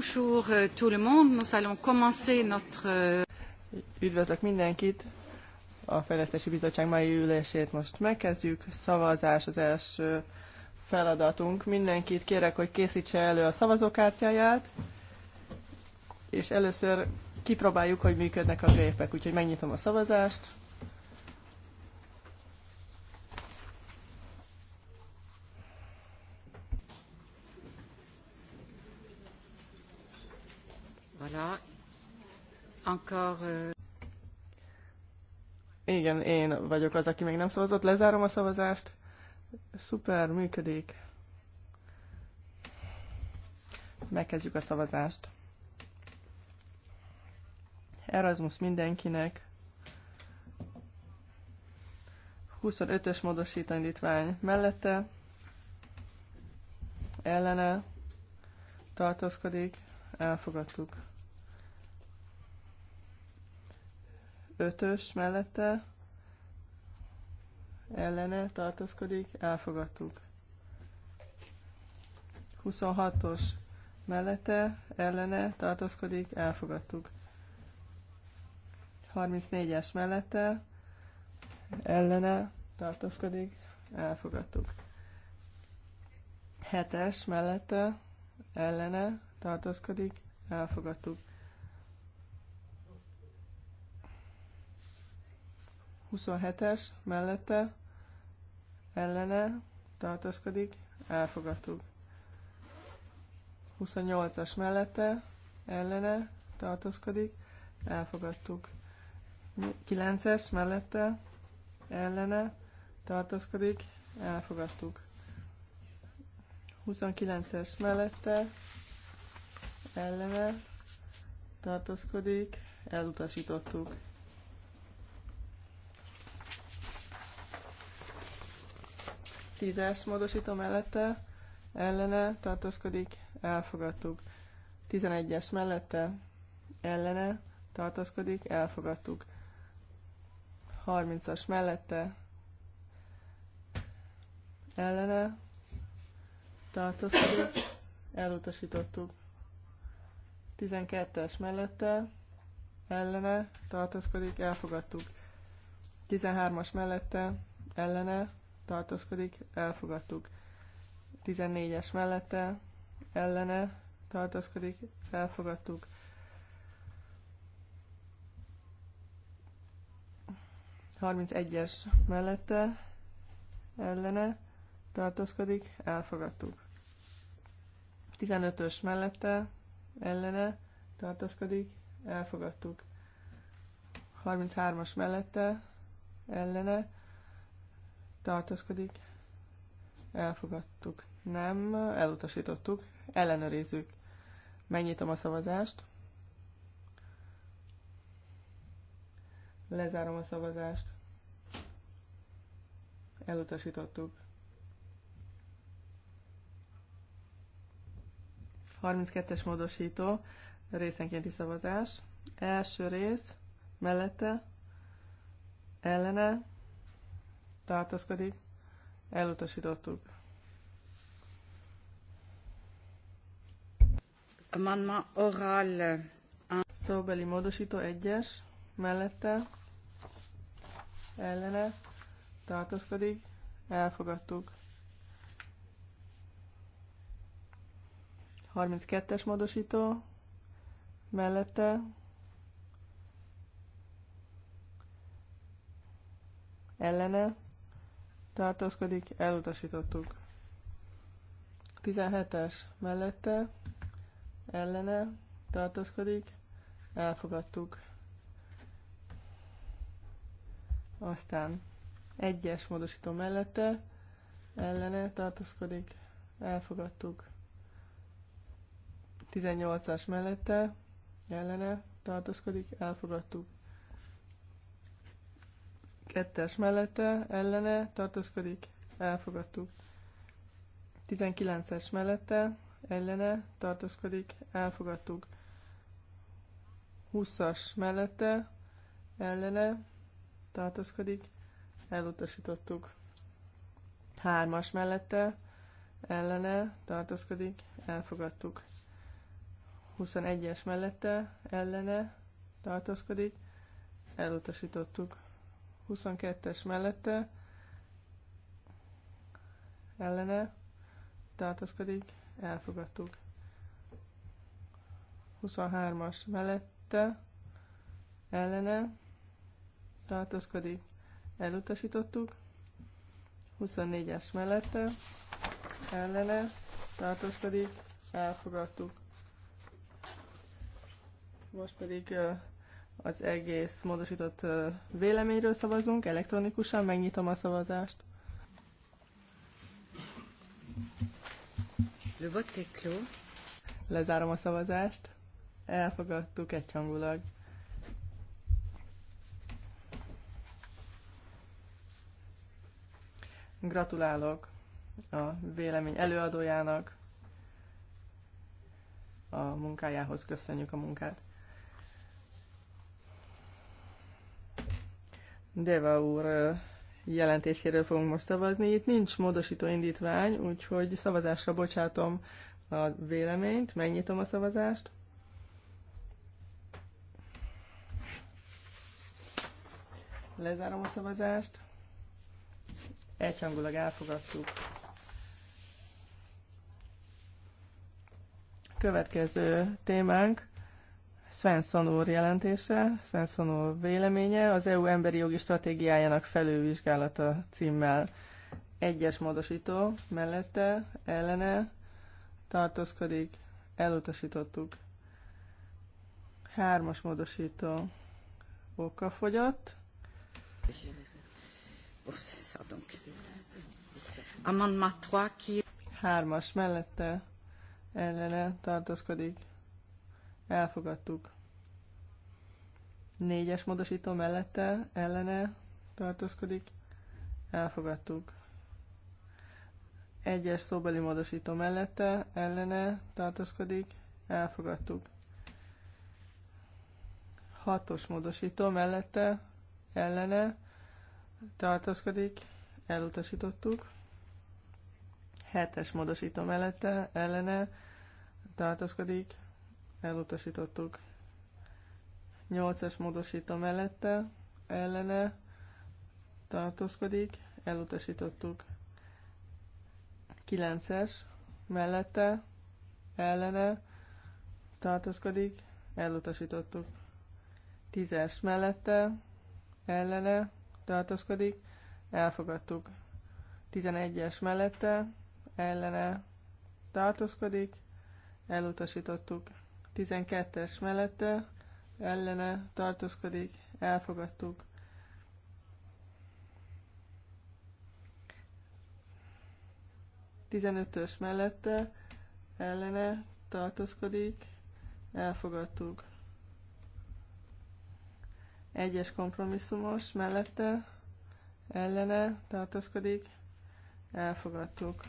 Bonjour euh, tout le monde. Nous allons commencer notre... Euh, Üdvözlök mindenkit! A Fejlesztési Bizottság mai ülését most megkezdjük. Szavazás az első feladatunk. Mindenkit kérek, hogy készítse elő a szavazókártyáját, és először kipróbáljuk, hogy működnek a gépek. Úgyhogy megnyitom a szavazást. Voilà. Encore, euh... Igen, én vagyok az, aki még nem szavazott. Lezárom a szavazást. Szuper, működik. Megkezdjük a szavazást. Erasmus mindenkinek. 25-ös módosítandítvány mellette, ellene tartózkodik, elfogadtuk. Ötös mellette ellene tartózkodik, elfogadtuk. 26-os mellette ellene tartózkodik, elfogadtuk. 34-es mellette ellene tartózkodik, elfogadtuk. 7-es mellette ellene tartózkodik, elfogadtuk. 27-es mellette ellene tartózkodik, elfogadtuk. 28-as mellette ellene tartózkodik, elfogadtuk. 9-es mellette ellene tartózkodik, elfogadtuk. 29-es mellette ellene tartózkodik, elutasítottuk. Tízes módosító mellette ellene tartózkodik, elfogadtuk. es mellette ellene tartózkodik, elfogadtuk. 30-as mellette ellene tartózkodik, elutasítottuk. 12-es mellette ellene tartózkodik, elfogadtuk. 13-as mellette ellene tartózkodik, elfogadtuk. 14-es mellette, ellene, tartózkodik, elfogadtuk. egyes mellette, ellene, tartózkodik, elfogadtuk. 15-ös mellette, ellene, tartózkodik, elfogadtuk. 33-as mellette, ellene, tartózkodik, elfogadtuk, nem, elutasítottuk, ellenőrizzük. Megnyitom a szavazást. Lezárom a szavazást. Elutasítottuk. 32-es módosító, részenkénti szavazás. Első rész, mellette, ellene, tartózkodik, elutasítottuk. oral. Szóbeli módosító egyes, mellette, ellene, tartózkodik, elfogadtuk. 32-es módosító, mellette, ellene, tartózkodik, elutasítottuk. 17-es mellette, ellene, tartózkodik, elfogadtuk. Aztán egyes módosító mellette, ellene, tartózkodik, elfogadtuk. 18-as mellette, ellene, tartózkodik, elfogadtuk. Kettes mellette, ellene, tartózkodik, elfogadtuk. 19-es mellette, ellene, tartózkodik, elfogadtuk. 20-as mellette, ellene, tartózkodik, elutasítottuk. 3-as mellette, ellene, tartózkodik, elfogadtuk. 21-es mellette, ellene, tartózkodik, elutasítottuk. 22-es mellette ellene tartozkodik, elfogadtuk. 23-as mellette ellene tartozkodik, elutasítottuk. 24-es mellette ellene tartozkodik, elfogadtuk. Most pedig az egész módosított véleményről szavazunk elektronikusan. Megnyitom a szavazást. Le vote est clos. Lezárom a szavazást. Elfogadtuk egyhangulag. Gratulálok a vélemény előadójának. A munkájához köszönjük a munkát. Deva úr jelentéséről fogunk most szavazni. Itt nincs módosító indítvány, úgyhogy szavazásra bocsátom a véleményt, megnyitom a szavazást. Lezárom a szavazást. Egyhangulag elfogadtuk. Következő témánk Svensson úr jelentése, Svensson úr véleménye, az EU emberi jogi stratégiájának felülvizsgálata címmel egyes módosító mellette, ellene tartózkodik, elutasítottuk. Hármas módosító oka fogyott. Hármas mellette, ellene tartózkodik, Elfogadtuk. Négyes módosító mellette, ellene tartózkodik. Elfogadtuk. Egyes szóbeli módosító mellette, ellene tartózkodik. Elfogadtuk. Hatos módosító mellette, ellene tartózkodik. Elutasítottuk. Hetes módosító mellette, ellene tartózkodik elutasítottuk. 8-as módosító mellette, ellene tartózkodik, elutasítottuk. 9-es mellette, ellene tartózkodik, elutasítottuk. 10-es mellette, ellene tartózkodik, elfogadtuk. 11-es mellette, ellene tartózkodik, elutasítottuk. 12-es mellette ellene tartózkodik, elfogadtuk. Tizenötös mellette ellene tartózkodik, elfogadtuk. Egyes kompromisszumos mellette ellene tartózkodik, elfogadtuk.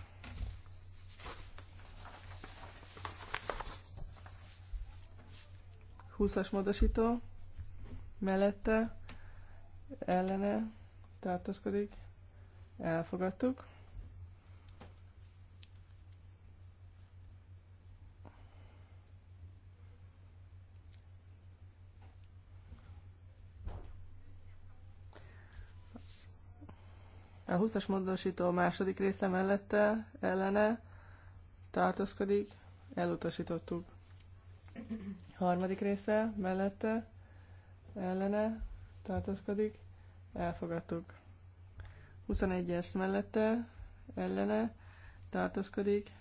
20-as módosító mellette ellene tartózkodik. Elfogadtuk. A 20-as módosító második része mellette ellene tartózkodik, elutasítottuk. Harmadik része mellette ellene tartózkodik. Elfogadtuk. 21-es mellette ellene tartózkodik.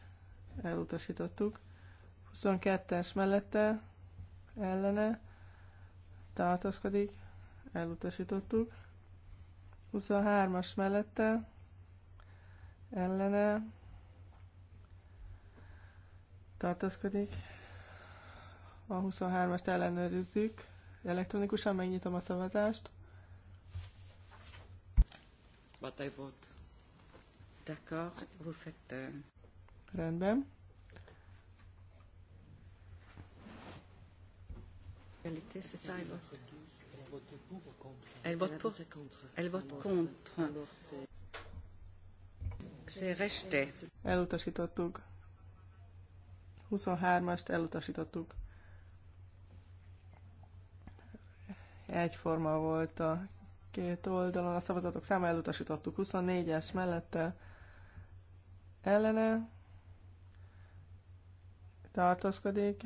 Elutasítottuk. 22-es mellette ellene tartózkodik. Elutasítottuk. 23-as mellette ellene tartózkodik a 23-ast ellenőrizzük. Elektronikusan megnyitom a szavazást. What I vote. D'accord, vous faites... Rendben. Qualité, c'est ça, elle vote. Elle vote pour Elle vote contre. C'est rejeté. Elutasítottuk. 23-ast elutasítottuk. egyforma volt a két oldalon. A szavazatok száma elutasítottuk 24-es mellette ellene tartózkodik.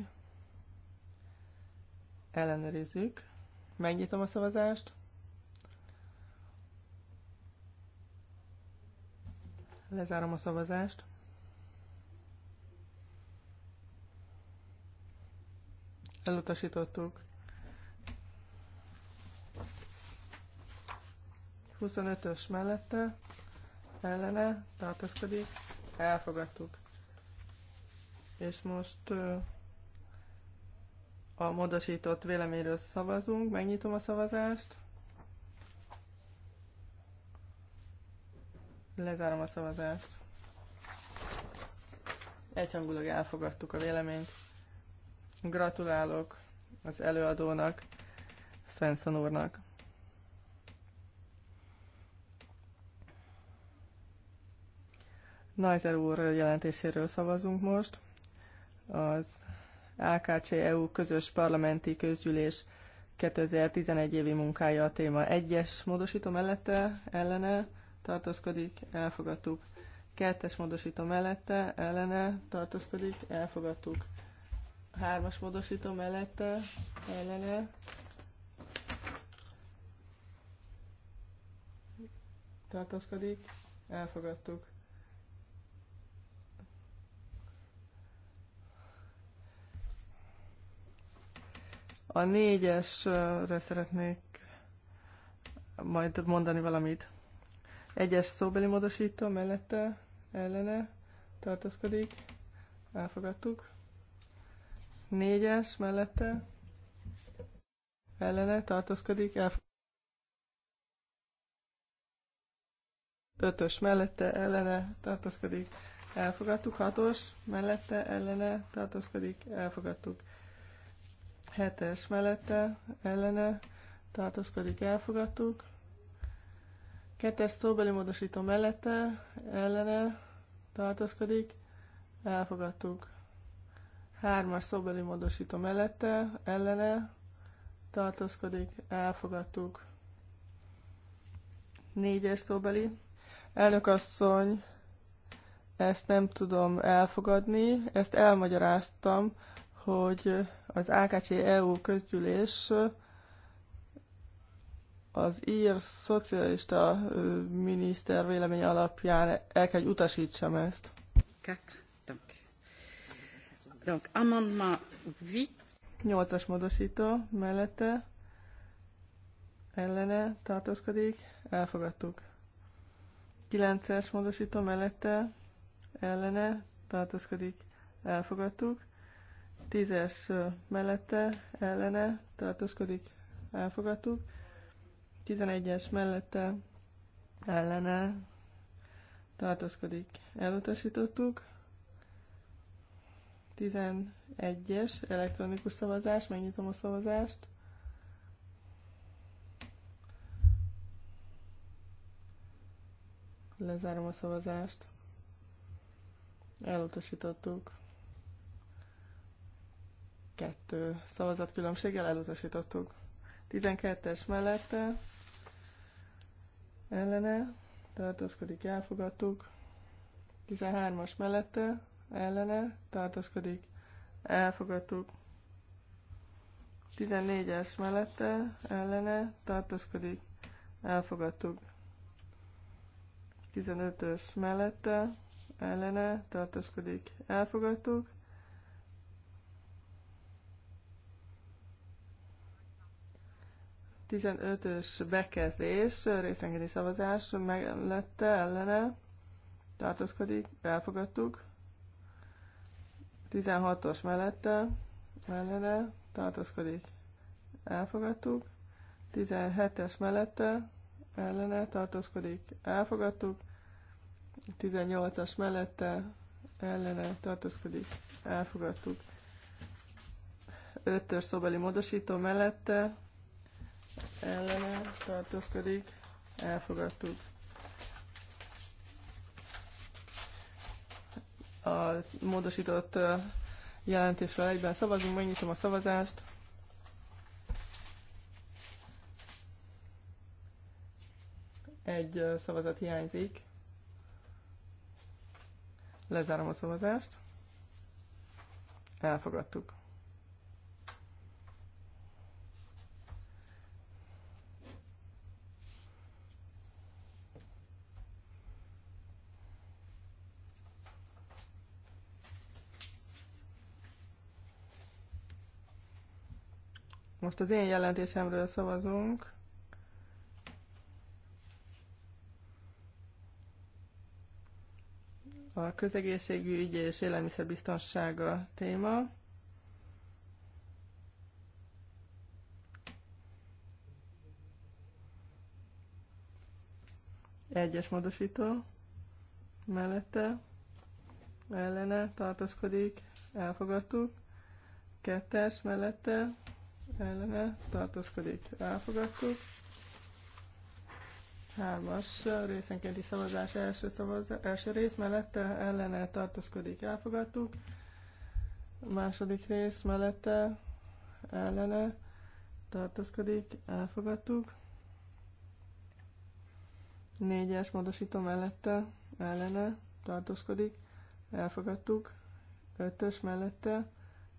Ellenőrizzük. Megnyitom a szavazást. Lezárom a szavazást. Elutasítottuk. 25-ös mellette ellene tartózkodik, elfogadtuk. És most a módosított véleményről szavazunk, megnyitom a szavazást. Lezárom a szavazást. Egyhangulag elfogadtuk a véleményt. Gratulálok az előadónak, Svensson úrnak. Neuser úr jelentéséről szavazunk most. Az AKC-EU közös parlamenti közgyűlés 2011 évi munkája a téma. Egyes módosító mellette, ellene tartózkodik, elfogadtuk. Kettes módosító mellette, ellene tartózkodik, elfogadtuk. Hármas módosító mellette, ellene tartózkodik, elfogadtuk. A négyesre szeretnék majd mondani valamit. Egyes szóbeli módosító mellette, ellene tartózkodik. Elfogadtuk. Négyes mellette, ellene tartózkodik. Elfogadtuk. Ötös mellette, ellene tartózkodik. Elfogadtuk. Hatos mellette, ellene tartózkodik. Elfogadtuk hetes mellette ellene tartózkodik, elfogadtuk. Kettes szóbeli módosító mellette ellene tartózkodik, elfogadtuk. Hármas szóbeli módosító mellette ellene tartózkodik, elfogadtuk. Négyes szóbeli. Elnök asszony, ezt nem tudom elfogadni, ezt elmagyaráztam hogy az AKC EU közgyűlés az ír szocialista miniszter vélemény alapján el kell, hogy utasítsam ezt. Quatre. Donc. Donc, amendement 8. 8-as módosító mellette ellene tartózkodik, elfogadtuk. 9-es módosító mellette ellene tartózkodik, elfogadtuk. Tízes mellette, ellene tartózkodik, elfogadtuk. Tizenegyes mellette, ellene tartózkodik, elutasítottuk. 11-es elektronikus szavazás, megnyitom a szavazást. Lezárom a szavazást. Elutasítottuk. Kettő szavazat különbséggel elutasítottuk. 12-es mellette ellene tartózkodik, elfogadtuk. 13-as mellette ellene tartózkodik, elfogadtuk. 14-es mellette ellene tartózkodik, elfogadtuk. 15-ös mellette ellene tartózkodik, elfogadtuk. 15-ös bekezdés, részengedi szavazás mellette, ellene tartózkodik, elfogadtuk. 16-os mellette, ellene tartózkodik, elfogadtuk. 17-es mellette, ellene tartózkodik, elfogadtuk. 18-as mellette, ellene tartózkodik, elfogadtuk. 5-ös szobeli módosító mellette, ellene tartózkodik, elfogadtuk. A módosított jelentésről egyben szavazunk, megnyitom a szavazást. Egy szavazat hiányzik. Lezárom a szavazást. Elfogadtuk. Most az én jelentésemről szavazunk. A közegészségügy és élelmiszerbiztonsága téma. Egyes módosító mellette ellene tartozkodik, elfogadtuk. Kettes mellette ellene tartózkodik, elfogadtuk. Hármas részenkénti szavazás első, szavazás, első rész mellette ellene tartózkodik, elfogadtuk. A második rész mellette ellene tartózkodik, elfogadtuk. Négyes módosító mellette ellene tartózkodik, elfogadtuk. Ötös mellette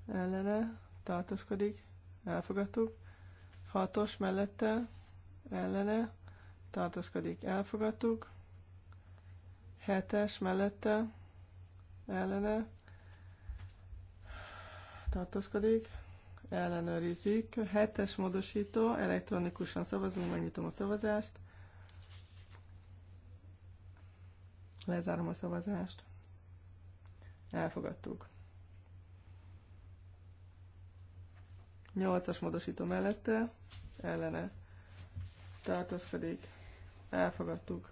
ellene tartózkodik, elfogadtuk. Hatos mellette, ellene, tartózkodik, elfogadtuk. Hetes mellette, ellene, tartózkodik, ellenőrizzük. Hetes módosító, elektronikusan szavazunk, megnyitom a szavazást. Lezárom a szavazást. Elfogadtuk. 8-as módosító mellette, ellene tartózkodik, elfogadtuk.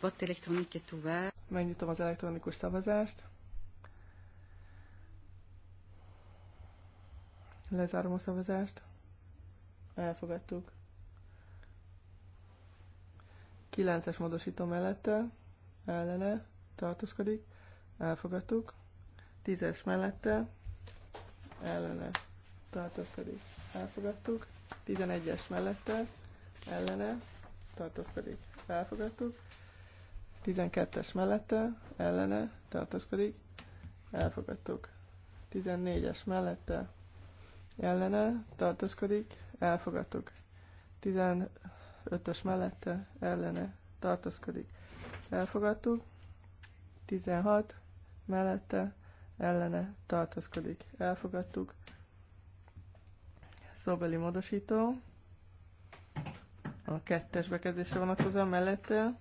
Vote elektronique est Megnyitom az elektronikus szavazást. Lezárom a szavazást. Elfogadtuk. 9-es módosító mellette, ellene, tartózkodik, elfogadtuk. 10-es mellette, ellene tartózkodik. Elfogadtuk. 11-es mellette ellene tartózkodik. Elfogadtuk. 12-es mellette ellene tartózkodik. Elfogadtuk. 14-es mellette ellene tartózkodik. Elfogadtuk. 15-ös mellette ellene tartózkodik. Elfogadtuk. 16 mellette ellene tartózkodik. Elfogadtuk. Szóbeli módosító. A kettes bekezdésre vonatkozó mellette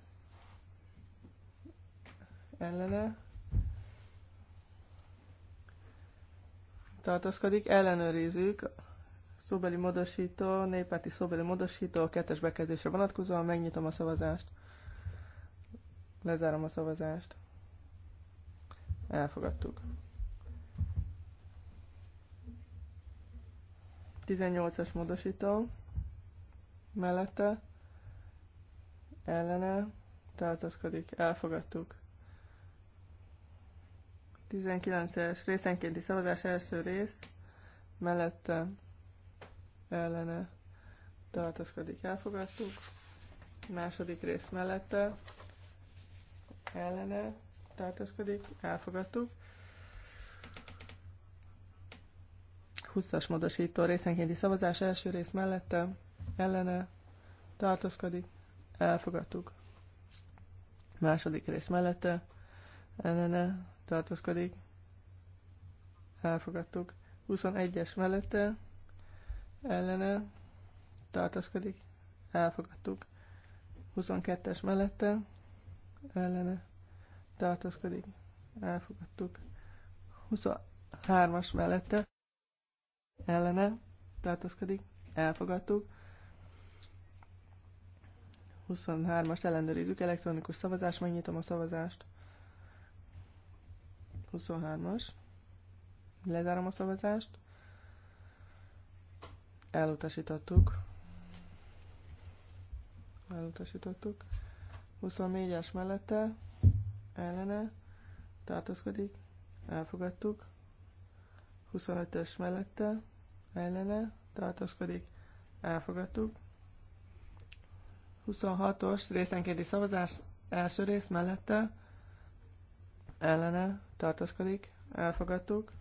ellene tartózkodik. Ellenőrizzük szóbeli módosító, néppárti szóbeli módosító, a kettes bekezdésre vonatkozóan megnyitom a szavazást. Lezárom a szavazást. Elfogadtuk. 18-as módosító mellette ellene tartozkodik, elfogadtuk. 19-es részenkénti szavazás első rész mellette ellene tartozkodik, elfogadtuk. Második rész mellette ellene tartozkodik, elfogadtuk. 20-as módosító részenkénti szavazás első rész mellette, ellene tartózkodik, elfogadtuk. Második rész mellette, ellene tartózkodik, elfogadtuk. 21-es mellette, ellene tartózkodik, elfogadtuk. 22-es mellette, ellene tartózkodik, elfogadtuk. 23-as mellette, ellene tartózkodik, elfogadtuk. 23-as ellenőrizzük, elektronikus szavazás, megnyitom a szavazást. 23-as. Lezárom a szavazást. Elutasítottuk. Elutasítottuk. 24-es mellette, ellene, tartózkodik, elfogadtuk. 25-ös mellette, ellene tartózkodik, elfogadtuk. 26-os részenkénti szavazás első rész mellette ellene tartózkodik, elfogadtuk.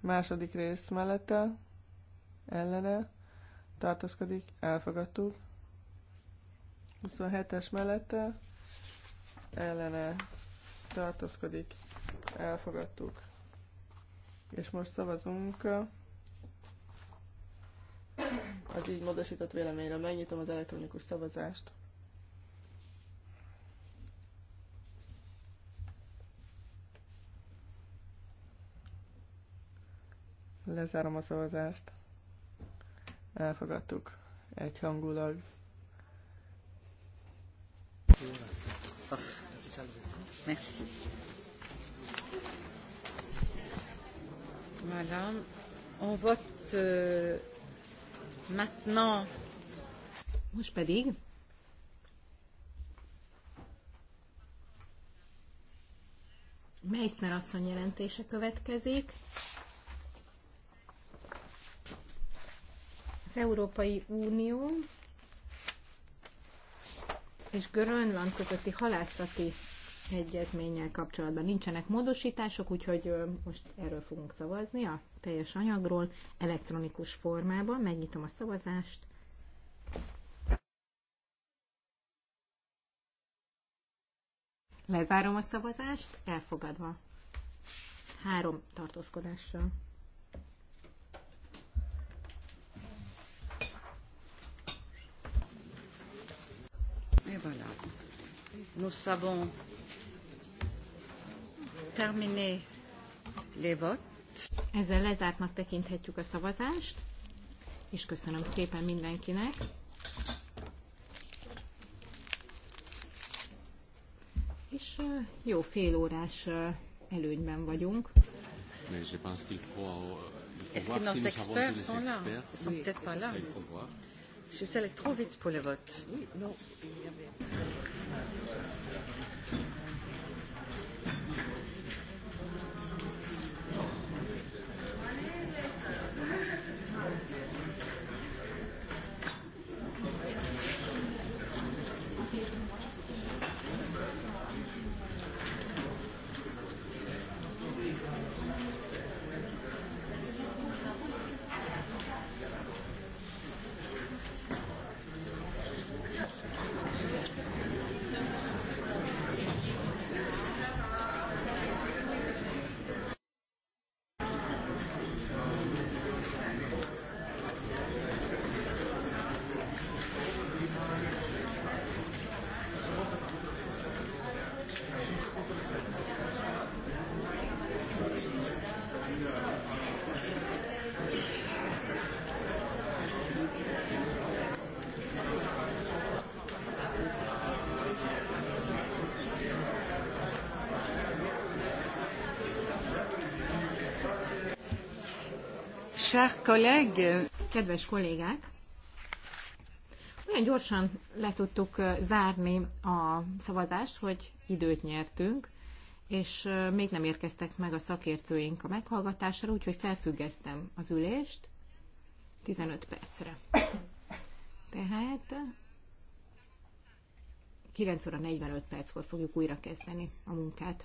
Második rész mellette ellene tartózkodik, elfogadtuk. 27-es mellette ellene tartózkodik, elfogadtuk. És most szavazunk az így módosított véleményre. Megnyitom az elektronikus szavazást. Lezárom a szavazást. Elfogadtuk egyhangulag. Merci. Madame, On vote euh, Maintenant. Most pedig Meissner asszony jelentése következik. Az Európai Unió és Grönland közötti halászati egyezménnyel kapcsolatban nincsenek módosítások, úgyhogy most erről fogunk szavazni a teljes anyagról elektronikus formában. Megnyitom a szavazást. Lezárom a szavazást, elfogadva. Három tartózkodással. Et voilà. Nous savons ezzel lezártnak tekinthetjük a szavazást, és köszönöm szépen mindenkinek. És jó fél órás előnyben vagyunk. Mais je pense qu'il faut, euh, il faut voir si nous avons tous les experts. Ils sont peut-être pas là. Je suis allée trop vite pour le vote. Oui, non, Chers collègues. Kedves kollégák! Olyan gyorsan le tudtuk zárni a szavazást, hogy időt nyertünk, és még nem érkeztek meg a szakértőink a meghallgatásra, úgyhogy felfüggesztem az ülést 15 percre. Tehát 9 óra 45 perckor fogjuk újra kezdeni a munkát.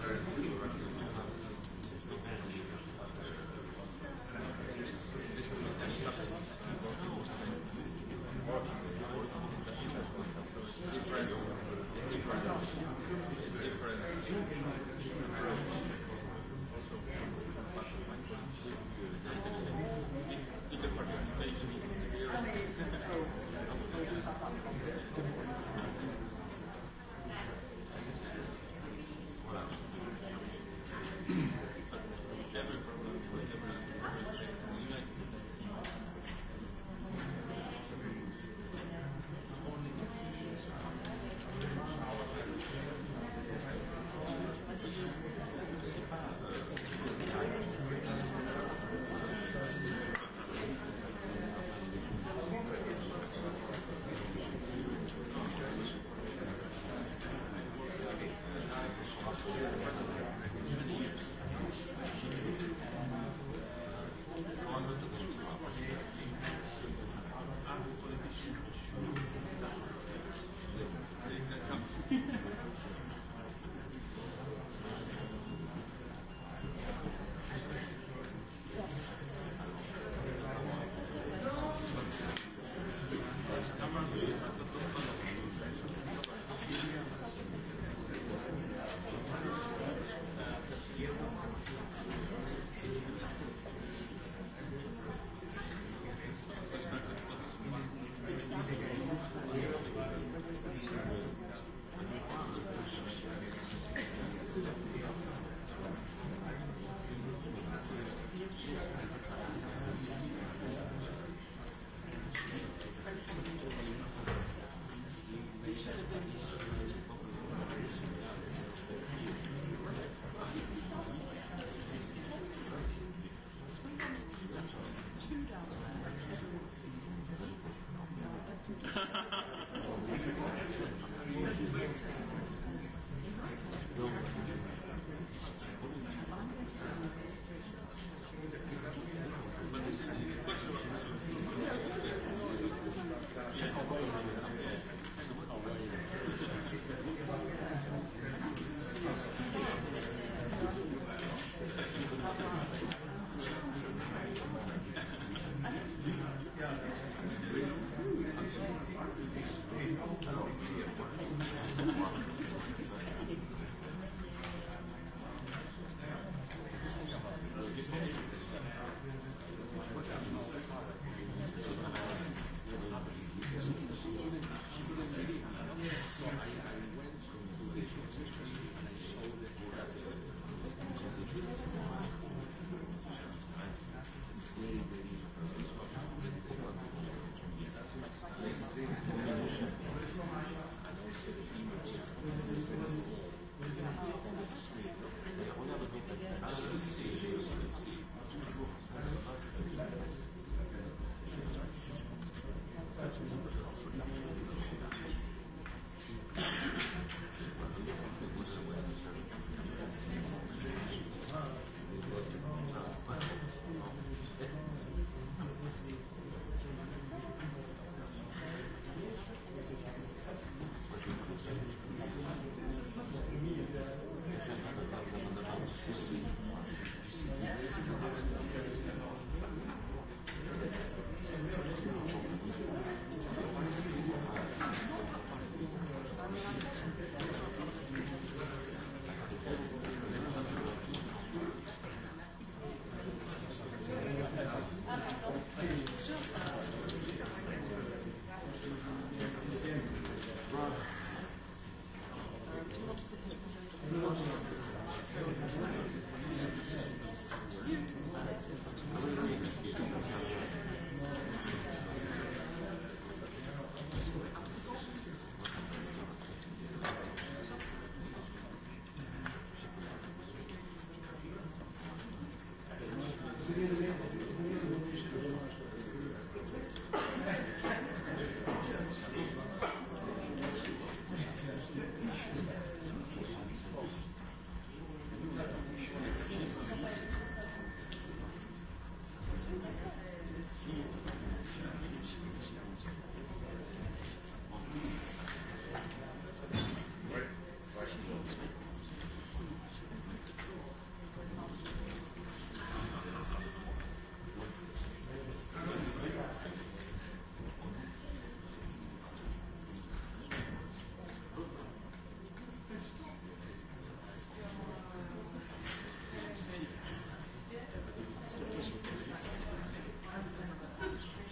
Thank you.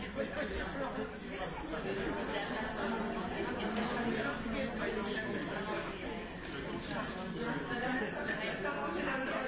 Thank you.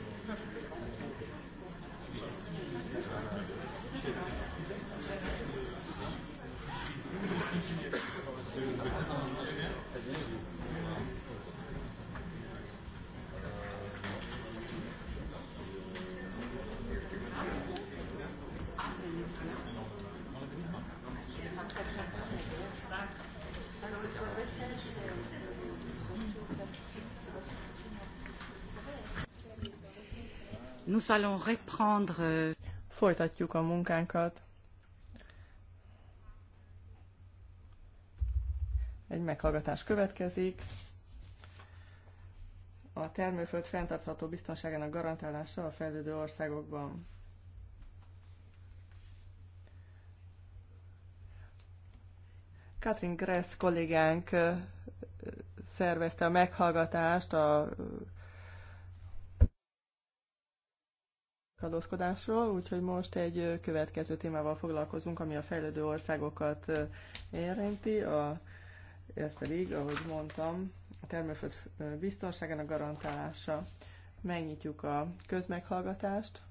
Nous allons reprendre euh, folytatjuk a munkánkat. Egy meghallgatás következik. A termőföld fenntartható biztonságának garantálása a fejlődő országokban. Katrin Gressz kollégánk szervezte a meghallgatást a kalózkodásról, úgyhogy most egy következő témával foglalkozunk, ami a fejlődő országokat érinti, a, ez pedig, ahogy mondtam, a termőföld biztonságának garantálása. Megnyitjuk a közmeghallgatást,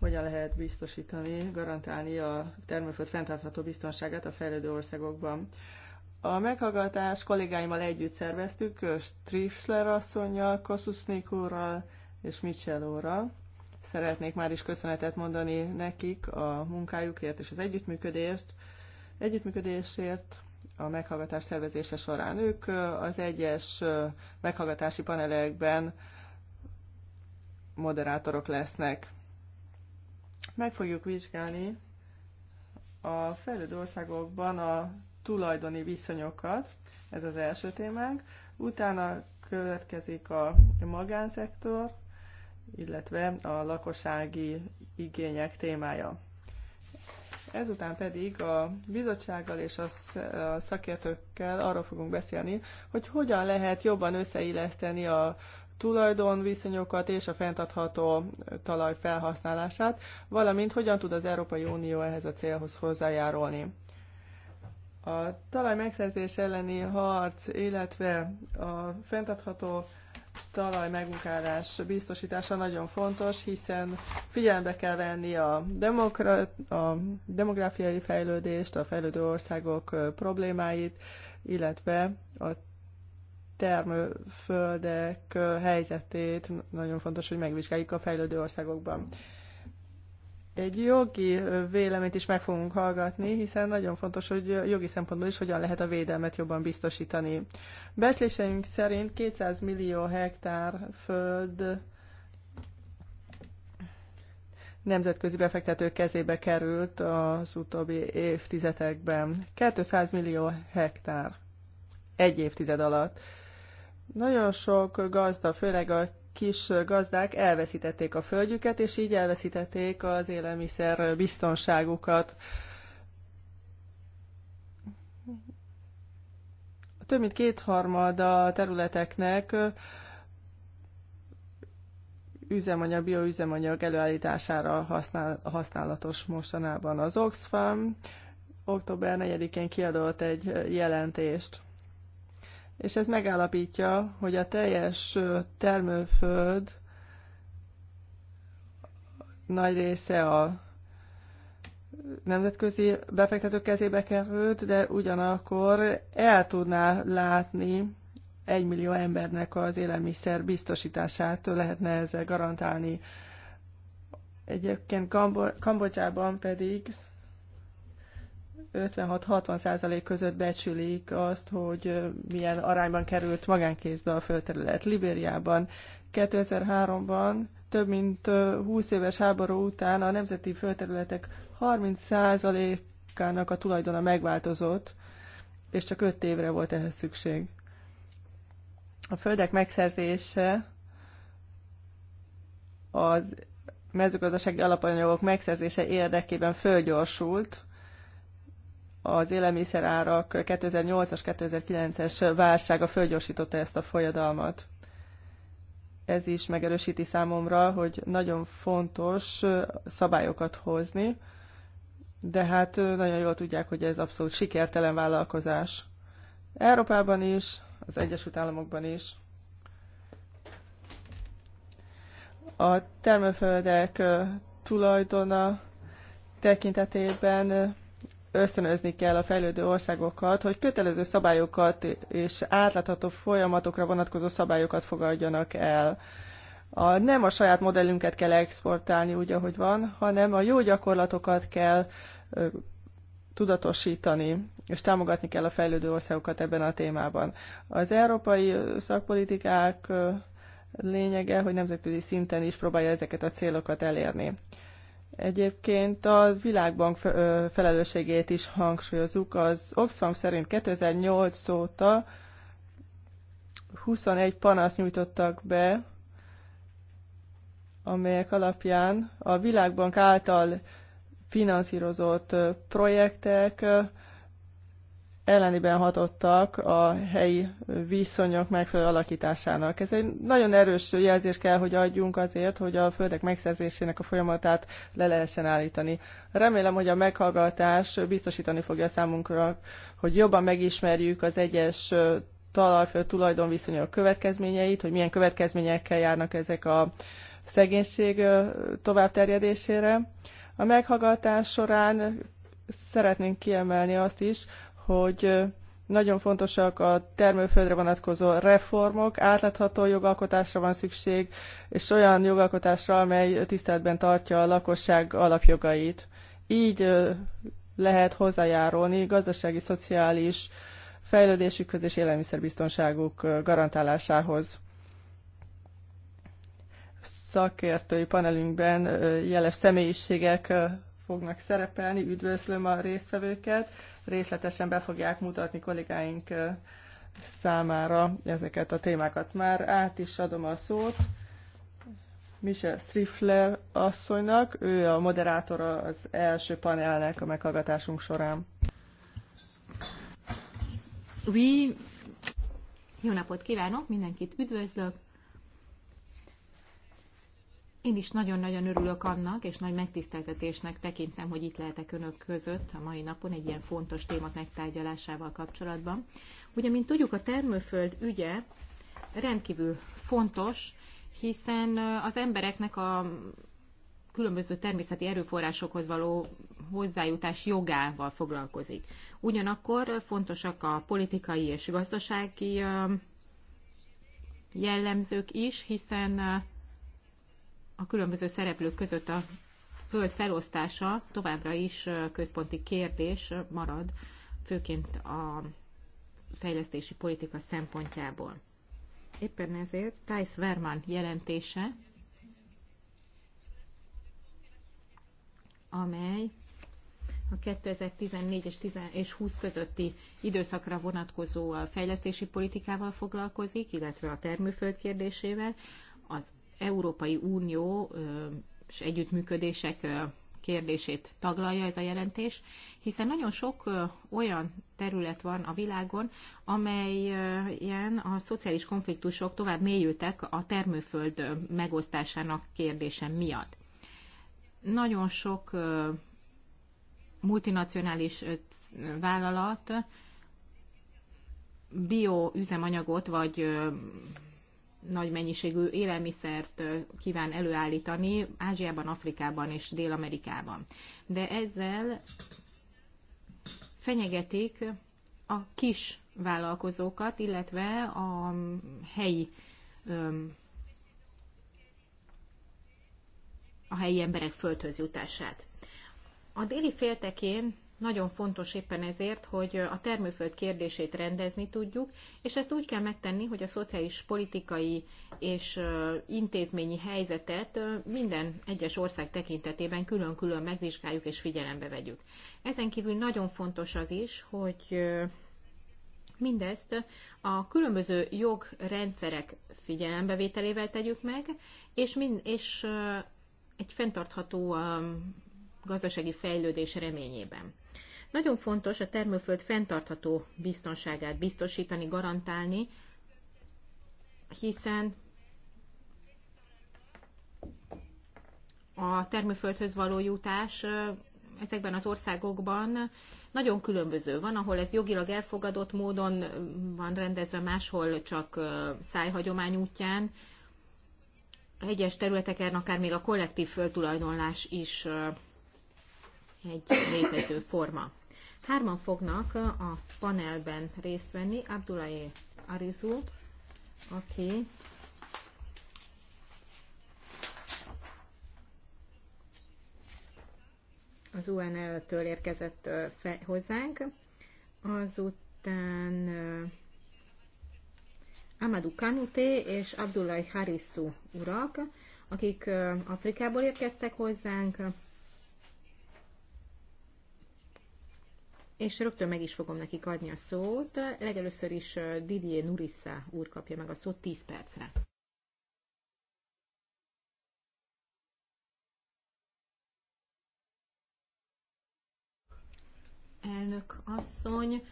hogyan lehet biztosítani, garantálni a termőföld fenntartható biztonságát a fejlődő országokban. A meghallgatás kollégáimmal együtt szerveztük, Strifler asszonyjal, Koszusznik úrral, és Mitchell Szeretnék már is köszönetet mondani nekik a munkájukért és az együttműködést, együttműködésért a meghallgatás szervezése során. Ők az egyes meghallgatási panelekben moderátorok lesznek. Meg fogjuk vizsgálni a fejlődő országokban a tulajdoni viszonyokat, ez az első témánk. Utána következik a magánszektor, illetve a lakossági igények témája. Ezután pedig a bizottsággal és a szakértőkkel arról fogunk beszélni, hogy hogyan lehet jobban összeilleszteni a tulajdonviszonyokat és a fenntartható talaj felhasználását, valamint hogyan tud az Európai Unió ehhez a célhoz hozzájárulni. A talaj megszerzés elleni harc, illetve a fenntartható talaj megmunkálás biztosítása nagyon fontos, hiszen figyelembe kell venni a, demokra- a demográfiai fejlődést, a fejlődő országok problémáit, illetve a termőföldek helyzetét. Nagyon fontos, hogy megvizsgáljuk a fejlődő országokban egy jogi véleményt is meg fogunk hallgatni, hiszen nagyon fontos, hogy jogi szempontból is hogyan lehet a védelmet jobban biztosítani. Beszéléseink szerint 200 millió hektár föld nemzetközi befektetők kezébe került az utóbbi évtizedekben. 200 millió hektár egy évtized alatt. Nagyon sok gazda, főleg a kis gazdák elveszítették a földjüket, és így elveszítették az élelmiszer biztonságukat. Több mint kétharmad a területeknek üzemanyag, bioüzemanyag előállítására használ, használatos mostanában az Oxfam. Október 4-én kiadott egy jelentést és ez megállapítja, hogy a teljes termőföld nagy része a nemzetközi befektetők kezébe került, de ugyanakkor el tudná látni egy millió embernek az élelmiszer biztosítását lehetne ezzel garantálni. Egyébként Kambodzsában pedig 56-60 százalék között becsülik azt, hogy milyen arányban került magánkézbe a földterület. Libériában 2003-ban több mint 20 éves háború után a nemzeti földterületek 30 ának a tulajdona megváltozott, és csak 5 évre volt ehhez szükség. A földek megszerzése az mezőgazdasági alapanyagok megszerzése érdekében fölgyorsult, az élelmiszerárak 2008-as, 2009-es válsága fölgyorsította ezt a folyadalmat. Ez is megerősíti számomra, hogy nagyon fontos szabályokat hozni, de hát nagyon jól tudják, hogy ez abszolút sikertelen vállalkozás. Európában is, az Egyesült Államokban is. A termőföldek tulajdona tekintetében ösztönözni kell a fejlődő országokat, hogy kötelező szabályokat és átlátható folyamatokra vonatkozó szabályokat fogadjanak el. A, nem a saját modellünket kell exportálni úgy, ahogy van, hanem a jó gyakorlatokat kell ö, tudatosítani, és támogatni kell a fejlődő országokat ebben a témában. Az európai szakpolitikák ö, lényege, hogy nemzetközi szinten is próbálja ezeket a célokat elérni. Egyébként a Világbank felelősségét is hangsúlyozunk. Az Oxfam szerint 2008 óta 21 panaszt nyújtottak be, amelyek alapján a Világbank által finanszírozott projektek ellenében hatottak a helyi viszonyok megfelelő alakításának. Ez egy nagyon erős jelzés kell, hogy adjunk azért, hogy a földek megszerzésének a folyamatát le lehessen állítani. Remélem, hogy a meghallgatás biztosítani fogja számunkra, hogy jobban megismerjük az egyes talajföld tulajdonviszonyok következményeit, hogy milyen következményekkel járnak ezek a szegénység továbbterjedésére. A meghallgatás során szeretnénk kiemelni azt is, hogy nagyon fontosak a termőföldre vonatkozó reformok, átlátható jogalkotásra van szükség, és olyan jogalkotásra, amely tiszteletben tartja a lakosság alapjogait. Így lehet hozzájárulni gazdasági, szociális fejlődésükhöz és élelmiszerbiztonságuk garantálásához. Szakértői panelünkben jeles személyiségek fognak szerepelni, üdvözlöm a résztvevőket, részletesen be fogják mutatni kollégáink számára ezeket a témákat. Már át is adom a szót Michel Strifler asszonynak, ő a moderátora az első panelnek a meghallgatásunk során. Oui. Jó napot kívánok, mindenkit üdvözlök. Én is nagyon-nagyon örülök annak, és nagy megtiszteltetésnek tekintem, hogy itt lehetek önök között a mai napon egy ilyen fontos téma megtárgyalásával kapcsolatban. Ugye, mint tudjuk, a termőföld ügye rendkívül fontos, hiszen az embereknek a különböző természeti erőforrásokhoz való hozzájutás jogával foglalkozik. Ugyanakkor fontosak a politikai és gazdasági jellemzők is, hiszen a különböző szereplők között a föld felosztása továbbra is központi kérdés marad, főként a fejlesztési politika szempontjából. Éppen ezért Thijs Verman jelentése, amely a 2014 és, 2020 és 20 közötti időszakra vonatkozó fejlesztési politikával foglalkozik, illetve a termőföld kérdésével, az Európai Unió és együttműködések kérdését taglalja ez a jelentés, hiszen nagyon sok olyan terület van a világon, amelyen a szociális konfliktusok tovább mélyültek a termőföld megosztásának kérdése miatt. Nagyon sok multinacionális vállalat bioüzemanyagot vagy nagy mennyiségű élelmiszert kíván előállítani Ázsiában, Afrikában és Dél-Amerikában. De ezzel fenyegetik a kis vállalkozókat, illetve a helyi a helyi emberek földhöz jutását. A déli féltekén nagyon fontos éppen ezért, hogy a termőföld kérdését rendezni tudjuk, és ezt úgy kell megtenni, hogy a szociális, politikai és intézményi helyzetet minden egyes ország tekintetében külön-külön megvizsgáljuk és figyelembe vegyük. Ezen kívül nagyon fontos az is, hogy Mindezt a különböző jogrendszerek figyelembevételével tegyük meg, és, mind, és egy fenntartható gazdasági fejlődés reményében. Nagyon fontos a termőföld fenntartható biztonságát biztosítani, garantálni, hiszen a termőföldhöz való jutás ezekben az országokban nagyon különböző. Van, ahol ez jogilag elfogadott módon van rendezve, máshol csak szájhagyomány útján. Egyes területeken akár még a kollektív föltulajdonlás is egy létező forma. Hárman fognak a panelben részt venni. Abdulai Arizu, aki az UNL-től érkezett hozzánk. Azután Amadou Kanuté és Abdullah Harisu urak, akik Afrikából érkeztek hozzánk, és rögtön meg is fogom nekik adni a szót. Legelőször is uh, Didier Nurissa úr kapja meg a szót 10 percre. Elnök asszony,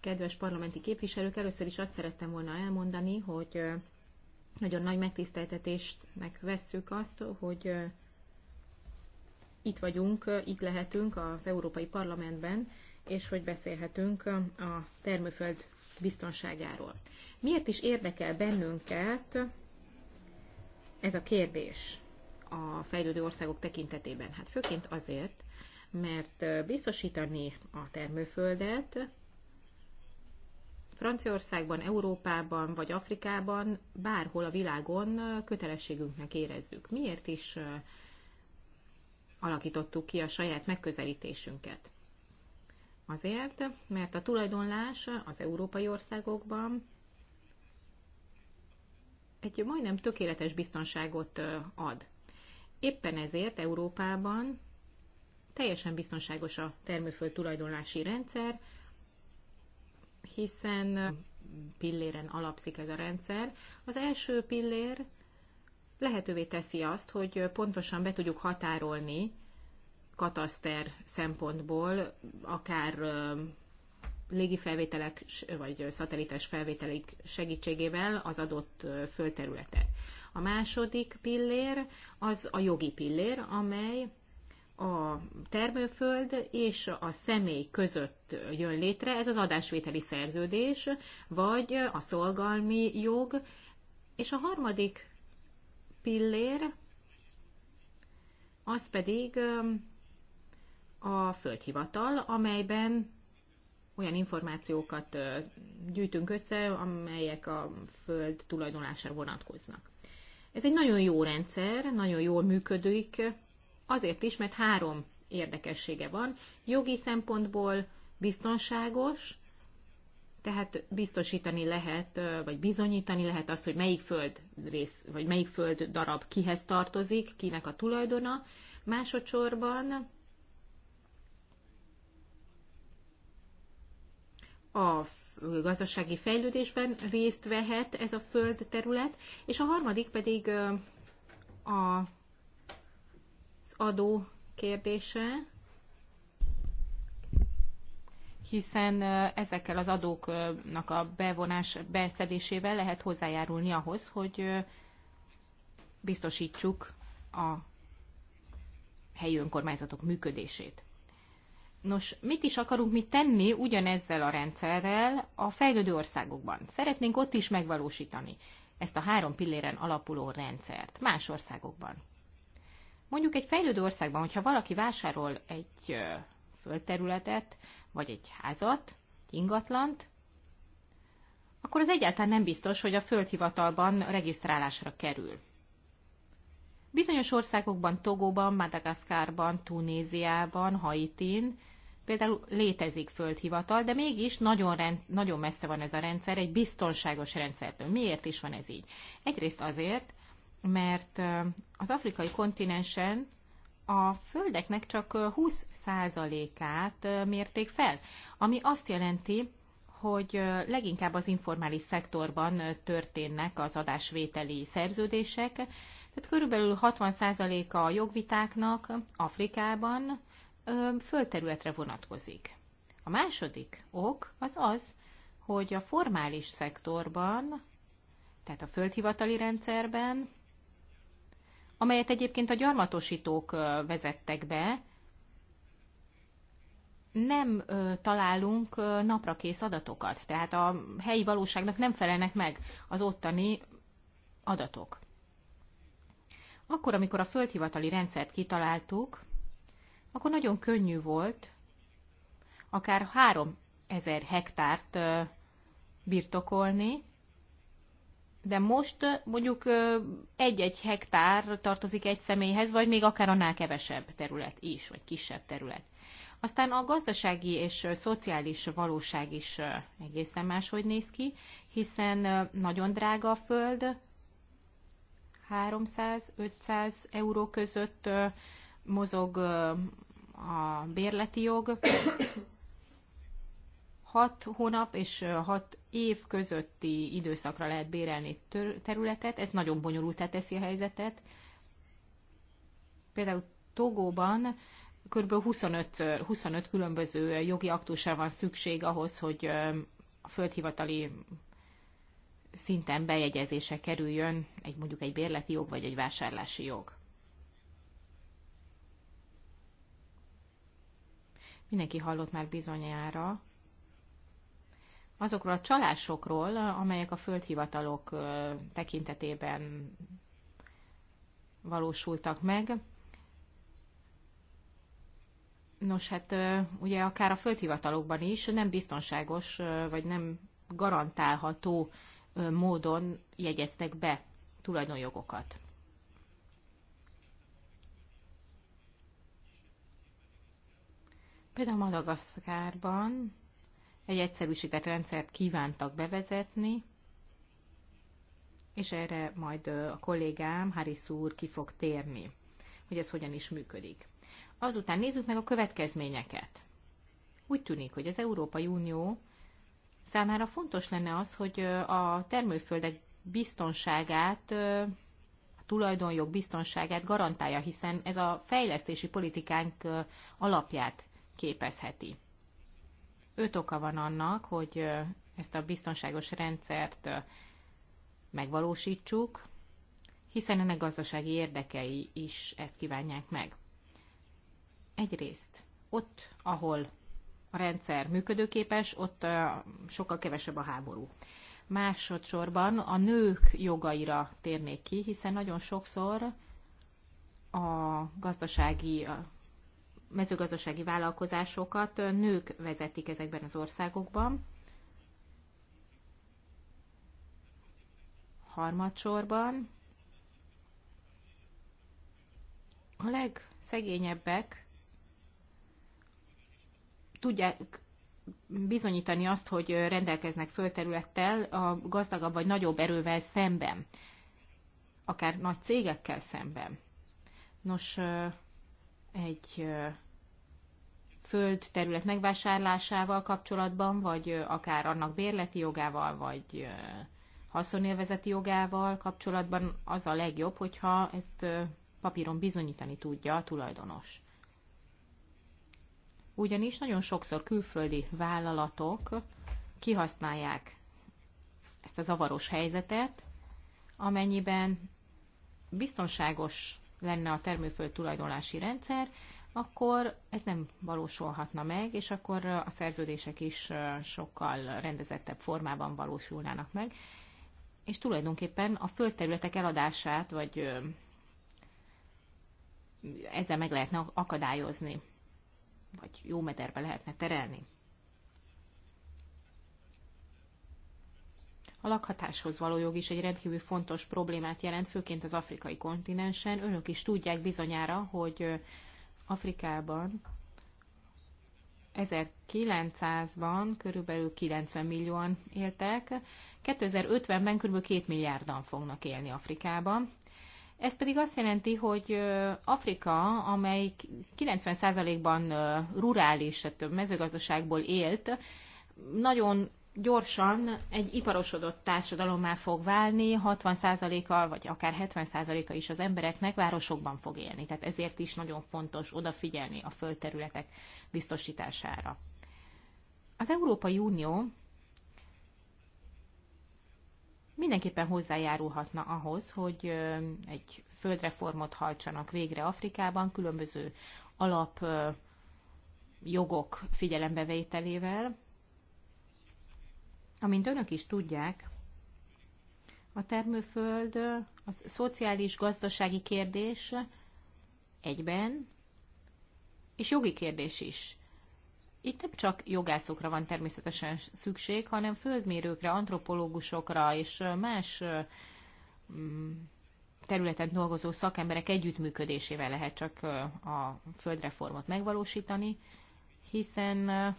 kedves parlamenti képviselők, először is azt szerettem volna elmondani, hogy uh, nagyon nagy megtiszteltetést megvesszük azt, hogy uh, itt vagyunk, itt lehetünk az Európai Parlamentben, és hogy beszélhetünk a termőföld biztonságáról. Miért is érdekel bennünket ez a kérdés a fejlődő országok tekintetében? Hát főként azért, mert biztosítani a termőföldet Franciaországban, Európában vagy Afrikában, bárhol a világon kötelességünknek érezzük. Miért is alakítottuk ki a saját megközelítésünket? Azért, mert a tulajdonlás az európai országokban egy majdnem tökéletes biztonságot ad. Éppen ezért Európában teljesen biztonságos a termőföld tulajdonlási rendszer, hiszen pilléren alapszik ez a rendszer. Az első pillér lehetővé teszi azt, hogy pontosan be tudjuk határolni kataszter szempontból, akár légifelvételek vagy szatelites felvételek segítségével az adott földterületen. A második pillér az a jogi pillér, amely a termőföld és a személy között jön létre, ez az adásvételi szerződés, vagy a szolgalmi jog, és a harmadik pillér, az pedig a földhivatal, amelyben olyan információkat gyűjtünk össze, amelyek a föld tulajdonlására vonatkoznak. Ez egy nagyon jó rendszer, nagyon jól működik, azért is, mert három érdekessége van. Jogi szempontból biztonságos, tehát biztosítani lehet, vagy bizonyítani lehet azt, hogy melyik föld rész, vagy melyik föld darab kihez tartozik, kinek a tulajdona. Másodszorban a gazdasági fejlődésben részt vehet ez a föld terület, és a harmadik pedig a, az adó kérdése, hiszen ezekkel az adóknak a bevonás beszedésével lehet hozzájárulni ahhoz, hogy biztosítsuk a helyi önkormányzatok működését. Nos, mit is akarunk mi tenni ugyanezzel a rendszerrel a fejlődő országokban? Szeretnénk ott is megvalósítani ezt a három pilléren alapuló rendszert más országokban. Mondjuk egy fejlődő országban, hogyha valaki vásárol egy földterületet, vagy egy házat, egy ingatlant, akkor az egyáltalán nem biztos, hogy a földhivatalban regisztrálásra kerül. Bizonyos országokban, Togóban, Madagaszkárban, Tunéziában, Haitin például létezik földhivatal, de mégis nagyon, rend, nagyon messze van ez a rendszer egy biztonságos rendszertől. Miért is van ez így? Egyrészt azért, mert az afrikai kontinensen a földeknek csak 20%-át mérték fel, ami azt jelenti, hogy leginkább az informális szektorban történnek az adásvételi szerződések, tehát körülbelül 60%-a a jogvitáknak Afrikában földterületre vonatkozik. A második ok az az, hogy a formális szektorban, tehát a földhivatali rendszerben, amelyet egyébként a gyarmatosítók vezettek be, nem ö, találunk ö, naprakész adatokat, tehát a helyi valóságnak nem felelnek meg az ottani adatok. Akkor, amikor a földhivatali rendszert kitaláltuk, akkor nagyon könnyű volt akár 3000 hektárt birtokolni, de most mondjuk egy-egy hektár tartozik egy személyhez, vagy még akár annál kevesebb terület is, vagy kisebb terület. Aztán a gazdasági és szociális valóság is egészen máshogy néz ki, hiszen nagyon drága a föld, 300-500 euró között mozog a bérleti jog. 6 hónap és 6 év közötti időszakra lehet bérelni területet, ez nagyon bonyolultá teszi a helyzetet. Például Togóban kb. 25, 25 különböző jogi aktusra van szükség ahhoz, hogy a földhivatali szinten bejegyezése kerüljön egy mondjuk egy bérleti jog vagy egy vásárlási jog. Mindenki hallott már bizonyára azokról a csalásokról, amelyek a földhivatalok tekintetében valósultak meg. Nos, hát ugye akár a földhivatalokban is nem biztonságos, vagy nem garantálható módon jegyeztek be tulajdonjogokat. Például Madagaszkárban egy egyszerűsített rendszert kívántak bevezetni, és erre majd a kollégám Haris úr ki fog térni, hogy ez hogyan is működik. Azután nézzük meg a következményeket. Úgy tűnik, hogy az Európai Unió számára fontos lenne az, hogy a termőföldek biztonságát, a tulajdonjog biztonságát garantálja, hiszen ez a fejlesztési politikánk alapját képezheti. Öt oka van annak, hogy ezt a biztonságos rendszert megvalósítsuk, hiszen ennek gazdasági érdekei is ezt kívánják meg. Egyrészt ott, ahol a rendszer működőképes, ott sokkal kevesebb a háború. Másodszorban a nők jogaira térnék ki, hiszen nagyon sokszor a gazdasági a mezőgazdasági vállalkozásokat nők vezetik ezekben az országokban. Harmadsorban a legszegényebbek tudják bizonyítani azt, hogy rendelkeznek földterülettel a gazdagabb vagy nagyobb erővel szemben, akár nagy cégekkel szemben. Nos, egy földterület megvásárlásával kapcsolatban, vagy akár annak bérleti jogával, vagy haszonélvezeti jogával kapcsolatban az a legjobb, hogyha ezt papíron bizonyítani tudja a tulajdonos ugyanis nagyon sokszor külföldi vállalatok kihasználják ezt a zavaros helyzetet, amennyiben biztonságos lenne a termőföld tulajdonlási rendszer, akkor ez nem valósulhatna meg, és akkor a szerződések is sokkal rendezettebb formában valósulnának meg. És tulajdonképpen a földterületek eladását, vagy ezzel meg lehetne akadályozni vagy jó mederbe lehetne terelni. A lakhatáshoz való jog is egy rendkívül fontos problémát jelent, főként az afrikai kontinensen. Önök is tudják bizonyára, hogy Afrikában 1900-ban körülbelül 90 millióan éltek, 2050-ben kb. 2 milliárdan fognak élni Afrikában, ez pedig azt jelenti, hogy Afrika, amely 90%-ban rurális, tehát mezőgazdaságból élt, nagyon gyorsan egy iparosodott társadalommá fog válni, 60%-a vagy akár 70%-a is az embereknek városokban fog élni. Tehát ezért is nagyon fontos odafigyelni a földterületek biztosítására. Az Európai Unió mindenképpen hozzájárulhatna ahhoz, hogy egy földreformot hajtsanak végre Afrikában, különböző alap jogok figyelembevételével. Amint önök is tudják, a termőföld a szociális-gazdasági kérdés egyben, és jogi kérdés is. Itt nem csak jogászokra van természetesen szükség, hanem földmérőkre, antropológusokra és más mm, területen dolgozó szakemberek együttműködésével lehet csak a földreformot megvalósítani, hiszen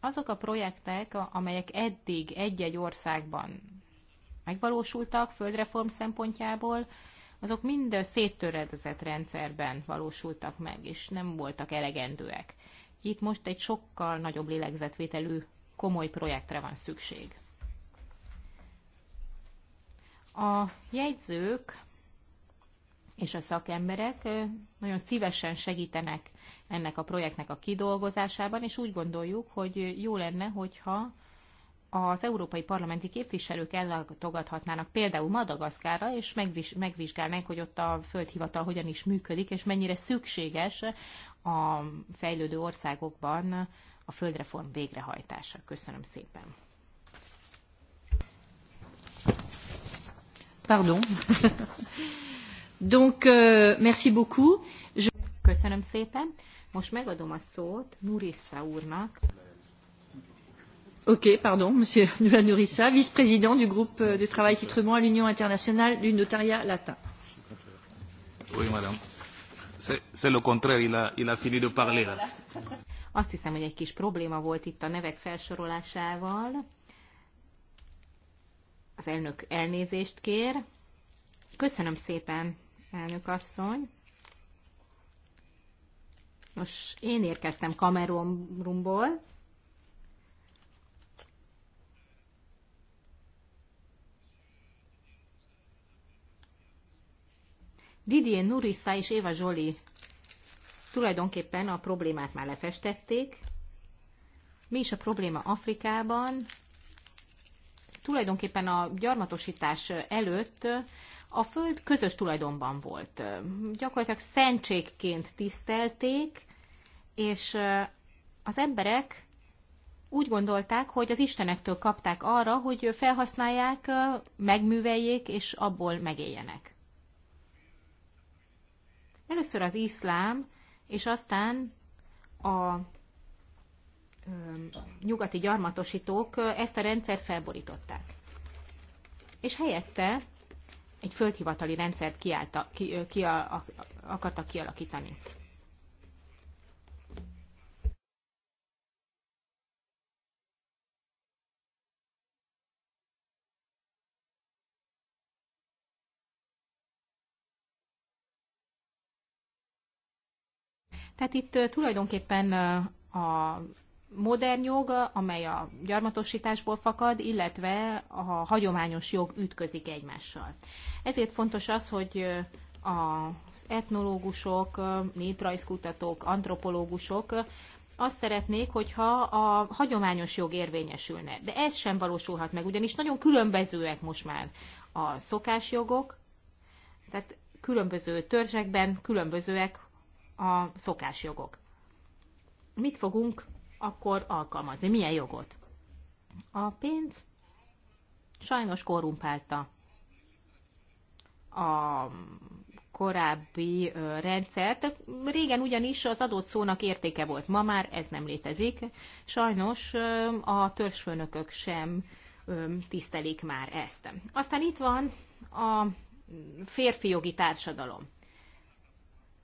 azok a projektek, amelyek eddig egy-egy országban megvalósultak földreform szempontjából, azok mind széttöredezett rendszerben valósultak meg, és nem voltak elegendőek. Itt most egy sokkal nagyobb lélegzetvételű komoly projektre van szükség. A jegyzők és a szakemberek nagyon szívesen segítenek ennek a projektnek a kidolgozásában, és úgy gondoljuk, hogy jó lenne, hogyha az európai parlamenti képviselők ellátogathatnának például Madagaszkára, és megvizsgálnánk, megvizsgálnák, hogy ott a földhivatal hogyan is működik, és mennyire szükséges a fejlődő országokban a földreform végrehajtása. Köszönöm szépen. Pardon. Donc, euh, merci beaucoup. Je... Köszönöm szépen. Most megadom a szót Nurissa úrnak. Ok, pardon, Monsieur Nula Nurissa, vice-président du groupe de travail titrement à l'Union internationale du notariat latin. Oui, madame. C'est le contraire, il a, il a fini de parler. Là. Azt hiszem, hogy egy kis probléma volt itt a nevek felsorolásával. Az elnök elnézést kér. Köszönöm szépen, elnök asszony. Most én érkeztem kamerumból. Didier Nurissa és Éva Zsoli tulajdonképpen a problémát már lefestették. Mi is a probléma Afrikában? Tulajdonképpen a gyarmatosítás előtt a föld közös tulajdonban volt. Gyakorlatilag szentségként tisztelték, és az emberek úgy gondolták, hogy az istenektől kapták arra, hogy felhasználják, megműveljék, és abból megéljenek. Először az iszlám, és aztán a nyugati gyarmatosítók ezt a rendszert felborították. És helyette egy földhivatali rendszert kiállta, ki, ki a, a, akartak kialakítani. Tehát itt tulajdonképpen a modern jog, amely a gyarmatosításból fakad, illetve a hagyományos jog ütközik egymással. Ezért fontos az, hogy az etnológusok, néprajzkutatók, antropológusok azt szeretnék, hogyha a hagyományos jog érvényesülne. De ez sem valósulhat meg, ugyanis nagyon különbözőek most már a szokásjogok, tehát különböző törzsekben különbözőek a szokásjogok. Mit fogunk akkor alkalmazni? Milyen jogot? A pénz sajnos korrumpálta a korábbi rendszert. Régen ugyanis az adott szónak értéke volt, ma már ez nem létezik. Sajnos a törzsfőnökök sem tisztelik már ezt. Aztán itt van a férfi jogi társadalom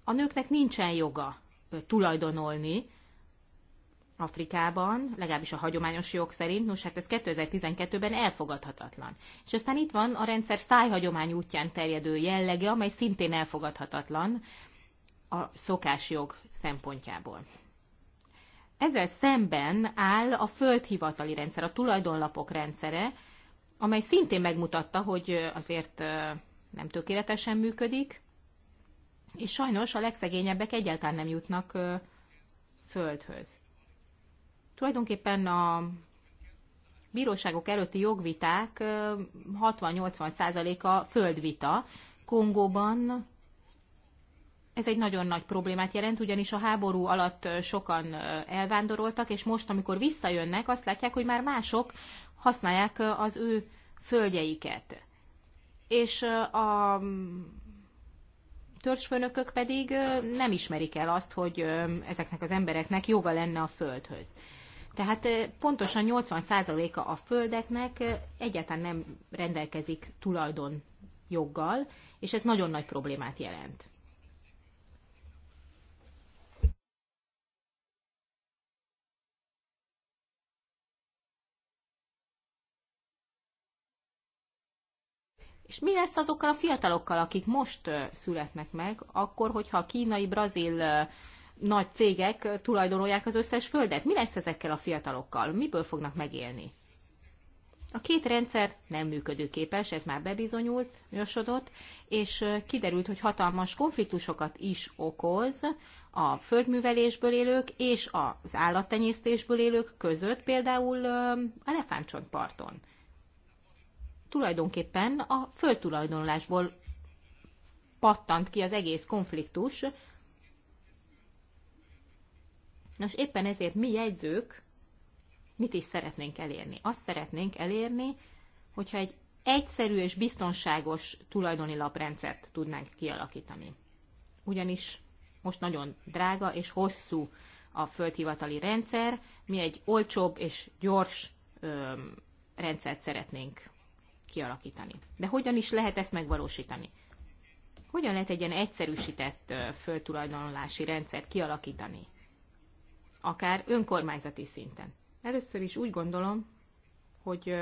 a nőknek nincsen joga tulajdonolni Afrikában, legalábbis a hagyományos jog szerint, nos hát ez 2012-ben elfogadhatatlan. És aztán itt van a rendszer szájhagyomány útján terjedő jellege, amely szintén elfogadhatatlan a szokásjog szempontjából. Ezzel szemben áll a földhivatali rendszer, a tulajdonlapok rendszere, amely szintén megmutatta, hogy azért nem tökéletesen működik, és sajnos a legszegényebbek egyáltalán nem jutnak földhöz. Tulajdonképpen a bíróságok előtti jogviták 60-80%-a földvita. Kongóban ez egy nagyon nagy problémát jelent, ugyanis a háború alatt sokan elvándoroltak, és most, amikor visszajönnek, azt látják, hogy már mások használják az ő földjeiket. És a törzsfőnökök pedig nem ismerik el azt, hogy ezeknek az embereknek joga lenne a földhöz. Tehát pontosan 80%-a a földeknek egyáltalán nem rendelkezik tulajdon joggal, és ez nagyon nagy problémát jelent. És mi lesz azokkal a fiatalokkal, akik most születnek meg, akkor, hogyha a kínai, brazil nagy cégek tulajdonolják az összes földet? Mi lesz ezekkel a fiatalokkal? Miből fognak megélni? A két rendszer nem működőképes, ez már bebizonyult, nyosodott, és kiderült, hogy hatalmas konfliktusokat is okoz a földművelésből élők és az állattenyésztésből élők között, például elefántcsontparton tulajdonképpen a föltulajdonlásból pattant ki az egész konfliktus. Nos, éppen ezért mi jegyzők mit is szeretnénk elérni? Azt szeretnénk elérni, hogyha egy egyszerű és biztonságos tulajdoni laprendszert tudnánk kialakítani. Ugyanis most nagyon drága és hosszú a földhivatali rendszer, mi egy olcsóbb és gyors ö, rendszert szeretnénk kialakítani. De hogyan is lehet ezt megvalósítani? Hogyan lehet egy ilyen egyszerűsített föltulajdonolási rendszert kialakítani? Akár önkormányzati szinten. Először is úgy gondolom, hogy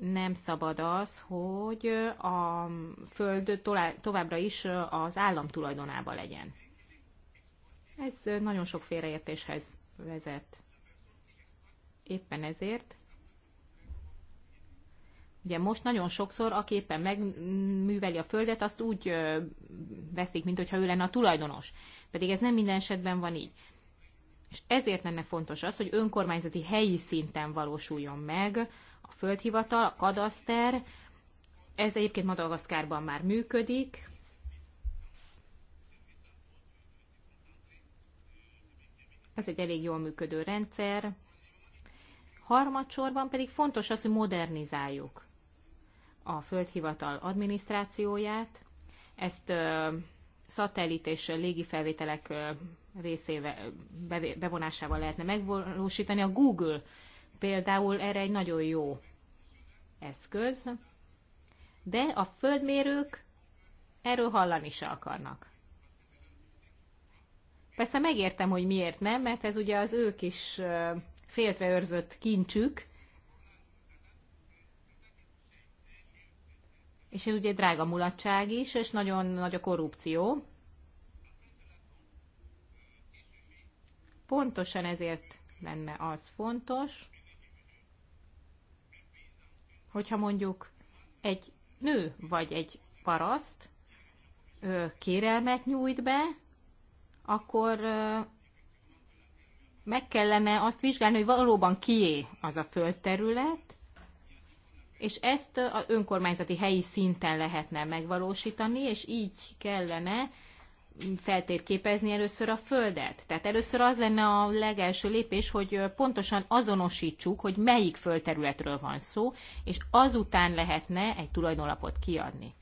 nem szabad az, hogy a föld továbbra is az állam tulajdonába legyen. Ez nagyon sok félreértéshez vezet. Éppen ezért Ugye most nagyon sokszor, aki éppen megműveli a földet, azt úgy veszik, mint hogyha ő lenne a tulajdonos. Pedig ez nem minden esetben van így. És ezért lenne fontos az, hogy önkormányzati helyi szinten valósuljon meg a földhivatal, a kadaszter. Ez egyébként Madagaszkárban már működik. Ez egy elég jól működő rendszer. Harmadsorban pedig fontos az, hogy modernizáljuk a földhivatal adminisztrációját. Ezt szatellit és légifelvételek részével, bevonásával lehetne megvalósítani. A Google például erre egy nagyon jó eszköz, de a földmérők erről hallani se akarnak. Persze megértem, hogy miért nem, mert ez ugye az ők is féltve őrzött kincsük, és ez ugye drága mulatság is, és nagyon nagy a korrupció. Pontosan ezért lenne az fontos, hogyha mondjuk egy nő vagy egy paraszt kérelmet nyújt be, akkor meg kellene azt vizsgálni, hogy valóban kié az a földterület, és ezt a önkormányzati helyi szinten lehetne megvalósítani, és így kellene feltérképezni először a földet. Tehát először az lenne a legelső lépés, hogy pontosan azonosítsuk, hogy melyik földterületről van szó, és azután lehetne egy tulajdonlapot kiadni.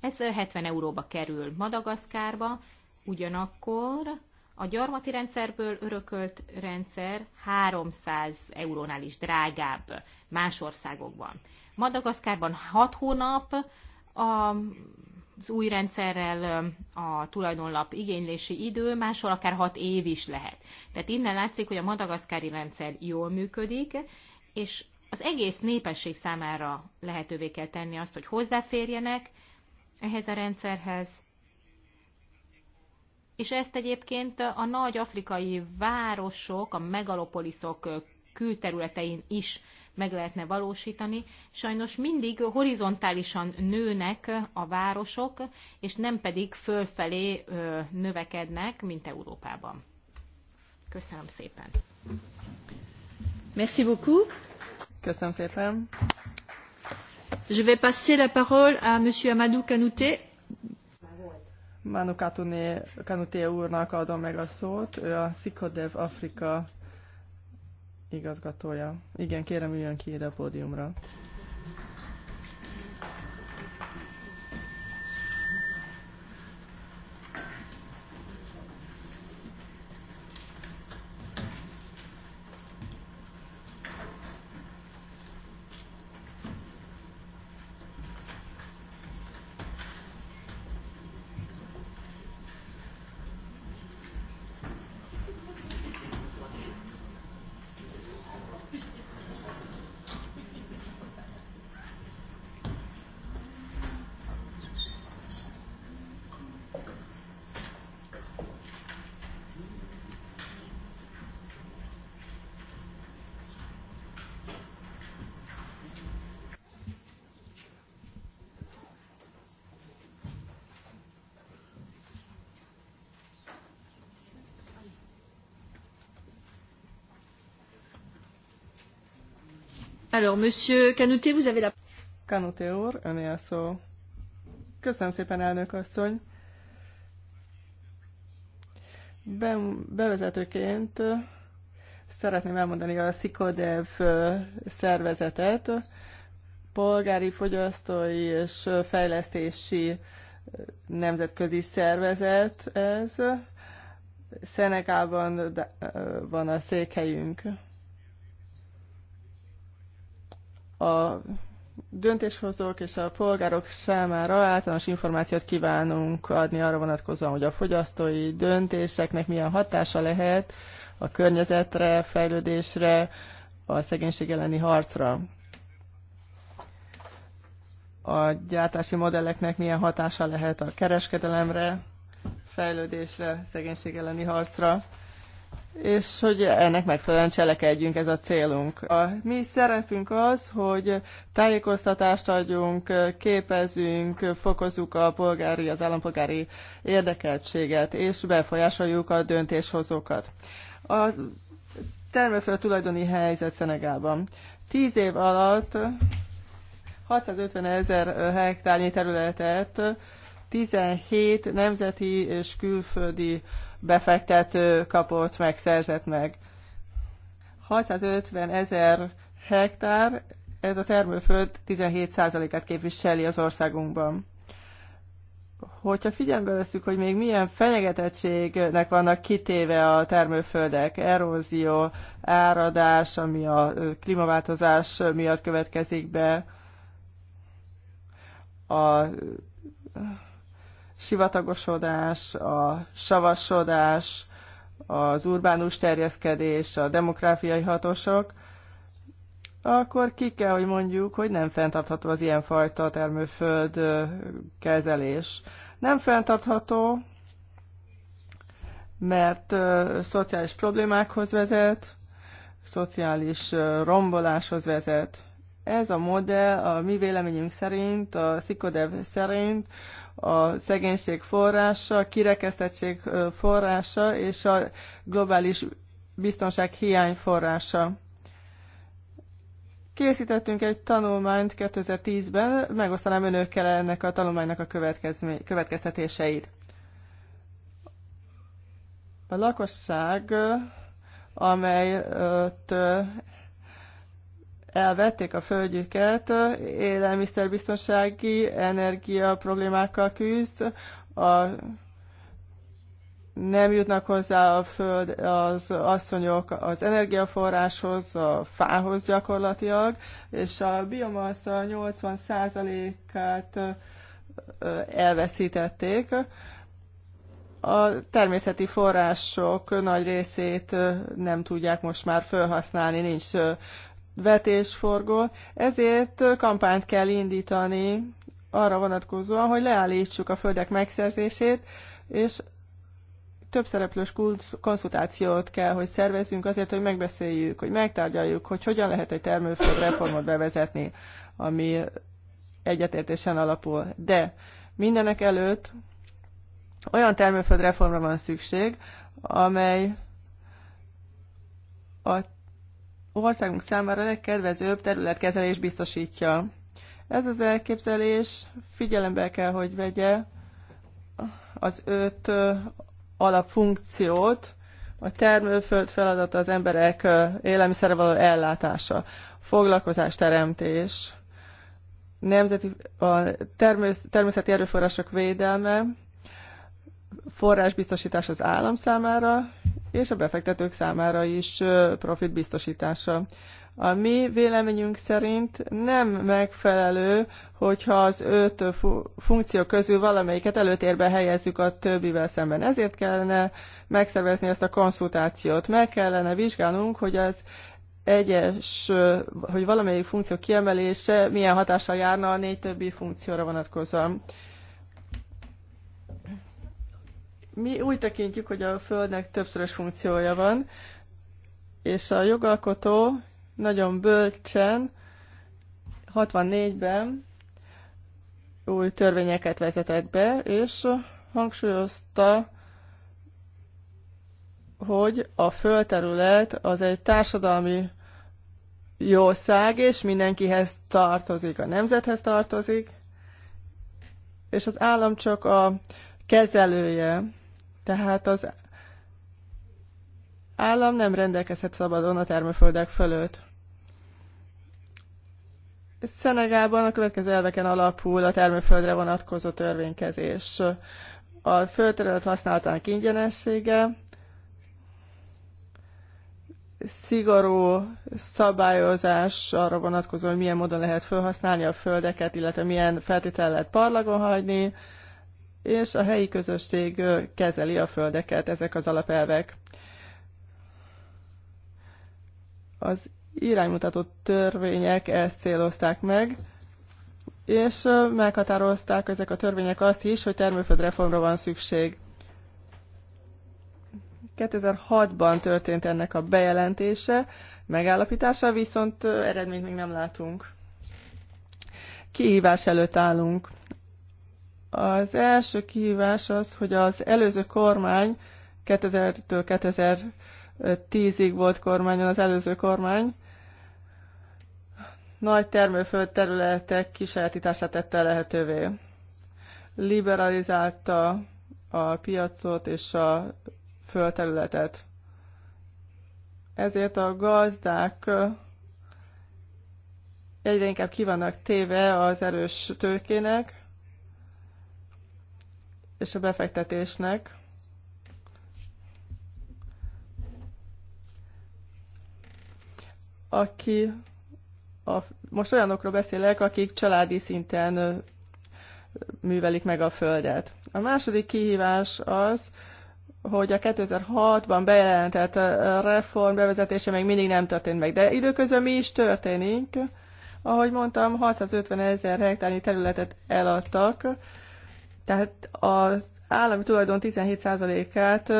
Ez 70 euróba kerül Madagaszkárba, ugyanakkor a gyarmati rendszerből örökölt rendszer 300 eurónál is drágább más országokban. Madagaszkárban 6 hónap a az új rendszerrel a tulajdonlap igénylési idő, máshol akár 6 év is lehet. Tehát innen látszik, hogy a madagaszkári rendszer jól működik, és az egész népesség számára lehetővé kell tenni azt, hogy hozzáférjenek ehhez a rendszerhez, és ezt egyébként a nagy afrikai városok, a megalopoliszok külterületein is meg lehetne valósítani. Sajnos mindig horizontálisan nőnek a városok, és nem pedig fölfelé növekednek, mint Európában. Köszönöm szépen. Merci beaucoup. Köszönöm szépen. Je vais passer la parole à monsieur Amadou Kanouté Manu Katuné, Kanuté úrnak adom meg a szót, ő a Szikodev Afrika igazgatója. Igen, kérem üljön ki ide a pódiumra. Alors, monsieur Canuté, vous avez la... Canuté úr, öné a szó. Köszönöm szépen, elnök asszony. Be, bevezetőként szeretném elmondani a Szikodev szervezetet, polgári, fogyasztói és fejlesztési nemzetközi szervezet ez. szenekában van a székhelyünk. a döntéshozók és a polgárok számára általános információt kívánunk adni arra vonatkozóan, hogy a fogyasztói döntéseknek milyen hatása lehet a környezetre, fejlődésre, a szegénység elleni harcra. A gyártási modelleknek milyen hatása lehet a kereskedelemre, fejlődésre, szegénység elleni harcra és hogy ennek megfelelően cselekedjünk, ez a célunk. A mi szerepünk az, hogy tájékoztatást adjunk, képezünk, fokozzuk a polgári, az állampolgári érdekeltséget, és befolyásoljuk a döntéshozókat. A termőföld tulajdoni helyzet Szenegában. Tíz év alatt 650 ezer hektárnyi területet 17 nemzeti és külföldi befektető kapott, megszerzett meg. 650 ezer hektár, ez a termőföld 17%-át képviseli az országunkban. Hogyha figyelembe veszük, hogy még milyen fenyegetettségnek vannak kitéve a termőföldek, erózió, áradás, ami a klímaváltozás miatt következik be, a sivatagosodás, a savasodás, az urbánus terjeszkedés, a demográfiai hatások, akkor ki kell, hogy mondjuk, hogy nem fenntartható az ilyenfajta termőföld kezelés. Nem fenntartható, mert szociális problémákhoz vezet, szociális romboláshoz vezet. Ez a modell a mi véleményünk szerint, a Szikodev szerint a szegénység forrása, a kirekesztettség forrása és a globális biztonság hiány forrása. Készítettünk egy tanulmányt 2010-ben, megosztanám önökkel ennek a tanulmánynak a következtetéseit. A lakosság, amelyet elvették a földjüket, élelmiszerbiztonsági, energia problémákkal küzd, a, nem jutnak hozzá a föld, az asszonyok az energiaforráshoz, a fához gyakorlatilag, és a biomassa 80%-át elveszítették. A természeti források nagy részét nem tudják most már felhasználni, nincs vetés forgol, ezért kampányt kell indítani arra vonatkozóan, hogy leállítsuk a földek megszerzését, és több szereplős konszultációt kell, hogy szervezünk azért, hogy megbeszéljük, hogy megtárgyaljuk, hogy hogyan lehet egy termőföld reformot bevezetni, ami egyetértésen alapul. De mindenek előtt olyan termőföld reformra van szükség, amely a országunk számára legkedvezőbb területkezelés biztosítja. Ez az elképzelés figyelembe kell, hogy vegye az öt alapfunkciót, a termőföld feladata az emberek élelmiszerre való ellátása, foglalkozás teremtés, nemzeti, a természeti erőforrások védelme, forrásbiztosítás az állam számára, és a befektetők számára is profit biztosítása. A mi véleményünk szerint nem megfelelő, hogyha az öt funkció közül valamelyiket előtérbe helyezzük a többivel szemben. Ezért kellene megszervezni ezt a konszultációt. Meg kellene vizsgálnunk, hogy az egyes, hogy valamelyik funkció kiemelése milyen hatással járna a négy többi funkcióra vonatkozóan. mi úgy tekintjük, hogy a Földnek többszörös funkciója van, és a jogalkotó nagyon bölcsen 64-ben új törvényeket vezetett be, és hangsúlyozta, hogy a földterület az egy társadalmi jószág, és mindenkihez tartozik, a nemzethez tartozik, és az állam csak a kezelője tehát az állam nem rendelkezhet szabadon a termőföldek fölött. Szenegában a következő elveken alapul a termőföldre vonatkozó törvénykezés. A földterület használatának ingyenessége, szigorú szabályozás arra vonatkozó, hogy milyen módon lehet felhasználni a földeket, illetve milyen feltétel lehet parlagon hagyni, és a helyi közösség kezeli a földeket, ezek az alapelvek. Az iránymutató törvények ezt célozták meg, és meghatározták ezek a törvények azt is, hogy termőföldreformra van szükség. 2006-ban történt ennek a bejelentése, megállapítása, viszont eredményt még nem látunk. Kihívás előtt állunk. Az első kihívás az, hogy az előző kormány 2000-től 2010-ig volt kormányon az előző kormány, nagy termőföld területek kisajátítását tette lehetővé. Liberalizálta a piacot és a földterületet. Ezért a gazdák egyre inkább kivannak téve az erős tőkének, és a befektetésnek. Aki a, most olyanokról beszélek, akik családi szinten művelik meg a földet. A második kihívás az, hogy a 2006-ban bejelentett reform bevezetése még mindig nem történt meg, de időközben mi is történik. Ahogy mondtam, 650 ezer hektárnyi területet eladtak, tehát az állami tulajdon 17%-át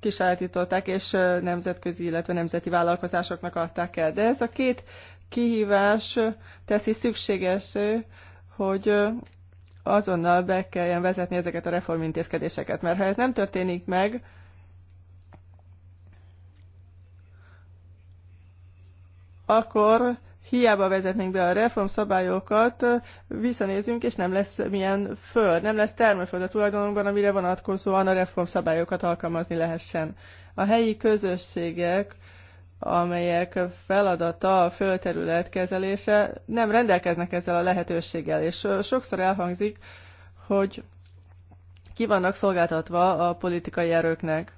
kisállították, és nemzetközi, illetve nemzeti vállalkozásoknak adták el. De ez a két kihívás teszi szükséges, hogy azonnal be kelljen vezetni ezeket a reformintézkedéseket, mert ha ez nem történik meg, akkor hiába vezetnénk be a reformszabályokat, visszanézünk, és nem lesz milyen föld, nem lesz termőföld a tulajdonunkban, amire vonatkozóan a reformszabályokat alkalmazni lehessen. A helyi közösségek, amelyek feladata a földterület kezelése, nem rendelkeznek ezzel a lehetőséggel, és sokszor elhangzik, hogy ki vannak szolgáltatva a politikai erőknek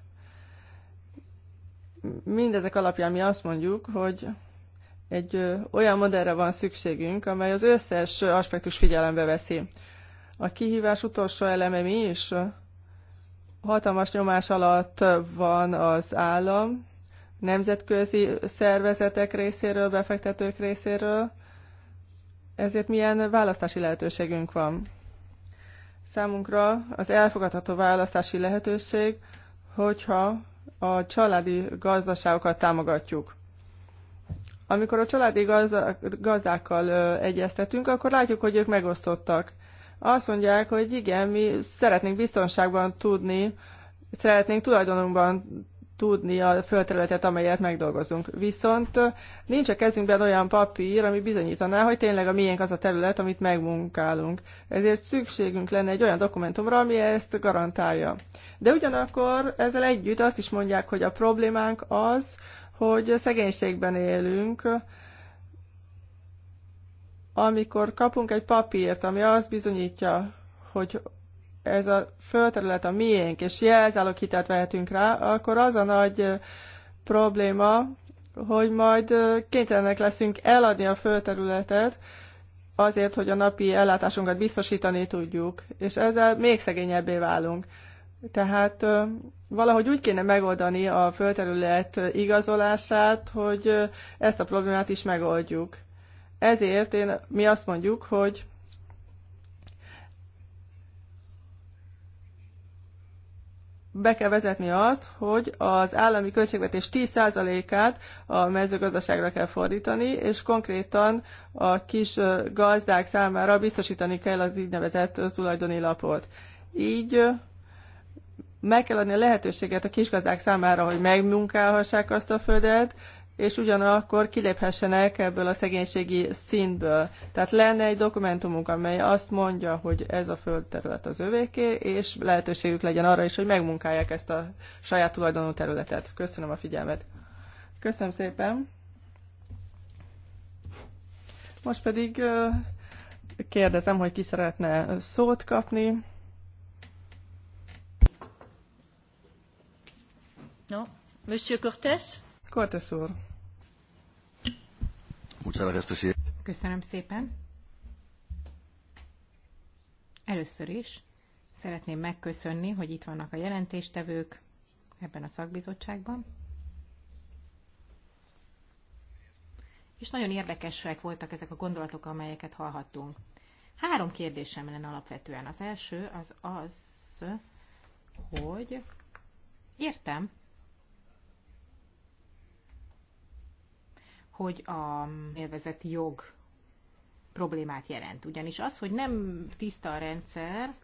mindezek alapján mi azt mondjuk, hogy egy olyan modellre van szükségünk, amely az összes aspektus figyelembe veszi. A kihívás utolsó eleme mi is? Hatalmas nyomás alatt van az állam, nemzetközi szervezetek részéről, befektetők részéről, ezért milyen választási lehetőségünk van. Számunkra az elfogadható választási lehetőség, hogyha a családi gazdaságokat támogatjuk. Amikor a családi gazdákkal egyeztetünk, akkor látjuk, hogy ők megosztottak. Azt mondják, hogy igen, mi szeretnénk biztonságban tudni, szeretnénk tulajdonunkban tudni a földterületet, amelyet megdolgozunk. Viszont nincs a kezünkben olyan papír, ami bizonyítaná, hogy tényleg a miénk az a terület, amit megmunkálunk. Ezért szükségünk lenne egy olyan dokumentumra, ami ezt garantálja. De ugyanakkor ezzel együtt azt is mondják, hogy a problémánk az, hogy szegénységben élünk, amikor kapunk egy papírt, ami azt bizonyítja, hogy ez a földterület a miénk, és jelzálok hitelt vehetünk rá, akkor az a nagy probléma, hogy majd kénytelenek leszünk eladni a földterületet, azért, hogy a napi ellátásunkat biztosítani tudjuk, és ezzel még szegényebbé válunk. Tehát valahogy úgy kéne megoldani a földterület igazolását, hogy ezt a problémát is megoldjuk. Ezért én, mi azt mondjuk, hogy be kell vezetni azt, hogy az állami költségvetés 10%-át a mezőgazdaságra kell fordítani, és konkrétan a kis gazdák számára biztosítani kell az nevezett tulajdoni lapot. Így meg kell adni a lehetőséget a kisgazdák számára, hogy megmunkálhassák azt a földet, és ugyanakkor kiléphessenek ebből a szegénységi szintből. Tehát lenne egy dokumentumunk, amely azt mondja, hogy ez a földterület az övéké, és lehetőségük legyen arra is, hogy megmunkálják ezt a saját tulajdonú területet. Köszönöm a figyelmet. Köszönöm szépen. Most pedig kérdezem, hogy ki szeretne szót kapni. No. Monsieur Cortés? Cortés úr. Köszönöm szépen. Először is szeretném megköszönni, hogy itt vannak a jelentéstevők ebben a szakbizottságban. És nagyon érdekesek voltak ezek a gondolatok, amelyeket hallhattunk. Három kérdésem lenne alapvetően. Az első az az, hogy értem, hogy a élvezeti jog problémát jelent. Ugyanis az, hogy nem tiszta a rendszer,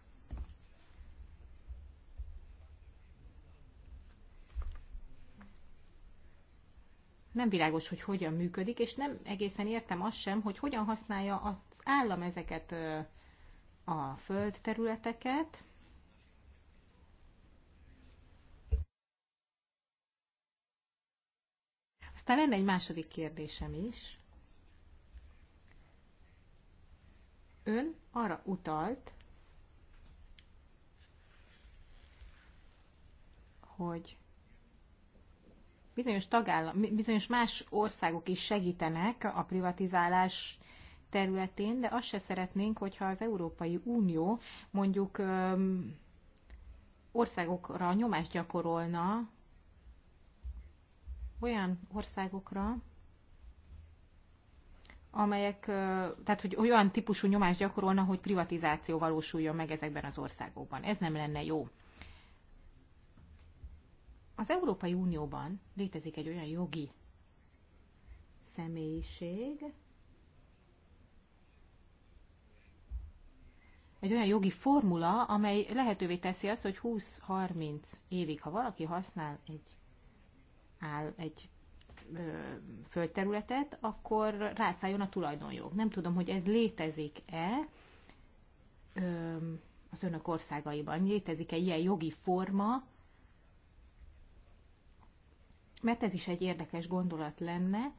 nem világos, hogy hogyan működik, és nem egészen értem azt sem, hogy hogyan használja az állam ezeket a földterületeket, Aztán lenne egy második kérdésem is. Ön arra utalt, hogy bizonyos, tagállam, bizonyos más országok is segítenek a privatizálás területén, de azt se szeretnénk, hogyha az Európai Unió mondjuk országokra nyomást gyakorolna olyan országokra, amelyek, tehát hogy olyan típusú nyomást gyakorolna, hogy privatizáció valósuljon meg ezekben az országokban. Ez nem lenne jó. Az Európai Unióban létezik egy olyan jogi személyiség, egy olyan jogi formula, amely lehetővé teszi azt, hogy 20-30 évig, ha valaki használ egy áll egy földterületet, akkor rászálljon a tulajdonjog. Nem tudom, hogy ez létezik-e az önök országaiban. Létezik-e ilyen jogi forma? Mert ez is egy érdekes gondolat lenne,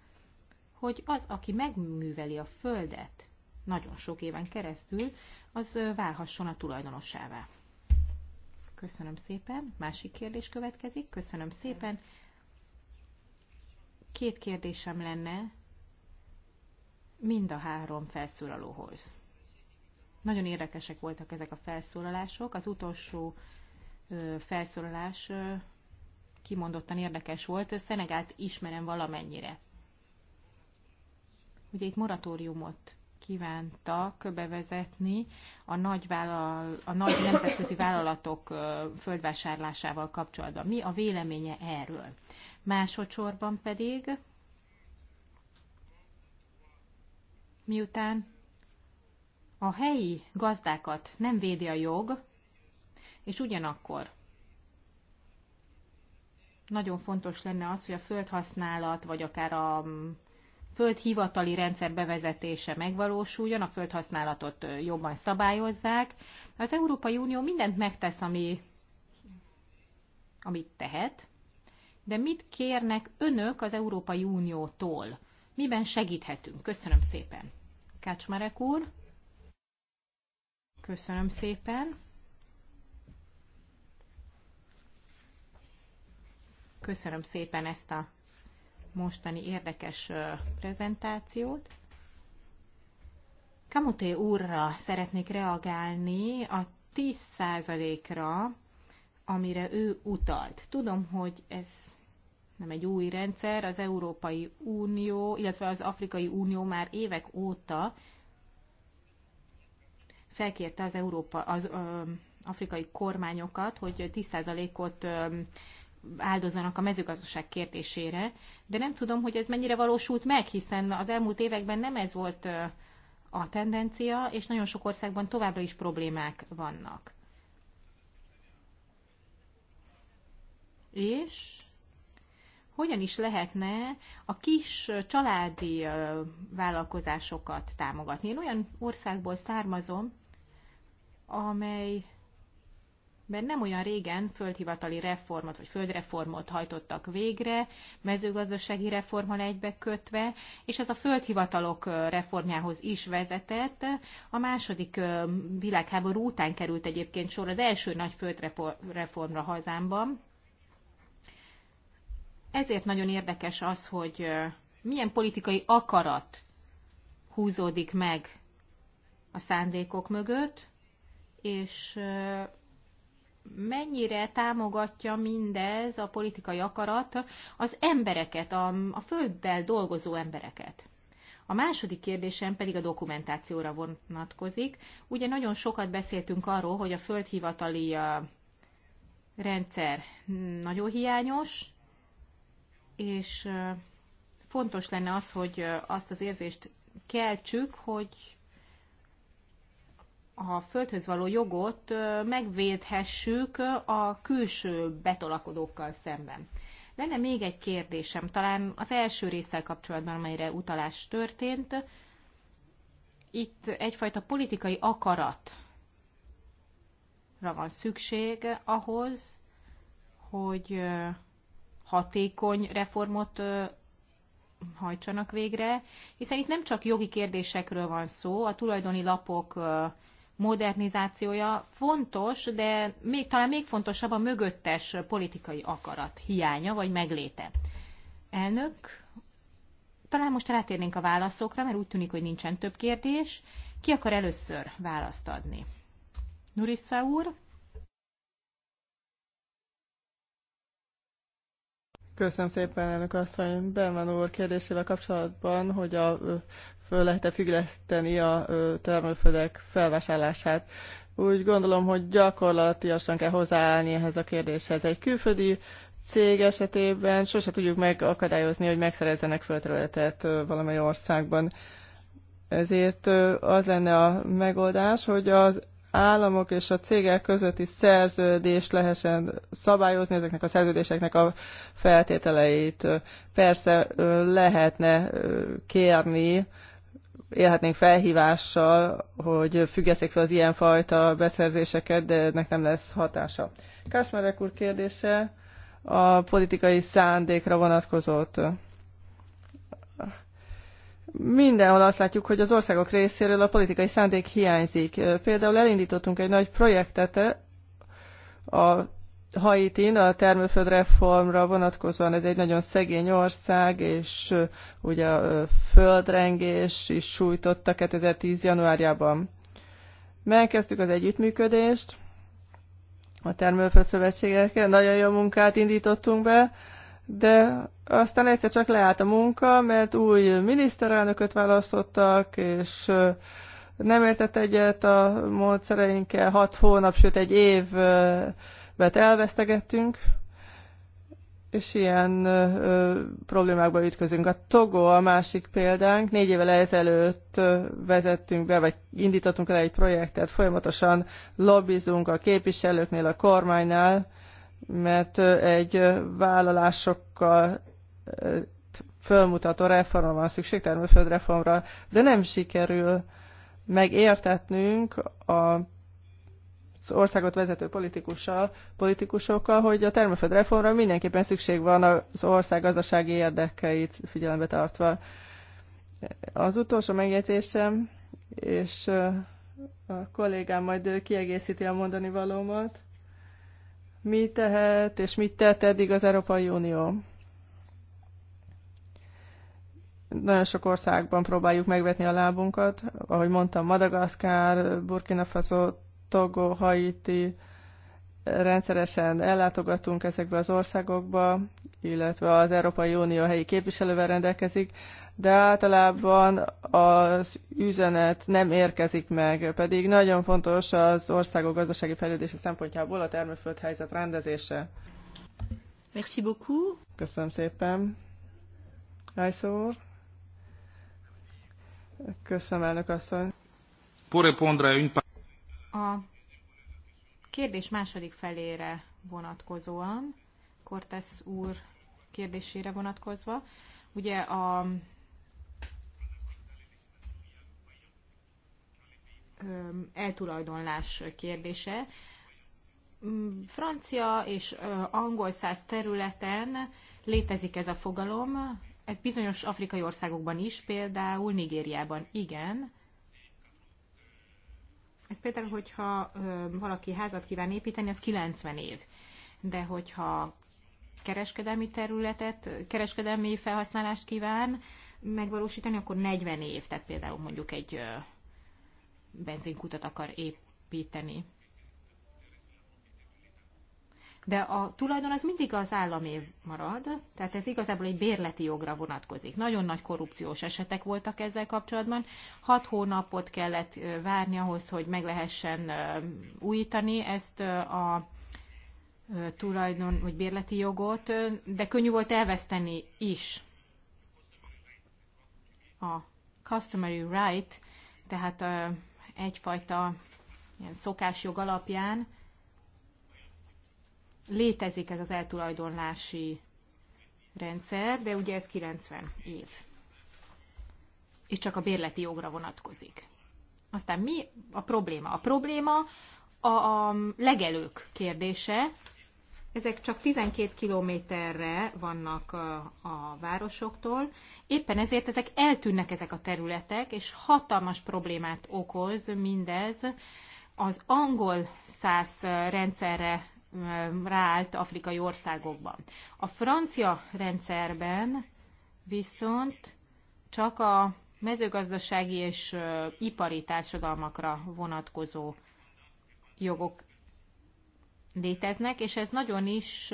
hogy az, aki megműveli a földet nagyon sok éven keresztül, az válhasson a tulajdonossává. Köszönöm szépen. Másik kérdés következik. Köszönöm szépen. Két kérdésem lenne mind a három felszólalóhoz. Nagyon érdekesek voltak ezek a felszólalások. Az utolsó felszólalás kimondottan érdekes volt. Szenegált ismerem valamennyire. Ugye itt moratóriumot kívántak bevezetni a nagy, vállal, a nagy nemzetközi vállalatok földvásárlásával kapcsolatban. Mi a véleménye erről? Másodszorban pedig, miután a helyi gazdákat nem védi a jog, és ugyanakkor nagyon fontos lenne az, hogy a földhasználat, vagy akár a mm, földhivatali rendszer bevezetése megvalósuljon, a földhasználatot jobban szabályozzák. Az Európai Unió mindent megtesz, ami, amit tehet, de mit kérnek önök az Európai Uniótól? Miben segíthetünk? Köszönöm szépen. Kácsmarek úr. Köszönöm szépen. Köszönöm szépen ezt a mostani érdekes prezentációt. Kamuté úrra szeretnék reagálni a 10%-ra, amire ő utalt. Tudom, hogy ez nem egy új rendszer, az Európai Unió, illetve az Afrikai Unió már évek óta felkérte az, Európa, az ö, afrikai kormányokat, hogy 10%-ot áldozzanak a mezőgazdaság kérdésére, de nem tudom, hogy ez mennyire valósult meg, hiszen az elmúlt években nem ez volt a tendencia, és nagyon sok országban továbbra is problémák vannak. És hogyan is lehetne a kis családi vállalkozásokat támogatni. Én olyan országból származom, amely mert nem olyan régen földhivatali reformot vagy földreformot hajtottak végre, mezőgazdasági reformmal kötve, és ez a földhivatalok reformjához is vezetett. A második világháború után került egyébként sor az első nagy földreformra hazámban, ezért nagyon érdekes az, hogy milyen politikai akarat húzódik meg a szándékok mögött, és mennyire támogatja mindez a politikai akarat az embereket, a, a földdel dolgozó embereket. A második kérdésem pedig a dokumentációra vonatkozik. Ugye nagyon sokat beszéltünk arról, hogy a földhivatali rendszer nagyon hiányos, és fontos lenne az, hogy azt az érzést keltsük, hogy a földhöz való jogot megvédhessük a külső betolakodókkal szemben. Lenne még egy kérdésem, talán az első résszel kapcsolatban, amelyre utalás történt. Itt egyfajta politikai akaratra van szükség ahhoz, hogy hatékony reformot hajtsanak végre, hiszen itt nem csak jogi kérdésekről van szó, a tulajdoni lapok modernizációja fontos, de még, talán még fontosabb a mögöttes politikai akarat hiánya vagy megléte. Elnök, talán most rátérnénk a válaszokra, mert úgy tűnik, hogy nincsen több kérdés. Ki akar először választ adni? Nurissa úr? Köszönöm szépen, elnök asszony. Berman úr kérdésével kapcsolatban, hogy a föl lehet-e függeszteni a termőföldek felvásárlását. Úgy gondolom, hogy gyakorlatilag kell hozzáállni ehhez a kérdéshez. Egy külföldi cég esetében sose tudjuk megakadályozni, hogy megszerezzenek földterületet valamely országban. Ezért az lenne a megoldás, hogy az államok és a cégek közötti szerződést lehessen szabályozni, ezeknek a szerződéseknek a feltételeit. Persze lehetne kérni, élhetnénk felhívással, hogy függesszék fel az ilyenfajta beszerzéseket, de ennek nem lesz hatása. Kásmerek úr kérdése a politikai szándékra vonatkozott mindenhol azt látjuk, hogy az országok részéről a politikai szándék hiányzik. Például elindítottunk egy nagy projektet a Haitin a termőföldreformra vonatkozóan ez egy nagyon szegény ország, és ugye a földrengés is sújtotta 2010. januárjában. Megkezdtük az együttműködést a termőföldszövetségekkel, nagyon jó munkát indítottunk be, de aztán egyszer csak leállt a munka, mert új miniszterelnököt választottak, és nem értett egyet a módszereinkkel, hat hónap, sőt egy évet elvesztegettünk, és ilyen problémákba ütközünk. A Togo a másik példánk, négy évvel ezelőtt vezettünk be, vagy indítottunk el egy projektet, folyamatosan lobbizunk a képviselőknél, a kormánynál, mert egy vállalásokkal fölmutató reformra van szükség, termőföldreformra, de nem sikerül megértetnünk a az országot vezető politikussal, politikusokkal, hogy a termőföld reformra mindenképpen szükség van az ország gazdasági érdekeit figyelembe tartva. Az utolsó megjegyzésem, és a kollégám majd kiegészíti a mondani valómat, mi tehet és mit tett eddig az Európai Unió. Nagyon sok országban próbáljuk megvetni a lábunkat, ahogy mondtam, Madagaszkár, Burkina Faso, Togo, Haiti, rendszeresen ellátogatunk ezekbe az országokba, illetve az Európai Unió helyi képviselővel rendelkezik, de általában az üzenet nem érkezik meg, pedig nagyon fontos az országok gazdasági fejlődése szempontjából a termőföld helyzet rendezése. Merci beaucoup. Köszönöm szépen. Rajszó Köszönöm, elnök asszony. A kérdés második felére vonatkozóan, Cortes úr kérdésére vonatkozva, ugye a eltulajdonlás kérdése. Mm, francia és angol száz területen létezik ez a fogalom, ez bizonyos afrikai országokban is, például Nigériában igen. Ez például, hogyha valaki házat kíván építeni, az 90 év. De hogyha kereskedelmi területet, kereskedelmi felhasználást kíván megvalósítani, akkor 40 év, tehát például mondjuk egy benzinkutat akar építeni. De a tulajdon az mindig az államé marad, tehát ez igazából egy bérleti jogra vonatkozik. Nagyon nagy korrupciós esetek voltak ezzel kapcsolatban. Hat hónapot kellett várni ahhoz, hogy meg lehessen újítani ezt a tulajdon vagy bérleti jogot, de könnyű volt elveszteni is a customary right, tehát egyfajta ilyen szokásjog alapján létezik ez az eltulajdonlási rendszer, de ugye ez 90 év. És csak a bérleti jogra vonatkozik. Aztán mi a probléma? A probléma a, a legelők kérdése, ezek csak 12 kilométerre vannak a, a városoktól. Éppen ezért ezek eltűnnek ezek a területek, és hatalmas problémát okoz mindez. Az angol száz rendszerre ráállt afrikai országokban. A francia rendszerben viszont csak a mezőgazdasági és ipari társadalmakra vonatkozó jogok léteznek, és ez nagyon is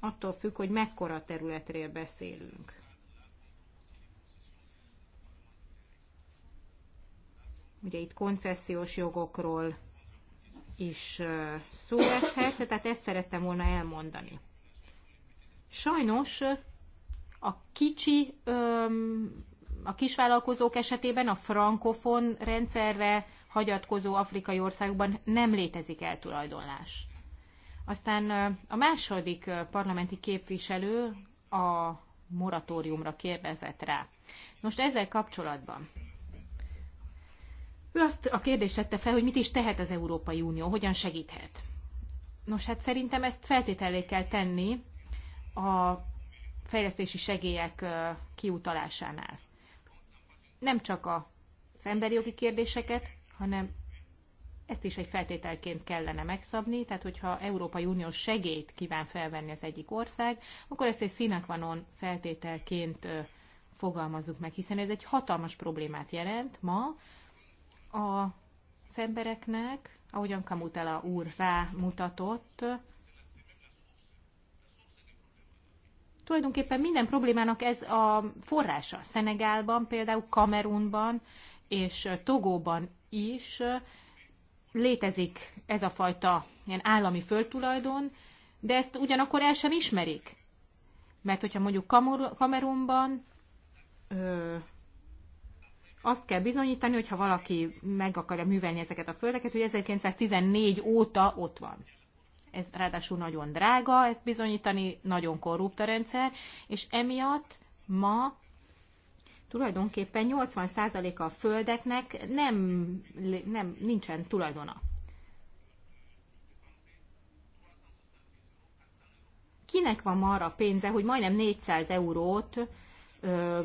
attól függ, hogy mekkora területről beszélünk. Ugye itt koncesziós jogokról is szó eshet, tehát ezt szerettem volna elmondani. Sajnos a kicsi, a kisvállalkozók esetében a frankofon rendszerre hagyatkozó afrikai országokban nem létezik eltulajdonlás. Aztán a második parlamenti képviselő a moratóriumra kérdezett rá. Most ezzel kapcsolatban ő azt a kérdést tette fel, hogy mit is tehet az Európai Unió, hogyan segíthet. Nos, hát szerintem ezt feltételé kell tenni a fejlesztési segélyek kiutalásánál. Nem csak az emberi jogi kérdéseket hanem ezt is egy feltételként kellene megszabni, tehát hogyha Európai Unió segélyt kíván felvenni az egyik ország, akkor ezt egy színekvanon feltételként fogalmazzuk meg, hiszen ez egy hatalmas problémát jelent ma az embereknek, ahogyan Kamutela úr rámutatott, tulajdonképpen minden problémának ez a forrása. Szenegálban, például Kamerunban és Togóban is létezik ez a fajta ilyen állami földtulajdon, de ezt ugyanakkor el sem ismerik. Mert hogyha mondjuk Kamer- Kamerunban ö, azt kell bizonyítani, hogyha valaki meg akarja művelni ezeket a földeket, hogy 1914 óta ott van. Ez ráadásul nagyon drága, ezt bizonyítani nagyon korrupt a rendszer, és emiatt ma tulajdonképpen 80%-a a földeknek nem, nem, nincsen tulajdona. Kinek van ma arra pénze, hogy majdnem 400 eurót ö,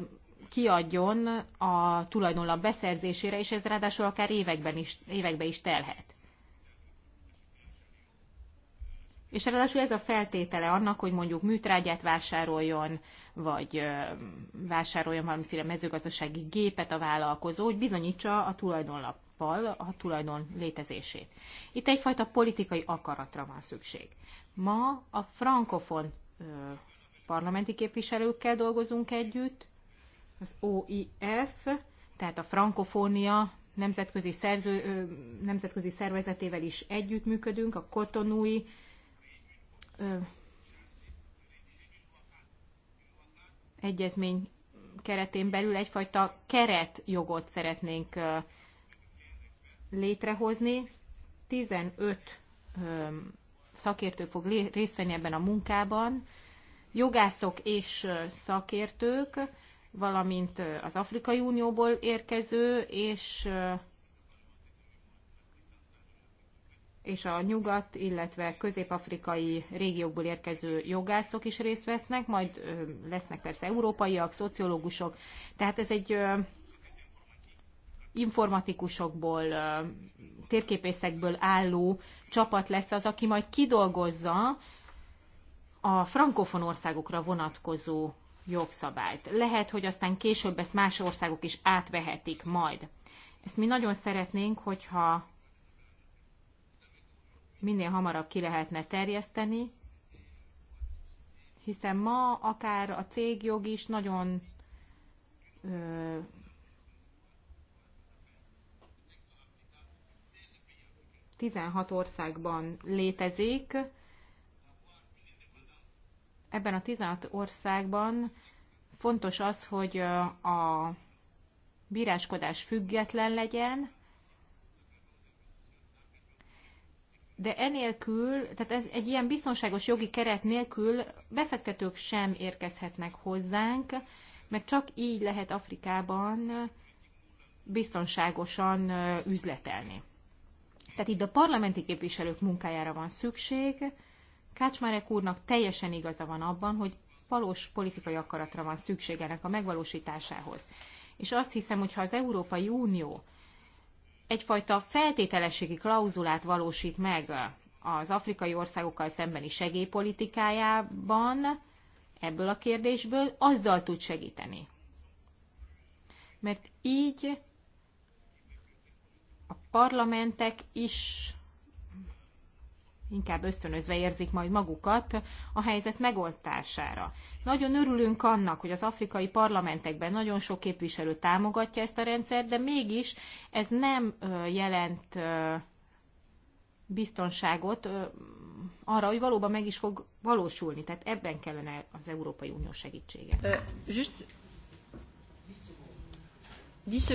kiadjon a tulajdonlap beszerzésére, és ez ráadásul akár években is, évekbe is telhet. És ráadásul ez a feltétele annak, hogy mondjuk műtrágyát vásároljon, vagy vásároljon valamiféle mezőgazdasági gépet a vállalkozó, hogy bizonyítsa a tulajdonlappal a tulajdon létezését. Itt egyfajta politikai akaratra van szükség. Ma a frankofon parlamenti képviselőkkel dolgozunk együtt, az OIF, tehát a frankofónia nemzetközi, szerző, nemzetközi szervezetével is együttműködünk, a kotonúi egyezmény keretén belül egyfajta keretjogot szeretnénk létrehozni. 15 szakértő fog részt venni ebben a munkában, jogászok és szakértők, valamint az Afrikai Unióból érkező és és a nyugat, illetve közép-afrikai régiókból érkező jogászok is részt vesznek, majd lesznek persze európaiak, szociológusok, tehát ez egy informatikusokból, térképészekből álló csapat lesz az, aki majd kidolgozza a frankofon országokra vonatkozó jogszabályt. Lehet, hogy aztán később ezt más országok is átvehetik majd. Ezt mi nagyon szeretnénk, hogyha minél hamarabb ki lehetne terjeszteni, hiszen ma akár a cégjog is nagyon ö, ...16 országban létezik. Ebben a 16 országban fontos az, hogy a bíráskodás független legyen, de enélkül, tehát ez egy ilyen biztonságos jogi keret nélkül befektetők sem érkezhetnek hozzánk, mert csak így lehet Afrikában biztonságosan üzletelni. Tehát itt a parlamenti képviselők munkájára van szükség. Kácsmárek úrnak teljesen igaza van abban, hogy valós politikai akaratra van szükségenek a megvalósításához. És azt hiszem, hogy ha az Európai Unió egyfajta feltételességi klauzulát valósít meg az afrikai országokkal szembeni segélypolitikájában ebből a kérdésből, azzal tud segíteni. Mert így a parlamentek is inkább ösztönözve érzik majd magukat a helyzet megoldására. Nagyon örülünk annak, hogy az afrikai parlamentekben nagyon sok képviselő támogatja ezt a rendszert, de mégis ez nem jelent biztonságot arra, hogy valóban meg is fog valósulni. Tehát ebben kellene az Európai Unió segítsége. Euh, Tíz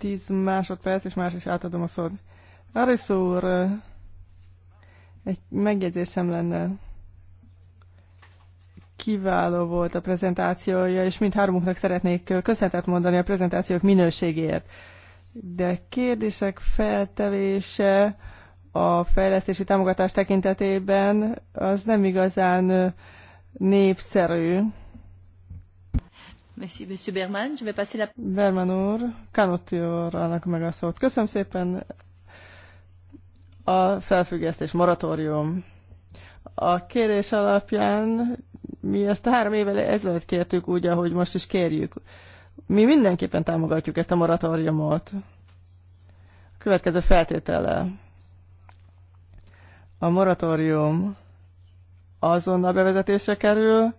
10 másodperc, és más is átadom a szót. Arisz úr, egy megjegyzésem lenne. Kiváló volt a prezentációja, és mindhármunknak szeretnék köszönetet mondani a prezentációk minőségéért. De kérdések feltevése a fejlesztési támogatás tekintetében az nem igazán népszerű. Merci, Monsieur Berman. Je vais passer la... Berman úr, Kanotti úr, annak meg a szót. Köszönöm szépen, a felfüggesztés moratórium. A kérés alapján mi ezt a három évvel ezelőtt kértük úgy, ahogy most is kérjük. Mi mindenképpen támogatjuk ezt a moratóriumot. A következő feltétele. A moratórium azonnal bevezetésre kerül,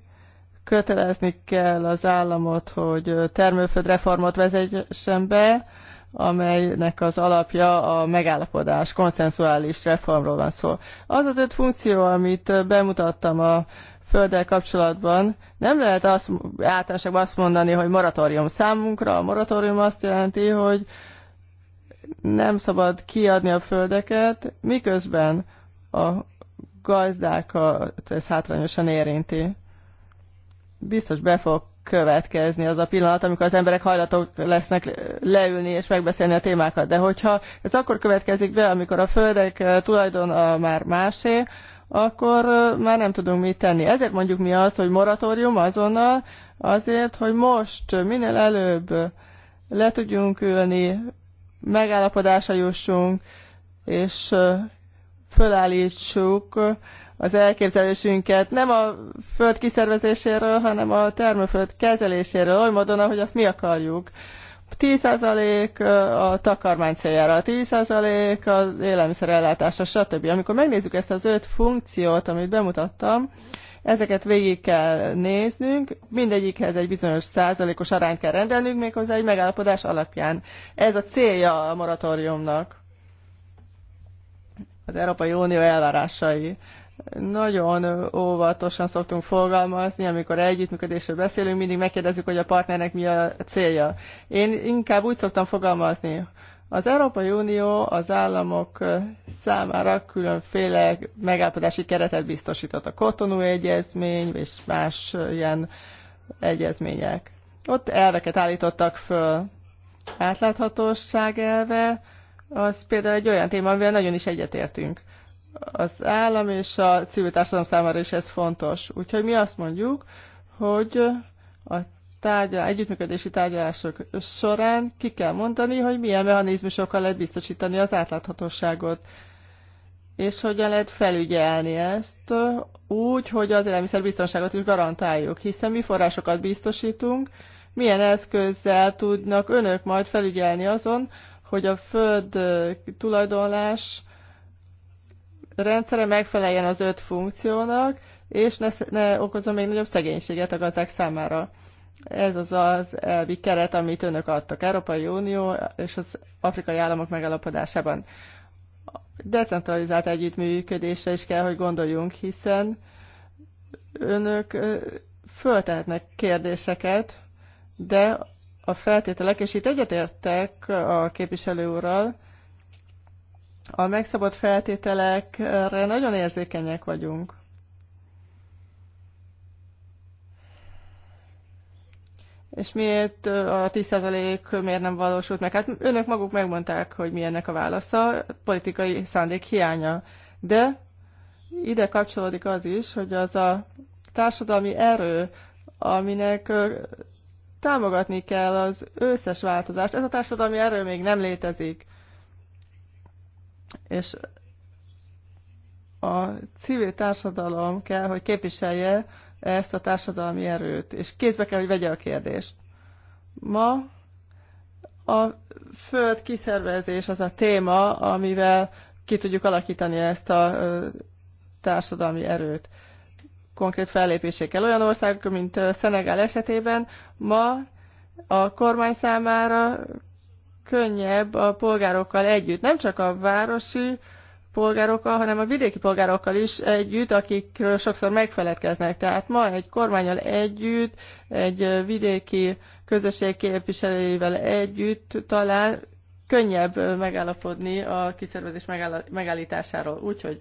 kötelezni kell az államot, hogy termőföldreformot vezessen be, amelynek az alapja a megállapodás, konszenzuális reformról van szó. Az az öt funkció, amit bemutattam a földdel kapcsolatban, nem lehet azt, általánosságban azt mondani, hogy moratórium számunkra. A moratórium azt jelenti, hogy nem szabad kiadni a földeket, miközben a gazdákat ez hátrányosan érinti. Biztos be fog következni az a pillanat, amikor az emberek hajlatok lesznek leülni és megbeszélni a témákat. De hogyha ez akkor következik be, amikor a földek eh, tulajdon eh, már másé, akkor eh, már nem tudunk mit tenni. Ezért mondjuk mi azt, hogy moratórium azonnal, azért, hogy most minél előbb le tudjunk ülni, megállapodásra jussunk, és fölállítsuk az elképzelésünket nem a föld kiszervezéséről, hanem a termőföld kezeléséről, oly módon, ahogy azt mi akarjuk. 10% a takarmány céljára, 10% az élelmiszerellátásra, stb. Amikor megnézzük ezt az öt funkciót, amit bemutattam, ezeket végig kell néznünk, mindegyikhez egy bizonyos százalékos arányt kell rendelnünk, méghozzá egy megállapodás alapján. Ez a célja a moratóriumnak. Az Európai Unió elvárásai. Nagyon óvatosan szoktunk fogalmazni, amikor együttműködésről beszélünk, mindig megkérdezzük, hogy a partnernek mi a célja. Én inkább úgy szoktam fogalmazni, az Európai Unió az államok számára különféle megállapodási keretet biztosított. A Kotonú Egyezmény és más ilyen egyezmények. Ott elveket állítottak föl. Átláthatóság elve, az például egy olyan téma, amivel nagyon is egyetértünk az állam és a civil társadalom számára is ez fontos. Úgyhogy mi azt mondjuk, hogy a tárgyal, együttműködési tárgyalások során ki kell mondani, hogy milyen mechanizmusokkal lehet biztosítani az átláthatóságot, és hogyan lehet felügyelni ezt úgy, hogy az élelmiszerbiztonságot is garantáljuk, hiszen mi forrásokat biztosítunk, milyen eszközzel tudnak önök majd felügyelni azon, hogy a föld tulajdonlás rendszere megfeleljen az öt funkciónak, és ne, ne okozom még nagyobb szegénységet a gazdák számára. Ez az az elvi keret, amit önök adtak Európai Unió és az afrikai államok megalapodásában. Decentralizált együttműködésre is kell, hogy gondoljunk, hiszen önök föltehetnek kérdéseket, de a feltételek, és itt egyetértek a képviselő úrral, a megszabott feltételekre nagyon érzékenyek vagyunk. És miért a 10% miért nem valósult meg? Hát önök maguk megmondták, hogy mi ennek a válasza, politikai szándék hiánya. De ide kapcsolódik az is, hogy az a társadalmi erő, aminek támogatni kell az összes változást, ez a társadalmi erő még nem létezik és a civil társadalom kell, hogy képviselje ezt a társadalmi erőt, és kézbe kell, hogy vegye a kérdést. Ma a föld kiszervezés az a téma, amivel ki tudjuk alakítani ezt a társadalmi erőt. Konkrét fellépésekkel. Olyan országok, mint Szenegál esetében ma a kormány számára könnyebb a polgárokkal együtt, nem csak a városi polgárokkal, hanem a vidéki polgárokkal is együtt, akikről sokszor megfeledkeznek. Tehát ma egy kormányal együtt, egy vidéki közösség képviselőivel együtt talán könnyebb megállapodni a kiszervezés megállításáról. Úgyhogy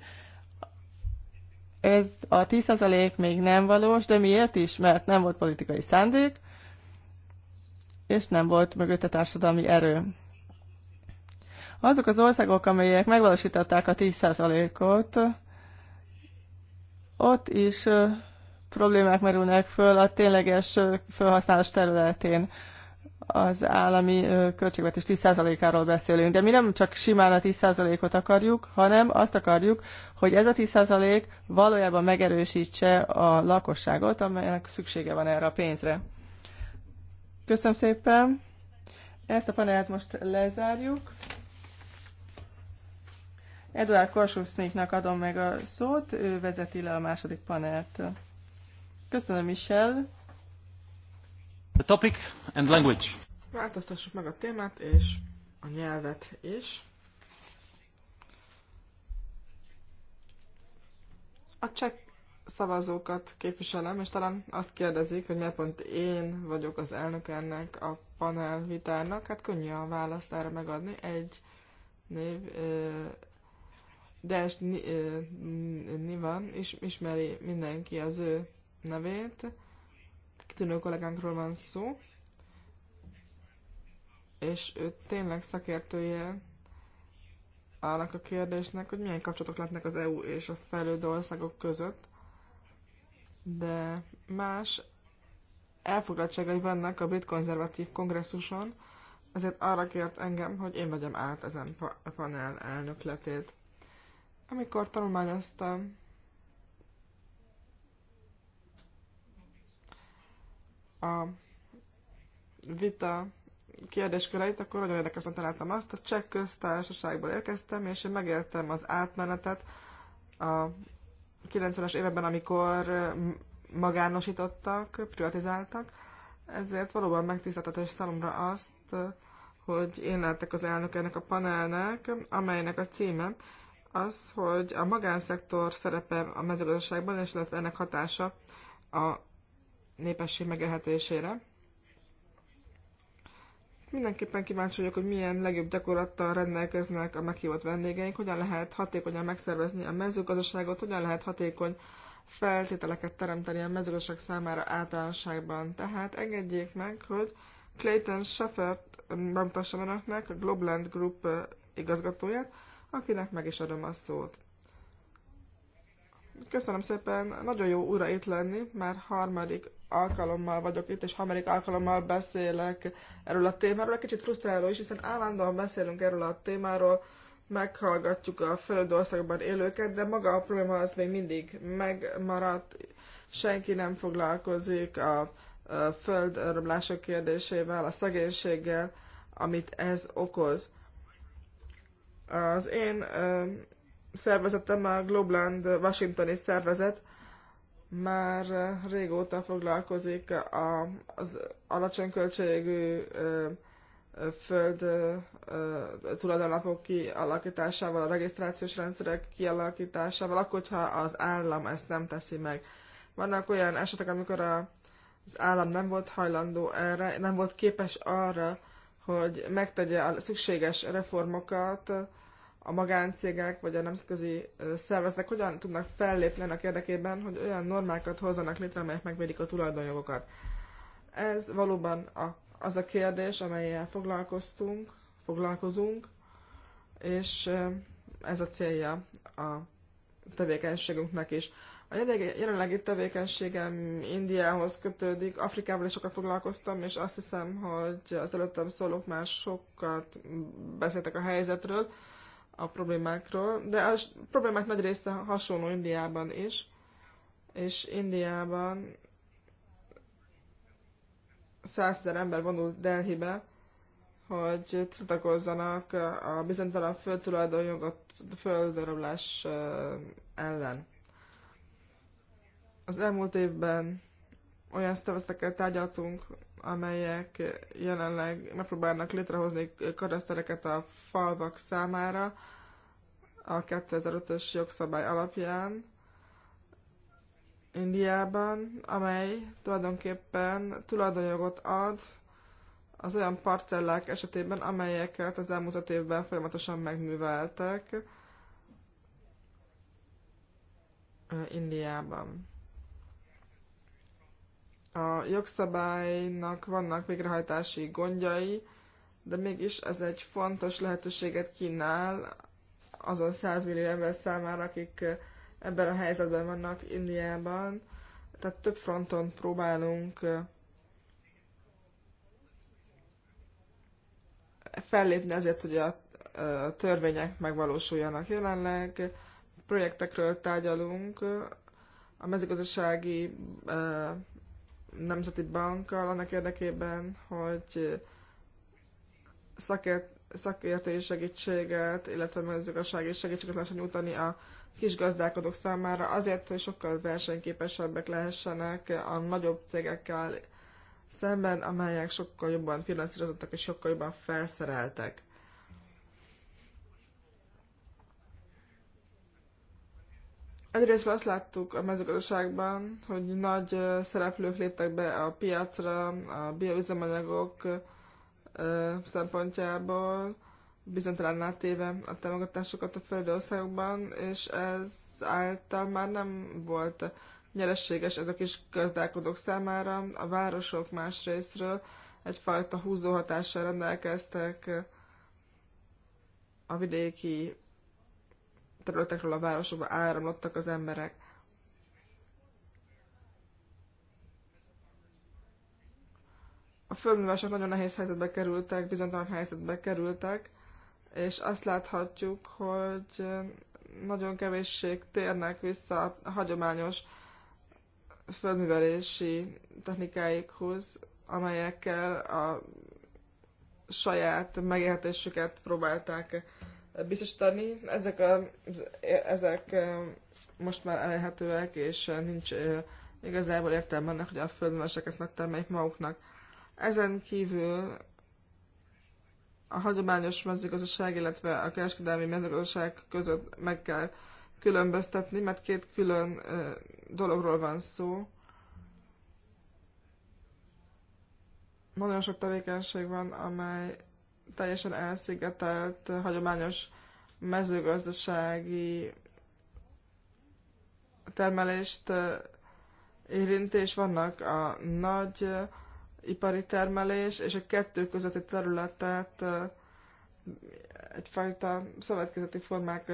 ez a 10% még nem valós, de miért is? Mert nem volt politikai szándék, és nem volt mögötte társadalmi erő. Azok az országok, amelyek megvalósították a 10%-ot, ott is problémák merülnek föl a tényleges felhasználás területén. Az állami költségvetés 10%-áról beszélünk, de mi nem csak simán a 10%-ot akarjuk, hanem azt akarjuk, hogy ez a 10% valójában megerősítse a lakosságot, amelynek szüksége van erre a pénzre. Köszönöm szépen. Ezt a panelt most lezárjuk. Eduard Korsusznéknak adom meg a szót, ő vezeti le a második panelt. Köszönöm, Michel. The topic and language. Változtassuk meg a témát és a nyelvet is. A csak szavazókat képviselem, és talán azt kérdezik, hogy miért pont én vagyok az elnök ennek a panel vitának. Hát könnyű a választ erre megadni. Egy név, Dash Nivan, is, ismeri mindenki az ő nevét. Kitűnő kollégánkról van szó. És ő tényleg szakértője annak a kérdésnek, hogy milyen kapcsolatok lehetnek az EU és a fejlődő országok között de más elfoglaltságai vannak a brit konzervatív kongresszuson, ezért arra kért engem, hogy én vegyem át ezen a panel elnökletét. Amikor tanulmányoztam a vita kérdésköreit, akkor nagyon érdekesen találtam azt. A cseh köztársaságból érkeztem, és én megéltem az átmenetet a 90-es években, amikor magánosítottak, privatizáltak, ezért valóban megtiszteltetés számomra azt, hogy én lettek az elnök ennek a panelnek, amelynek a címe az, hogy a magánszektor szerepe a mezőgazdaságban, és illetve ennek hatása a népesség megélhetésére. Mindenképpen kíváncsi vagyok, hogy milyen legjobb gyakorlattal rendelkeznek a meghívott vendégeink, hogyan lehet hatékonyan megszervezni a mezőgazdaságot, hogyan lehet hatékony feltételeket teremteni a mezőgazdaság számára általánosságban. Tehát engedjék meg, hogy Clayton Sheffert bemutassam önöknek, a Globland Group igazgatóját, akinek meg is adom a szót. Köszönöm szépen, nagyon jó újra itt lenni, már harmadik alkalommal vagyok itt, és harmadik alkalommal beszélek erről a témáról. Egy kicsit frusztráló is, hiszen állandóan beszélünk erről a témáról, meghallgatjuk a fejlődő országban élőket, de maga a probléma az még mindig megmaradt. Senki nem foglalkozik a földröblások kérdésével, a szegénységgel, amit ez okoz. Az én szervezetem, a Globland Washingtoni szervezet már régóta foglalkozik a, az alacsony költségű föld tulajdonlapok kialakításával, a regisztrációs rendszerek kialakításával, akkor, hogyha az állam ezt nem teszi meg. Vannak olyan esetek, amikor a, az állam nem volt hajlandó erre, nem volt képes arra, hogy megtegye a szükséges reformokat, a magáncégek vagy a nemzetközi szerveznek hogyan tudnak fellépni ennek érdekében, hogy olyan normákat hozzanak létre, amelyek megvédik a tulajdonjogokat. Ez valóban a, az a kérdés, amelyel foglalkoztunk, foglalkozunk, és ez a célja a tevékenységünknek is. A jelenlegi tevékenységem Indiához kötődik, Afrikával is sokat foglalkoztam, és azt hiszem, hogy az előttem szólók már sokat beszéltek a helyzetről, a problémákról, de a problémák nagy része hasonló Indiában is, és Indiában százezer ember vonult Delhibe, hogy tiltakozzanak a bizonytalan földtulajdonjogot földarablás ellen. Az elmúlt évben olyan szervezetekkel tárgyaltunk, amelyek jelenleg megpróbálnak létrehozni karasztereket a falvak számára a 2005-ös jogszabály alapján Indiában, amely tulajdonképpen tulajdonjogot ad az olyan parcellák esetében, amelyeket az elmúlt öt évben folyamatosan megműveltek Indiában. A jogszabálynak vannak végrehajtási gondjai, de mégis ez egy fontos lehetőséget kínál azon 100 millió ember számára, akik eh, ebben a helyzetben vannak Indiában. Tehát több fronton próbálunk eh, fellépni azért, hogy a eh, törvények megvalósuljanak. Jelenleg projektekről tárgyalunk, a mezőgazdasági Nemzeti Bankkal annak érdekében, hogy szakért, szakértői segítséget, illetve mezőgazdasági segítséget lehessen nyújtani a kis gazdálkodók számára, azért, hogy sokkal versenyképesebbek lehessenek a nagyobb cégekkel szemben, amelyek sokkal jobban finanszírozottak és sokkal jobban felszereltek. Egyrészt azt láttuk a mezőgazdaságban, hogy nagy szereplők léptek be a piacra, a bioüzemanyagok szempontjából, bizonytalan téve a támogatásokat a földi országokban, és ez által már nem volt nyereséges ez a kis gazdálkodók számára. A városok más részről egyfajta hatással rendelkeztek a vidéki területekről a városokba áramlottak az emberek. A földművások nagyon nehéz helyzetbe kerültek, bizonytalan helyzetbe kerültek, és azt láthatjuk, hogy nagyon kevésség térnek vissza a hagyományos földművelési technikáikhoz, amelyekkel a saját megélhetésüket próbálták biztosítani. Ezek, a, ezek most már elérhetőek, és nincs igazából értelme annak, hogy a földművesek ezt megtermeljék maguknak. Ezen kívül a hagyományos mezőgazdaság, illetve a kereskedelmi mezőgazdaság között meg kell különböztetni, mert két külön dologról van szó. Nagyon sok tevékenység van, amely teljesen elszigetelt hagyományos mezőgazdasági termelést érinti, és vannak a nagy ipari termelés, és a kettő közötti területet egyfajta szövetkezeti formák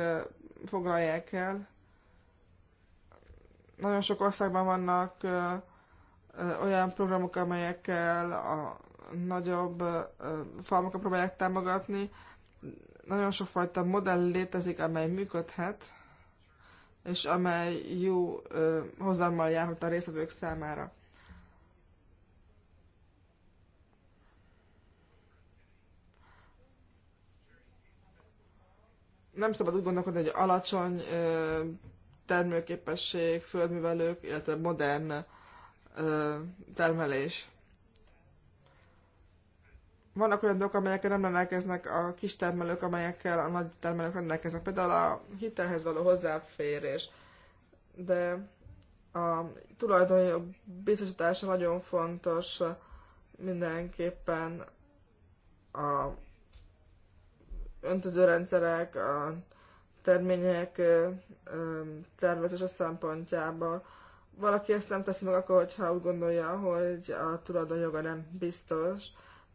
foglalják el. Nagyon sok országban vannak olyan programok, amelyekkel a nagyobb farmokat próbálják támogatni. Nagyon sokfajta modell létezik, amely működhet, és amely jó hozammal járhat a részvevők számára. Nem szabad úgy gondolkodni, hogy alacsony termőképesség, földművelők, illetve modern termelés. Vannak olyan dolgok, amelyekkel nem rendelkeznek a kis termelők, amelyekkel a nagy termelők rendelkeznek. Például a hitelhez való hozzáférés. De a tulajdonjog biztosítása nagyon fontos mindenképpen a öntözőrendszerek, a termények tervezése szempontjába Valaki ezt nem teszi meg akkor, hogyha úgy gondolja, hogy a tulajdonjoga nem biztos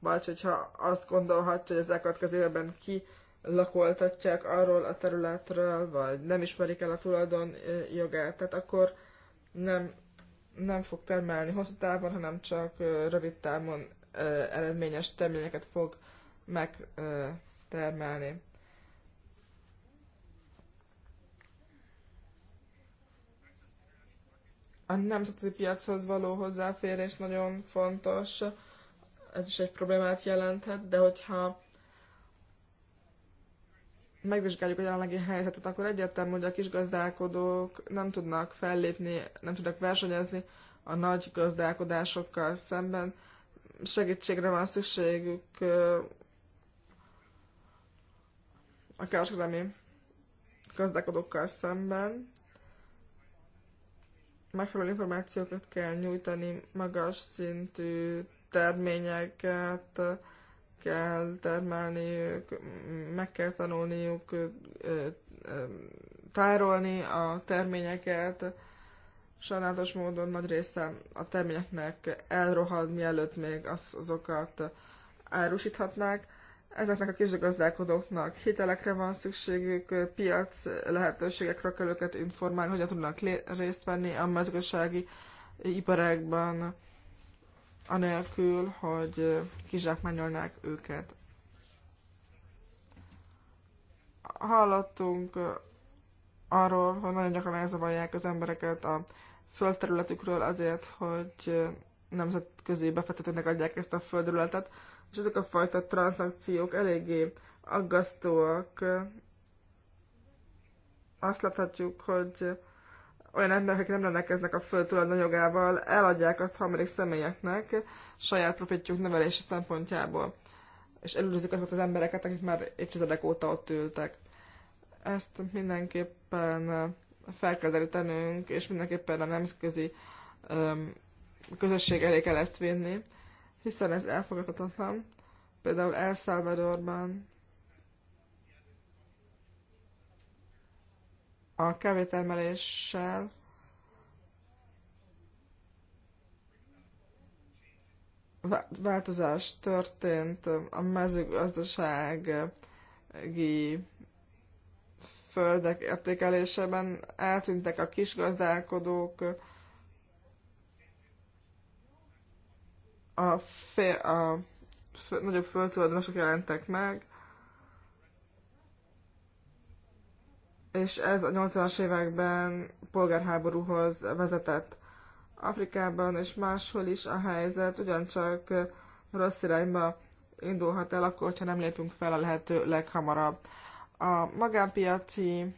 vagy hogyha azt gondolhatja, hogy az elkövetkező évben ki lakoltatják arról a területről, vagy nem ismerik el a tulajdon jogát, tehát akkor nem, nem fog termelni hosszú távon, hanem csak rövid távon eredményes terményeket fog megtermelni. A nemzetközi piachoz való hozzáférés nagyon fontos ez is egy problémát jelenthet, de hogyha megvizsgáljuk a jelenlegi helyzetet, akkor egyértelmű, hogy a kis gazdálkodók nem tudnak fellépni, nem tudnak versenyezni a nagy gazdálkodásokkal szemben. Segítségre van szükségük a kereskedelmi gazdálkodókkal szemben. Megfelelő információkat kell nyújtani, magas szintű terményeket kell termelni, meg kell tanulniuk tárolni a terményeket. Sajnálatos módon nagy része a terményeknek elrohad, mielőtt még az, azokat árusíthatnák. Ezeknek a kisgazdálkodóknak hitelekre van szükségük, piac lehetőségekre kell őket informálni, hogyan tudnak részt venni a mezőgazdasági iparágban anélkül, hogy kizsákmányolnák őket. Hallottunk arról, hogy nagyon gyakran elzavarják az embereket a földterületükről azért, hogy nemzetközi befektetőknek adják ezt a földterületet, és ezek a fajta tranzakciók eléggé aggasztóak. Azt láthatjuk, hogy olyan emberek, akik nem rendelkeznek a föld tulajdonjogával, eladják azt harmadik személyeknek saját profitjuk nevelési szempontjából, és előzik azokat az embereket, akik már évtizedek óta ott ültek. Ezt mindenképpen fel kell derítenünk, és mindenképpen a nemzetközi közösség elé kell ezt vinni, hiszen ez elfogadhatatlan. Például El Salvadorban a kávétermeléssel változás történt a mezőgazdasági földek értékelésében, eltűntek a kisgazdálkodók, a, fél, a nagyobb földtulajdonosok jelentek meg, és ez a 80-as években polgárháborúhoz vezetett. Afrikában és máshol is a helyzet ugyancsak rossz irányba indulhat el, akkor, ha nem lépünk fel a lehető leghamarabb. A magánpiaci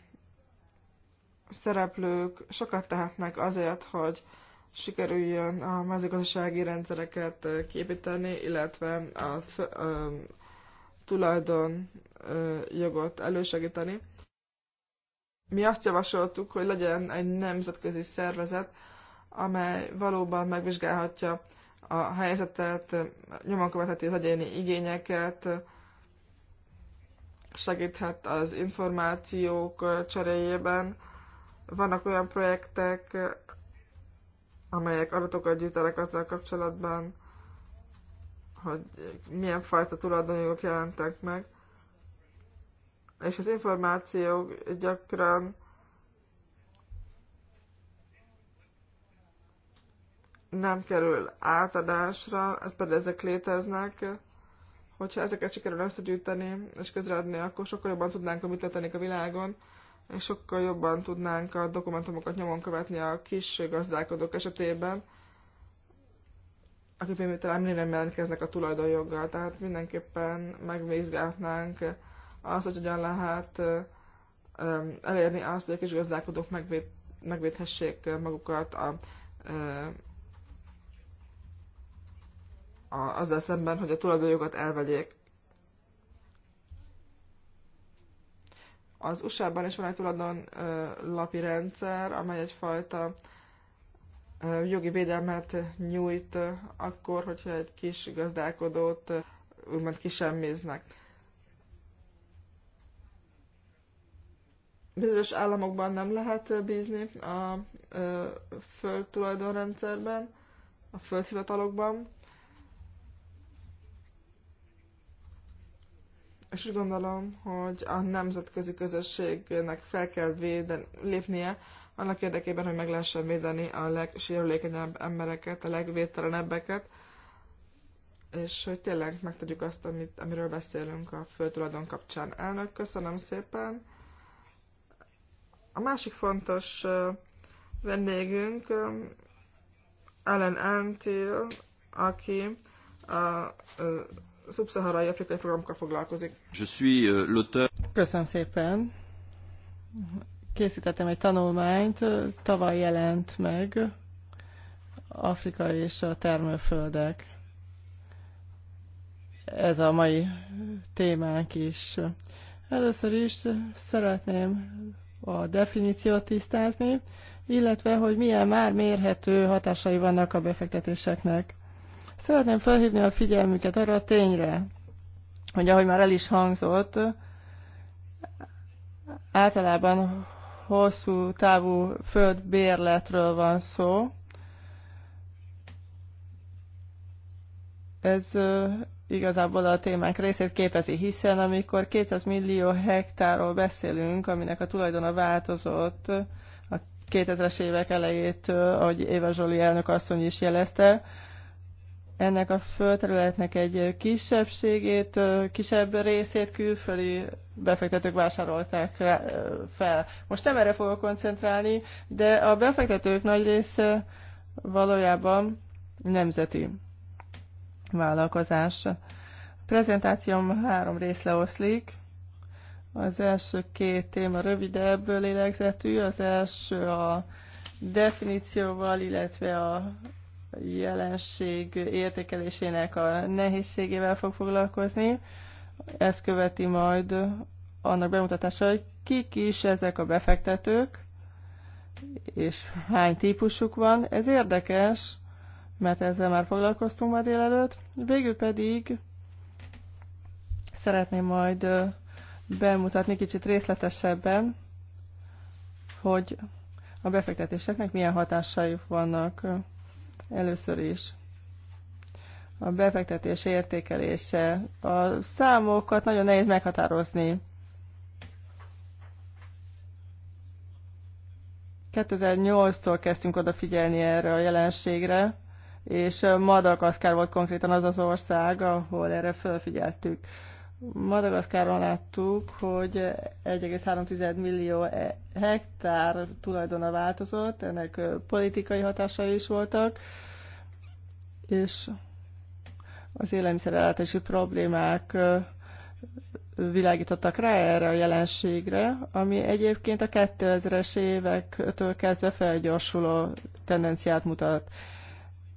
szereplők sokat tehetnek azért, hogy sikerüljön a mezőgazdasági rendszereket képíteni, illetve a, a jogot elősegíteni. Mi azt javasoltuk, hogy legyen egy nemzetközi szervezet, amely valóban megvizsgálhatja a helyzetet, nyomon követheti az egyéni igényeket, segíthet az információk cseréjében. Vannak olyan projektek, amelyek adatokat gyűjtenek azzal kapcsolatban, hogy milyen fajta tulajdonjogok jelentek meg és az információk gyakran nem kerül átadásra, pedig ezek léteznek, hogyha ezeket sikerül összegyűjteni és közreadni, akkor sokkal jobban tudnánk, hogy mit történik a világon, és sokkal jobban tudnánk a dokumentumokat nyomon követni a kis gazdálkodók esetében, akik például talán nem jelentkeznek a tulajdonjoggal, tehát mindenképpen megvizsgálnánk az, hogy hogyan lehet elérni azt, hogy a kis gazdálkodók megvéd, megvédhessék magukat a, a, azzal szemben, hogy a tulajdonjogat elvegyék. Az USA-ban is van egy tulajdonlapi rendszer, amely egyfajta jogi védelmet nyújt akkor, hogyha egy kis gazdálkodót úgymond kisemméznek bizonyos államokban nem lehet bízni a földtulajdonrendszerben, a földhivatalokban. És úgy gondolom, hogy a nemzetközi közösségnek fel kell véden, lépnie annak érdekében, hogy meg lehessen védeni a legsérülékenyebb embereket, a legvételenebbeket, és hogy tényleg megtudjuk azt, amit, amiről beszélünk a földtulajdon kapcsán. Elnök, köszönöm szépen! A másik fontos vendégünk Ellen Antil, aki a szubszaharai afrikai programokkal foglalkozik. Je suis l'auteur. Köszönöm szépen. Készítettem egy tanulmányt, tavaly jelent meg Afrika és a termőföldek. Ez a mai témánk is. Először is szeretném a definíciót tisztázni, illetve hogy milyen már mérhető hatásai vannak a befektetéseknek. Szeretném felhívni a figyelmüket arra a tényre, hogy ahogy már el is hangzott, általában hosszú távú földbérletről van szó. Ez igazából a témánk részét képezi, hiszen amikor 200 millió hektáról beszélünk, aminek a tulajdona változott a 2000-es évek elejétől, ahogy Éva Zsoli elnök asszony is jelezte, ennek a földterületnek egy kisebbségét, kisebb részét külföldi befektetők vásárolták fel. Most nem erre fogok koncentrálni, de a befektetők nagy része valójában nemzeti vállalkozás. A prezentációm három részre oszlik. Az első két téma rövidebb lélegzetű, az első a definícióval, illetve a jelenség értékelésének a nehézségével fog foglalkozni. Ezt követi majd annak bemutatása, hogy kik is ezek a befektetők, és hány típusuk van. Ez érdekes, mert ezzel már foglalkoztunk már délelőtt. Végül pedig szeretném majd bemutatni kicsit részletesebben, hogy a befektetéseknek milyen hatásai vannak először is. A befektetés értékelése. A számokat nagyon nehéz meghatározni. 2008-tól kezdtünk odafigyelni erre a jelenségre, és Madagaszkár volt konkrétan az az ország, ahol erre felfigyeltük. Madagaszkáron láttuk, hogy 1,3 millió e, hektár tulajdona változott, ennek politikai hatásai is voltak, és az élelmiszerellátási problémák világítottak rá erre a jelenségre, ami egyébként a 2000-es évektől kezdve felgyorsuló tendenciát mutat.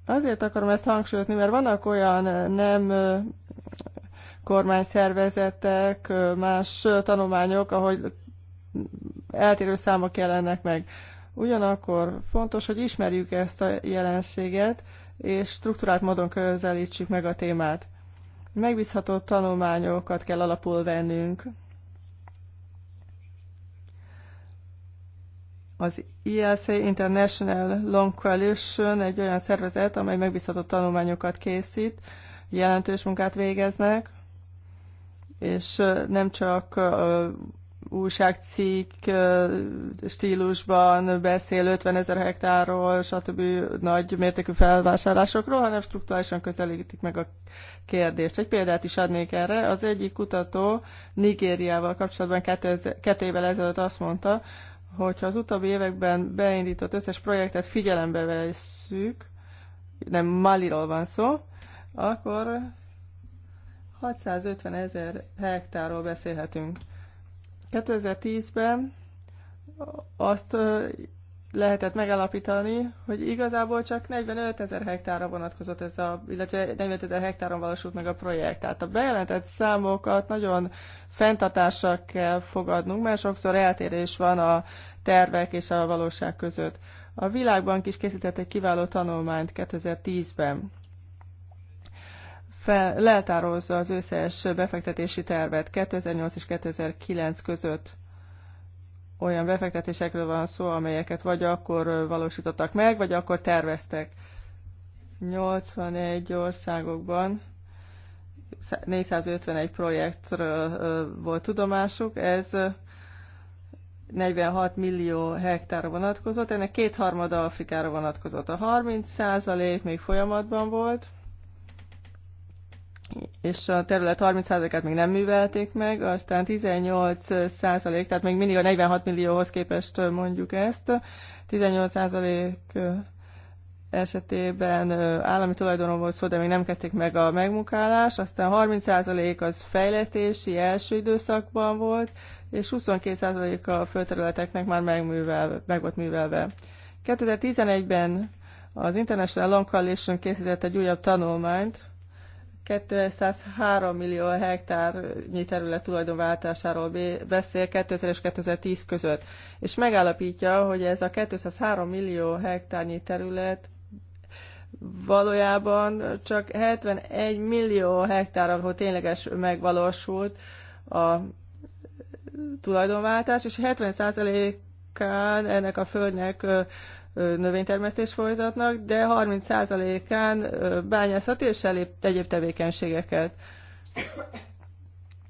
Azért akarom ezt hangsúlyozni, mert vannak olyan nem kormányszervezetek, más tanulmányok, ahogy eltérő számok jelennek meg. Ugyanakkor fontos, hogy ismerjük ezt a jelenséget, és struktúrált módon közelítsük meg a témát. Megbízható tanulmányokat kell alapul vennünk, Az ILC International Long Coalition egy olyan szervezet, amely megbízható tanulmányokat készít, jelentős munkát végeznek, és nem csak újságcikk stílusban beszél 50 ezer hektárról, stb. nagy mértékű felvásárlásokról, hanem struktúrálisan közelítik meg a kérdést. Egy példát is adnék erre. Az egyik kutató Nigériával kapcsolatban kettő, kettő évvel ezelőtt azt mondta, hogyha az utóbbi években beindított összes projektet figyelembe vesszük, nem Maliról van szó, akkor 650 ezer hektárról beszélhetünk. 2010-ben azt lehetett megállapítani, hogy igazából csak 45 ezer hektára vonatkozott ez a, illetve 45 ezer hektáron valósult meg a projekt. Tehát a bejelentett számokat nagyon fenntartással kell fogadnunk, mert sokszor eltérés van a tervek és a valóság között. A Világbank is készített egy kiváló tanulmányt 2010-ben. leltározza az összes befektetési tervet 2008 és 2009 között olyan befektetésekről van szó, amelyeket vagy akkor valósítottak meg, vagy akkor terveztek. 81 országokban 451 projektről volt tudomásuk, ez 46 millió hektára vonatkozott, ennek kétharmada Afrikára vonatkozott. A 30 százalék még folyamatban volt, és a terület 30%-át még nem művelték meg, aztán 18 százalék, tehát még mindig a 46 millióhoz képest mondjuk ezt, 18 százalék esetében állami tulajdonon volt szó, de még nem kezdték meg a megmunkálás, aztán 30% az fejlesztési első időszakban volt, és 22% a földterületeknek már meg volt művelve. 2011-ben az International Long Coalition készített egy újabb tanulmányt, 203 millió hektárnyi terület tulajdonváltásáról beszél 2000 és 2010 között, és megállapítja, hogy ez a 203 millió hektárnyi terület valójában csak 71 millió hektár, ahol tényleges megvalósult a tulajdonváltás, és 70%-án ennek a földnek növénytermesztés folytatnak, de 30%-án bányászat és egyéb tevékenységeket.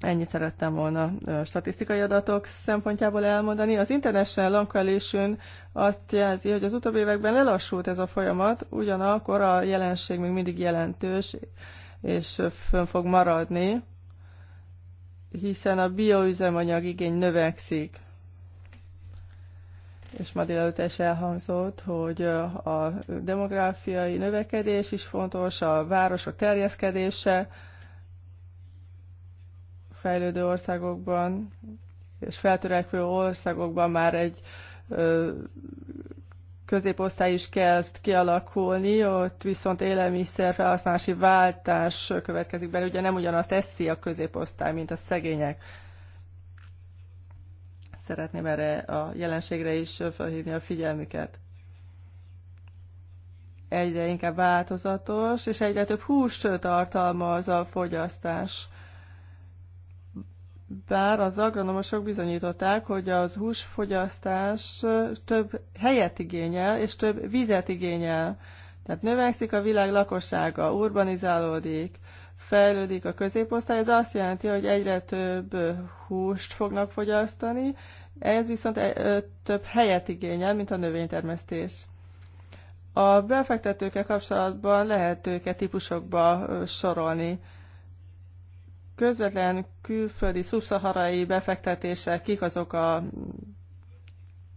Ennyit szerettem volna statisztikai adatok szempontjából elmondani. Az International Long Coalition azt jelzi, hogy az utóbbi években lelassult ez a folyamat, ugyanakkor a jelenség még mindig jelentős, és fönn fog maradni, hiszen a bioüzemanyag igény növekszik. És ma délelőtt is elhangzott, hogy a demográfiai növekedés is fontos, a városok terjeszkedése, fejlődő országokban és feltörekvő országokban már egy ö, középosztály is kezd kialakulni, ott viszont élelmiszer felhasználási váltás következik belőle, ugye nem ugyanazt eszi a középosztály, mint a szegények. Szeretném erre a jelenségre is felhívni a figyelmüket. Egyre inkább változatos, és egyre több húst tartalmaz a fogyasztás bár az agronomosok bizonyították, hogy az húsfogyasztás több helyet igényel, és több vizet igényel. Tehát növekszik a világ lakossága, urbanizálódik, fejlődik a középosztály, ez azt jelenti, hogy egyre több húst fognak fogyasztani, ez viszont e- több helyet igényel, mint a növénytermesztés. A befektetőkkel kapcsolatban lehet őket típusokba sorolni közvetlen külföldi szubszaharai befektetések, kik azok a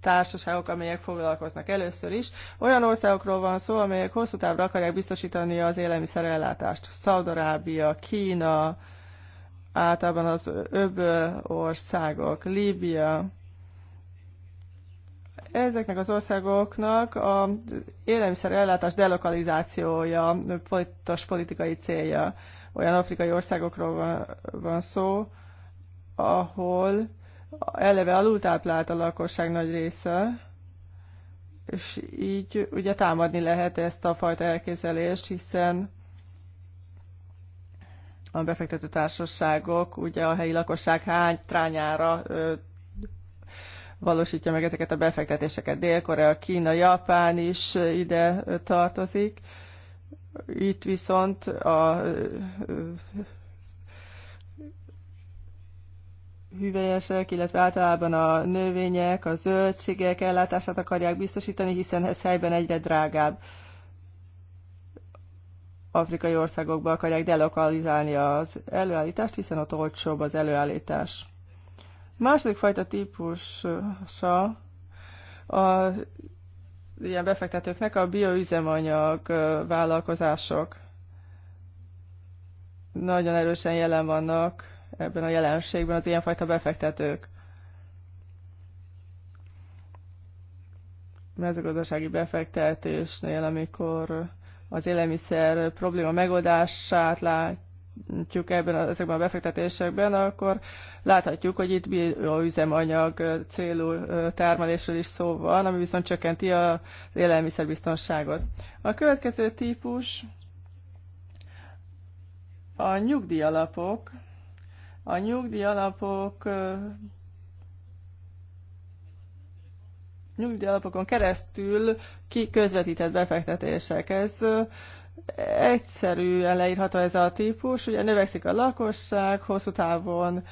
társaságok, amelyek foglalkoznak először is. Olyan országokról van szó, amelyek hosszú távra akarják biztosítani az élelmiszerellátást. Szaudarábia, Kína, általában az öböl országok, Líbia. Ezeknek az országoknak az élelmiszerellátás delokalizációja, politikai célja. Olyan afrikai országokról van, van szó, ahol eleve alultáplált a lakosság nagy része, és így ugye támadni lehet ezt a fajta elképzelést, hiszen a befektető társaságok ugye a helyi lakosság hány trányára ö, valósítja meg ezeket a befektetéseket. Dél-Korea, Kína, Japán is ide tartozik. Ö, itt viszont a hüvelyesek, illetve általában a növények, a zöldségek ellátását akarják biztosítani, hiszen ez helyben egyre drágább. Afrikai országokba akarják delokalizálni az előállítást, hiszen ott olcsóbb az előállítás. Második fajta típusa a ilyen befektetőknek a bioüzemanyag vállalkozások. Nagyon erősen jelen vannak ebben a jelenségben az ilyenfajta befektetők. mezőgazdasági befektetésnél, amikor az élelmiszer probléma megoldását lát, látjuk ebben a, ezekben a befektetésekben, akkor láthatjuk, hogy itt bioüzemanyag célú termelésről is szó van, ami viszont csökkenti az élelmiszerbiztonságot. A következő típus a nyugdíjalapok. A nyugdíjalapok nyugdíjalapokon keresztül kiközvetített befektetések. Ez egyszerűen leírható ez a típus, ugye növekszik a lakosság, hosszú távon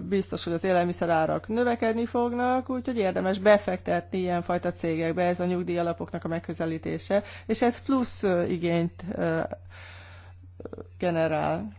biztos, hogy az élelmiszerárak növekedni fognak, úgyhogy érdemes befektetni ilyenfajta cégekbe, ez a nyugdíj alapoknak a megközelítése, és ez plusz igényt generál.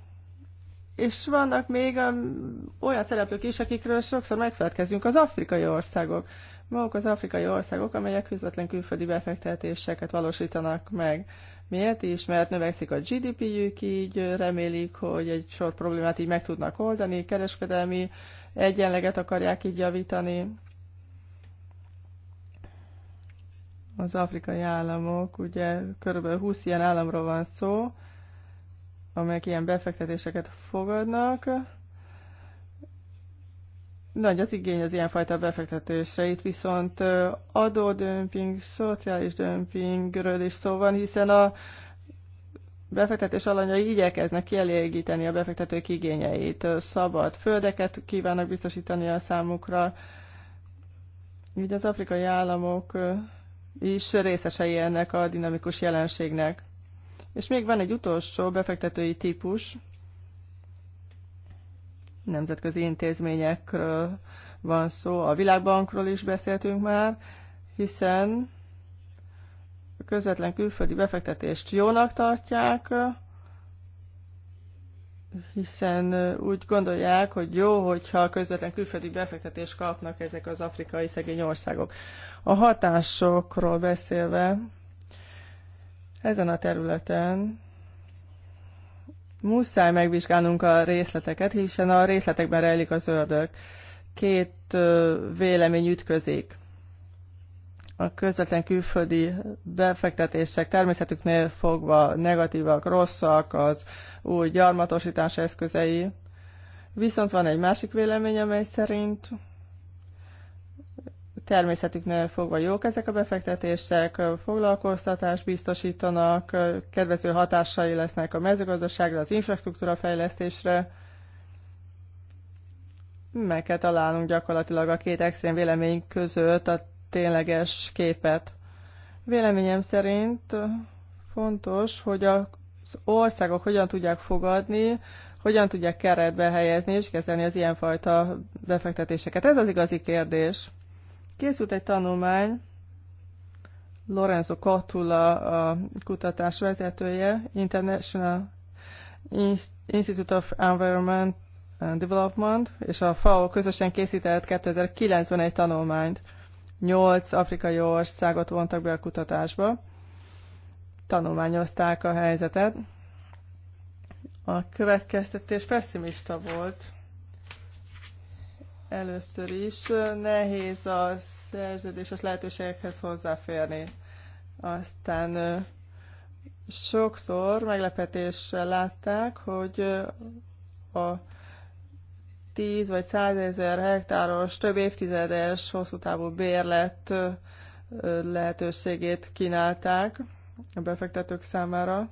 És vannak még um, olyan szereplők is, akikről sokszor megfelelkezünk, az afrikai országok. Maguk az afrikai országok, amelyek közvetlen külföldi befektetéseket valósítanak meg Miért is? Mert növekszik a GDP-jük, így remélik, hogy egy sor problémát így meg tudnak oldani, kereskedelmi egyenleget akarják így javítani. Az afrikai államok, ugye körülbelül 20 ilyen államról van szó, amelyek ilyen befektetéseket fogadnak, nagy az igény az ilyenfajta befektetésre. Itt viszont adódömping, szociális dömpingről is szó van, hiszen a befektetés alanyai igyekeznek kielégíteni a befektetők igényeit. Szabad földeket kívánnak biztosítani a számukra. Így az afrikai államok is részesei ennek a dinamikus jelenségnek. És még van egy utolsó befektetői típus, nemzetközi intézményekről van szó, a Világbankról is beszéltünk már, hiszen a közvetlen külföldi befektetést jónak tartják, hiszen úgy gondolják, hogy jó, hogyha közvetlen külföldi befektetést kapnak ezek az afrikai szegény országok. A hatásokról beszélve, ezen a területen Muszáj megvizsgálnunk a részleteket, hiszen a részletekben rejlik az ördög. Két vélemény ütközik. A közvetlen külföldi befektetések természetüknél fogva negatívak, rosszak, az új gyarmatosítás eszközei. Viszont van egy másik vélemény, amely szerint természetüknél fogva jók ezek a befektetések, foglalkoztatást biztosítanak, kedvező hatásai lesznek a mezőgazdaságra, az infrastruktúra fejlesztésre. Meg kell találnunk gyakorlatilag a két extrém vélemény között a tényleges képet. Véleményem szerint fontos, hogy az országok hogyan tudják fogadni, hogyan tudják keretbe helyezni és kezelni az ilyenfajta befektetéseket. Ez az igazi kérdés. Készült egy tanulmány, Lorenzo Cotula a kutatás vezetője, International Institute of Environment and Development, és a FAO közösen készített 2009-ben egy tanulmányt. Nyolc afrikai országot vontak be a kutatásba, tanulmányozták a helyzetet. A következtetés pessimista volt Először is nehéz a szerződéses lehetőségekhez hozzáférni. Aztán sokszor meglepetéssel látták, hogy a 10 vagy 100 ezer hektáros, több évtizedes hosszú távú bérlet lehetőségét kínálták a befektetők számára.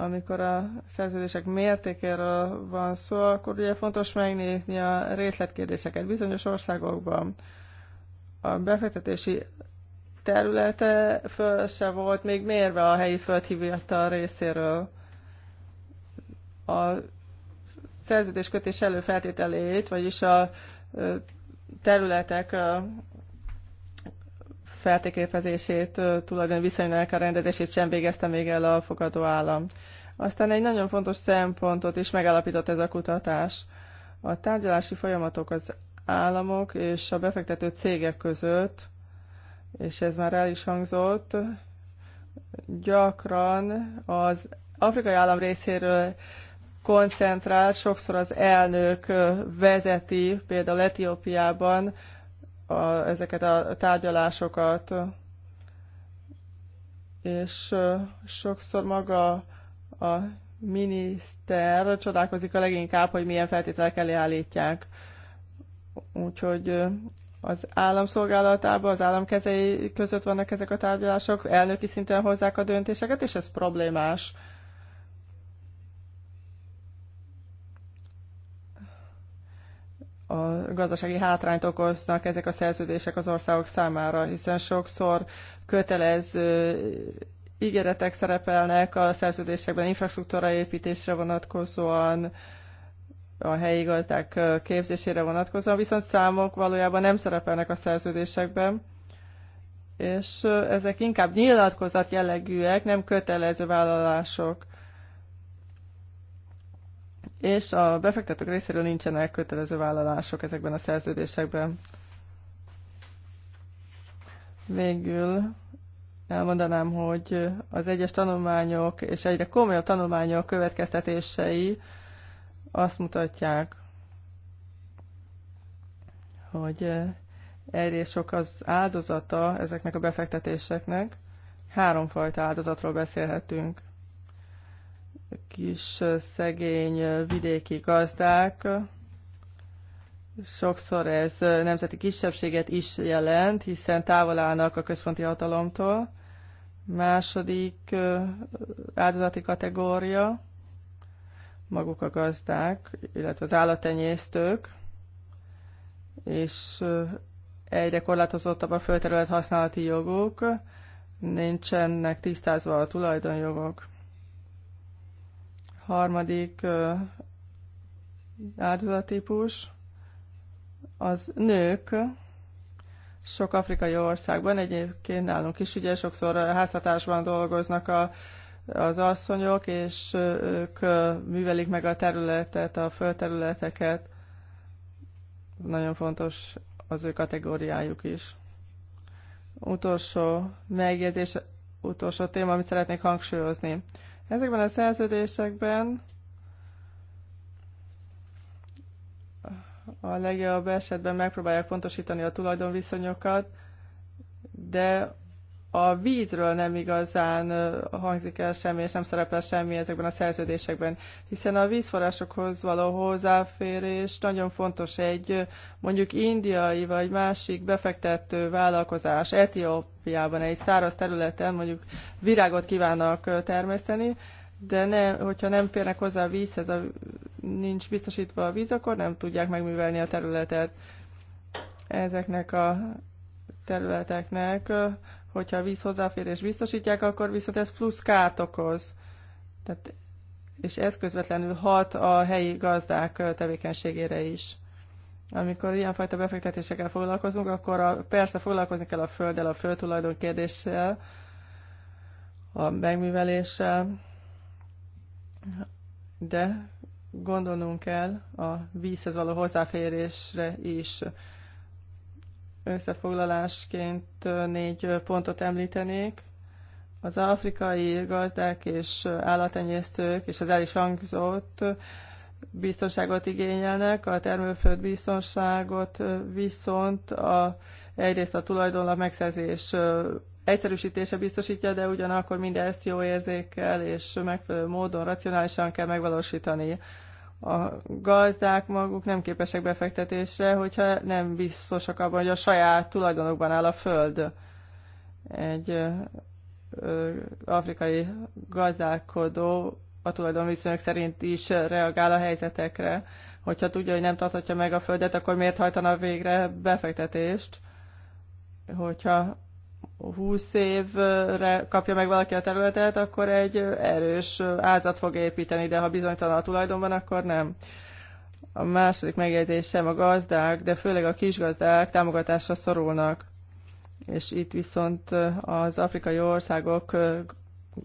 Amikor a szerződések mértékéről van szó, akkor ugye fontos megnézni a részletkérdéseket bizonyos országokban. A befektetési területe föl se volt még mérve a helyi földhívjata részéről. A szerződéskötés előfeltételét, vagyis a területek feltéképezését, tulajdonképpen viszonylag a rendezését sem végezte még el a fogadó állam. Aztán egy nagyon fontos szempontot is megállapított ez a kutatás. A tárgyalási folyamatok az államok és a befektető cégek között, és ez már el is hangzott, gyakran az afrikai állam részéről koncentrált, sokszor az elnök vezeti, például Etiópiában a, ezeket a tárgyalásokat, és sokszor maga a miniszter csodálkozik a leginkább, hogy milyen feltételek elé állítják. Úgyhogy az állam szolgálatában, az állam kezei között vannak ezek a tárgyalások, elnöki szinten hozzák a döntéseket, és ez problémás. a gazdasági hátrányt okoznak ezek a szerződések az országok számára, hiszen sokszor kötelező ígéretek szerepelnek a szerződésekben infrastruktúra építésre vonatkozóan, a helyi gazdák képzésére vonatkozóan, viszont számok valójában nem szerepelnek a szerződésekben, és ezek inkább nyilatkozat jellegűek, nem kötelező vállalások és a befektetők részéről nincsenek kötelező vállalások ezekben a szerződésekben. Végül elmondanám, hogy az egyes tanulmányok és egyre komolyabb tanulmányok következtetései azt mutatják, hogy egyre sok az áldozata ezeknek a befektetéseknek. Háromfajta áldozatról beszélhetünk kis szegény vidéki gazdák. Sokszor ez nemzeti kisebbséget is jelent, hiszen távol állnak a központi hatalomtól. Második áldozati kategória maguk a gazdák, illetve az állattenyésztők, és egyre korlátozottabb a földterület használati jogok, nincsenek tisztázva a tulajdonjogok. Harmadik áldozatípus, az nők, sok afrikai országban, egyébként nálunk is ugye sokszor háztartásban dolgoznak a, az asszonyok, és ők művelik meg a területet, a földterületeket. Nagyon fontos az ő kategóriájuk is. Utolsó megjegyzés, utolsó téma, amit szeretnék hangsúlyozni. Ezekben a szerződésekben a legjobb esetben megpróbálják pontosítani a tulajdonviszonyokat, de a vízről nem igazán hangzik el semmi, és nem szerepel semmi ezekben a szerződésekben, hiszen a vízforrásokhoz való hozzáférés nagyon fontos egy mondjuk indiai vagy másik befektető vállalkozás Etiópiában egy száraz területen mondjuk virágot kívánnak termeszteni, de ne, hogyha nem férnek hozzá a vízhez, a, nincs biztosítva a víz, akkor nem tudják megművelni a területet. Ezeknek a területeknek Hogyha a víz hozzáférés biztosítják, akkor viszont ez plusz kárt okoz. Tehát, és ez közvetlenül hat a helyi gazdák tevékenységére is. Amikor ilyenfajta befektetésekkel foglalkozunk, akkor a, persze foglalkozni kell a földdel, a földtulajdon kérdéssel, a megműveléssel, de gondolnunk kell a vízhez való hozzáférésre is. Összefoglalásként négy pontot említenék. Az afrikai gazdák és állatenyésztők, és az el is hangzott, biztonságot igényelnek, a termőföld biztonságot viszont a, egyrészt a tulajdonlap megszerzés egyszerűsítése biztosítja, de ugyanakkor mindezt jó érzékkel és megfelelő módon racionálisan kell megvalósítani a gazdák maguk nem képesek befektetésre, hogyha nem biztosak abban, hogy a saját tulajdonokban áll a föld. Egy ö, ö, afrikai gazdálkodó a tulajdonviszonyok szerint is reagál a helyzetekre. Hogyha tudja, hogy nem tarthatja meg a földet, akkor miért hajtana végre befektetést? Hogyha 20 évre kapja meg valaki a területet, akkor egy erős ázat fog építeni, de ha bizonytalan a tulajdonban, akkor nem. A második megjegyzésem a gazdák, de főleg a kisgazdák támogatásra szorulnak. És itt viszont az afrikai országok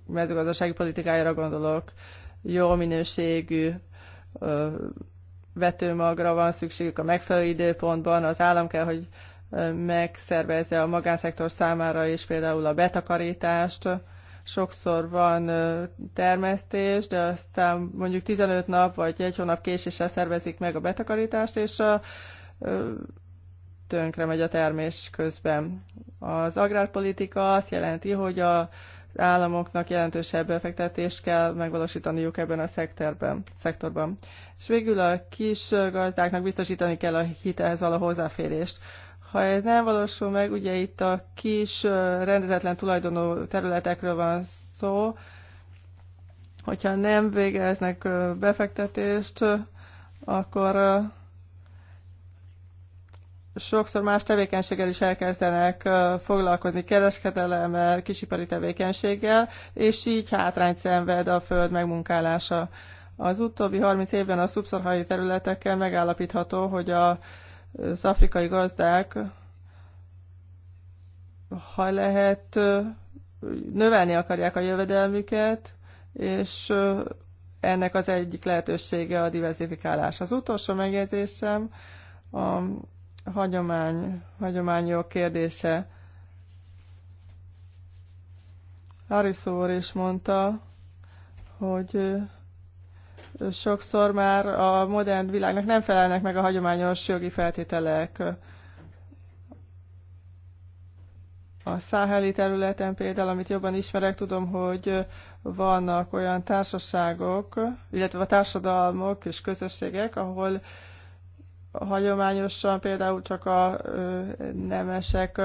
mezőgazdasági politikájára gondolok. Jó minőségű vetőmagra van szükségük a megfelelő időpontban, az állam kell, hogy megszervezze a magánszektor számára is például a betakarítást. Sokszor van termesztés, de aztán mondjuk 15 nap vagy egy hónap késéssel szervezik meg a betakarítást, és a tönkre megy a termés közben. Az agrárpolitika azt jelenti, hogy a államoknak jelentősebb befektetést kell megvalósítaniuk ebben a szektorban. szektorban. És végül a kis gazdáknak biztosítani kell a hitelhez való hozzáférést. Ha ez nem valósul meg, ugye itt a kis rendezetlen tulajdonú területekről van szó, hogyha nem végeznek befektetést, akkor sokszor más tevékenységgel is elkezdenek foglalkozni, kereskedelemmel, kisipari tevékenységgel, és így hátrányt szenved a föld megmunkálása. Az utóbbi 30 évben a szubszarhai területeken megállapítható, hogy a az afrikai gazdák, ha lehet, növelni akarják a jövedelmüket, és ennek az egyik lehetősége a diversifikálás. Az utolsó megjegyzésem a hagyomány, hagyományok kérdése. Harris is mondta, hogy sokszor már a modern világnak nem felelnek meg a hagyományos jogi feltételek. A száheli területen például, amit jobban ismerek, tudom, hogy vannak olyan társaságok, illetve a társadalmok és közösségek, ahol hagyományosan például csak a nemesek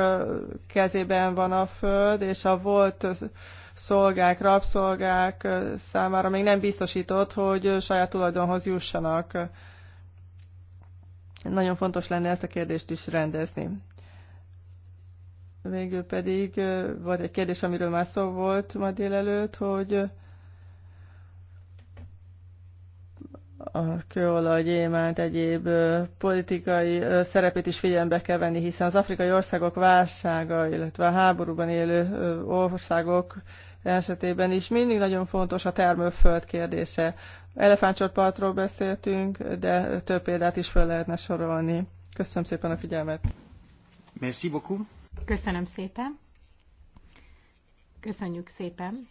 kezében van a föld, és a volt szolgák, rabszolgák számára még nem biztosított, hogy saját tulajdonhoz jussanak. Nagyon fontos lenne ezt a kérdést is rendezni. Végül pedig volt egy kérdés, amiről már szó volt ma délelőtt, hogy a kőolaj, gyémánt, egyéb politikai szerepét is figyelembe kell venni, hiszen az afrikai országok válsága, illetve a háborúban élő országok esetében is mindig nagyon fontos a termőföld kérdése. Elefántcsontpartról beszéltünk, de több példát is fel lehetne sorolni. Köszönöm szépen a figyelmet. Merci beaucoup. Köszönöm szépen. Köszönjük szépen.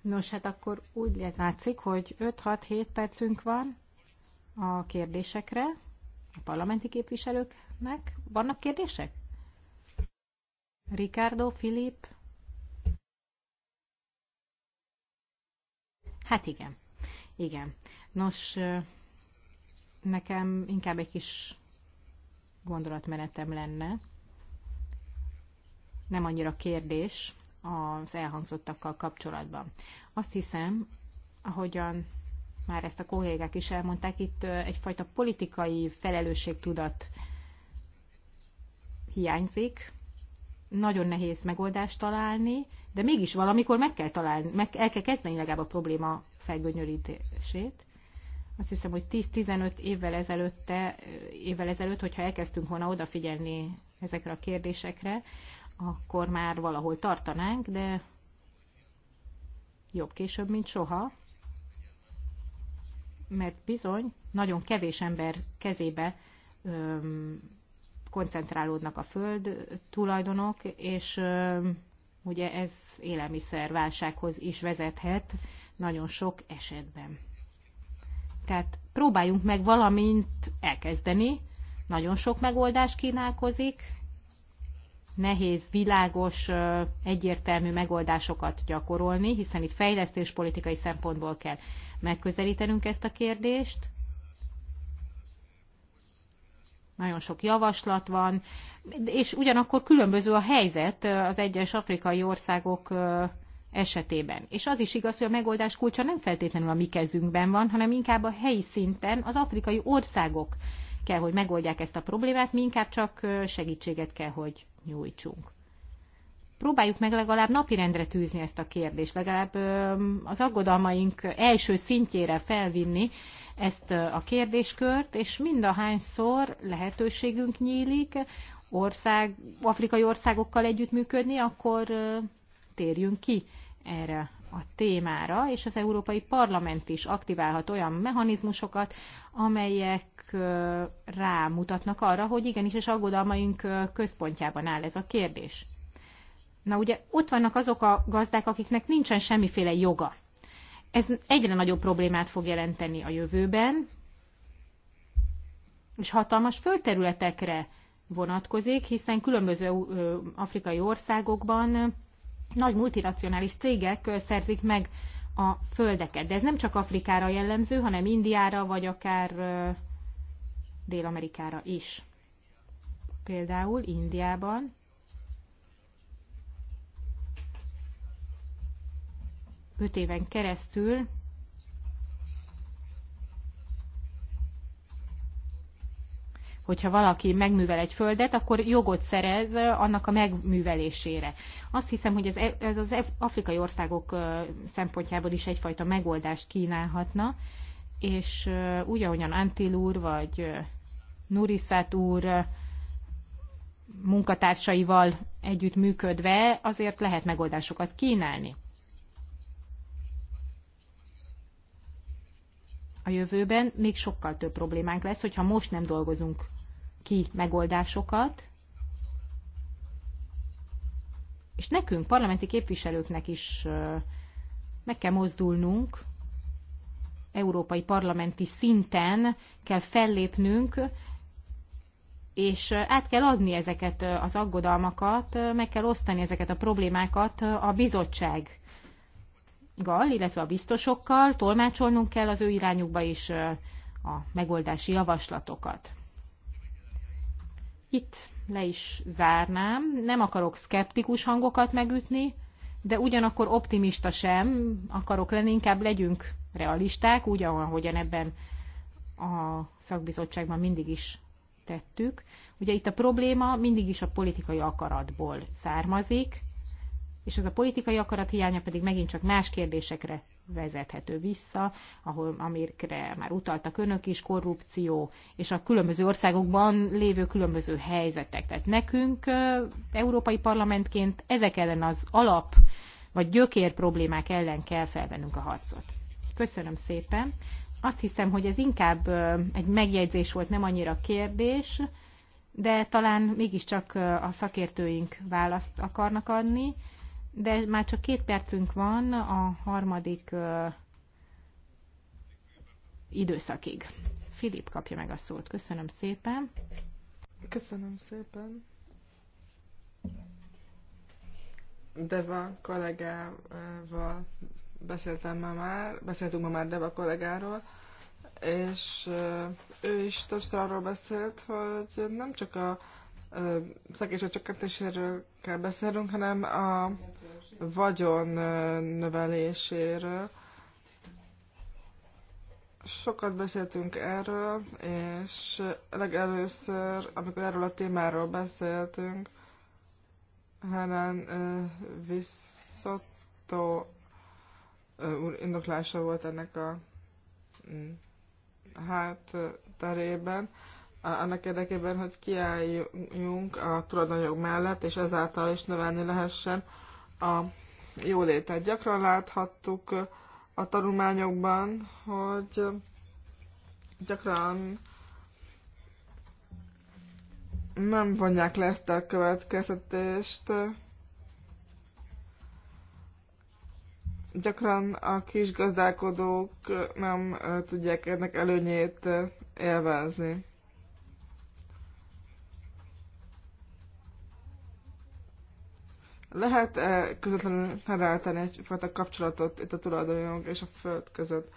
Nos, hát akkor úgy látszik, hogy 5-6-7 percünk van a kérdésekre a parlamenti képviselőknek. Vannak kérdések? Ricardo, Filip, Hát igen. Igen. Nos, nekem inkább egy kis gondolatmenetem lenne. Nem annyira kérdés az elhangzottakkal kapcsolatban. Azt hiszem, ahogyan már ezt a kollégák is elmondták, itt egyfajta politikai felelősségtudat hiányzik. Nagyon nehéz megoldást találni, de mégis valamikor meg kell találni, meg el kell kezdeni legalább a probléma felgönyörítését. Azt hiszem, hogy 10-15 évvel ezelőtte, évvel ezelőtt, hogyha elkezdtünk volna odafigyelni ezekre a kérdésekre, akkor már valahol tartanánk, de jobb később, mint soha. Mert bizony, nagyon kevés ember kezébe öm, koncentrálódnak a föld tulajdonok, és öm, ugye ez élelmiszerválsághoz is vezethet nagyon sok esetben. Tehát próbáljunk meg valamint elkezdeni, nagyon sok megoldás kínálkozik, nehéz, világos, egyértelmű megoldásokat gyakorolni, hiszen itt fejlesztéspolitikai szempontból kell megközelítenünk ezt a kérdést, nagyon sok javaslat van, és ugyanakkor különböző a helyzet az egyes afrikai országok esetében. És az is igaz, hogy a megoldás kulcsa nem feltétlenül a mi kezünkben van, hanem inkább a helyi szinten az afrikai országok kell, hogy megoldják ezt a problémát, mi inkább csak segítséget kell, hogy nyújtsunk próbáljuk meg legalább napirendre tűzni ezt a kérdést, legalább az aggodalmaink első szintjére felvinni ezt a kérdéskört, és mind a hányszor lehetőségünk nyílik ország, afrikai országokkal együttműködni, akkor térjünk ki erre a témára, és az Európai Parlament is aktiválhat olyan mechanizmusokat, amelyek rámutatnak arra, hogy igenis, és aggodalmaink központjában áll ez a kérdés. Na ugye ott vannak azok a gazdák, akiknek nincsen semmiféle joga. Ez egyre nagyobb problémát fog jelenteni a jövőben, és hatalmas földterületekre vonatkozik, hiszen különböző afrikai országokban nagy multinacionális cégek szerzik meg a földeket. De ez nem csak Afrikára jellemző, hanem Indiára, vagy akár Dél-Amerikára is. Például Indiában öt éven keresztül hogyha valaki megművel egy földet, akkor jogot szerez annak a megművelésére. Azt hiszem, hogy ez, e- ez az afrikai országok szempontjából is egyfajta megoldást kínálhatna, és úgy, ahogyan Antil úr, vagy Nurisat úr munkatársaival működve, azért lehet megoldásokat kínálni. a jövőben még sokkal több problémánk lesz, hogyha most nem dolgozunk ki megoldásokat, és nekünk, parlamenti képviselőknek is meg kell mozdulnunk, európai parlamenti szinten kell fellépnünk, és át kell adni ezeket az aggodalmakat, meg kell osztani ezeket a problémákat a bizottság gal, illetve a biztosokkal tolmácsolnunk kell az ő irányukba is a megoldási javaslatokat. Itt le is zárnám. Nem akarok szkeptikus hangokat megütni, de ugyanakkor optimista sem akarok lenni, inkább legyünk realisták, úgy, ahogyan ebben a szakbizottságban mindig is tettük. Ugye itt a probléma mindig is a politikai akaratból származik, és ez a politikai akarat hiánya pedig megint csak más kérdésekre vezethető vissza, ahol, amire már utaltak önök is, korrupció, és a különböző országokban lévő különböző helyzetek. Tehát nekünk, európai parlamentként ezek ellen az alap vagy gyökér problémák ellen kell felvennünk a harcot. Köszönöm szépen. Azt hiszem, hogy ez inkább egy megjegyzés volt, nem annyira kérdés, de talán mégiscsak a szakértőink választ akarnak adni de már csak két percünk van a harmadik ö, időszakig. Filip kapja meg a szót. Köszönöm szépen. Köszönöm szépen. Deva kollégával beszéltem ma már, beszéltünk ma már Deva kollégáról, és ő is többször arról beszélt, hogy nem csak a a csökkentéséről kell beszélnünk, hanem a vagyon növeléséről. Sokat beszéltünk erről, és legelőször, amikor erről a témáról beszéltünk, Helen Visszotto úr indoklása volt ennek a mm, hátterében, annak érdekében, hogy kiálljunk a tulajdonjog mellett, és ezáltal is növelni lehessen a jólétet. Gyakran láthattuk a tanulmányokban, hogy gyakran nem vonják le ezt a következtetést. Gyakran a kis gazdálkodók nem tudják ennek előnyét élvezni. lehet -e közvetlenül felállítani egyfajta kapcsolatot itt a tulajdonjog és a föld között?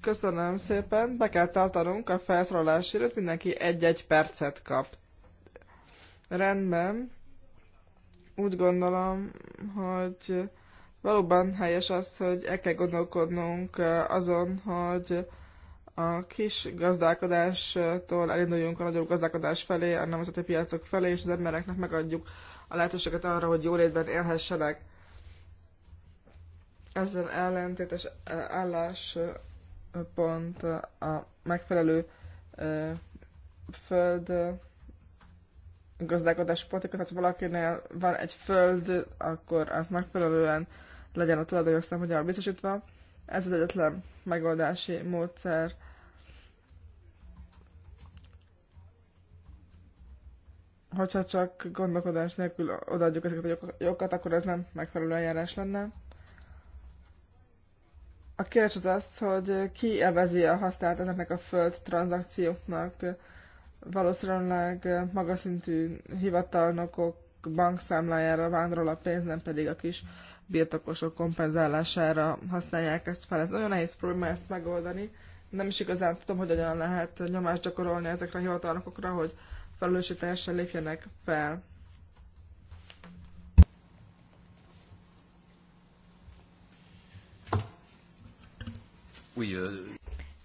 Köszönöm szépen, be kell tartanunk a felszólalás időt, mindenki egy-egy percet kap. Rendben. Úgy gondolom, hogy valóban helyes az, hogy el kell gondolkodnunk eh, azon, hogy a kis gazdálkodástól elinduljunk a nagyobb gazdálkodás felé, a nemzeti piacok felé, és az embereknek megadjuk a lehetőséget arra, hogy jólétben élhessenek. Ezzel ellentétes álláspont a megfelelő föld gazdálkodás politika, tehát valakinél van egy föld, akkor az megfelelően legyen a tulajdonjog szempontjából biztosítva. Ez az egyetlen megoldási módszer hogyha csak gondolkodás nélkül odaadjuk ezeket a jogokat, akkor ez nem megfelelő eljárás lenne. A kérdés az az, hogy ki evezi a hasznát ezeknek a föld tranzakcióknak. Valószínűleg magas szintű hivatalnokok bankszámlájára vándorol a pénz, nem pedig a kis birtokosok kompenzálására használják ezt fel. Ez nagyon nehéz probléma ezt megoldani. Nem is igazán tudom, hogy hogyan lehet nyomást gyakorolni ezekre a hivatalnokokra, hogy felelősségteljesen lépjenek fel. Euh,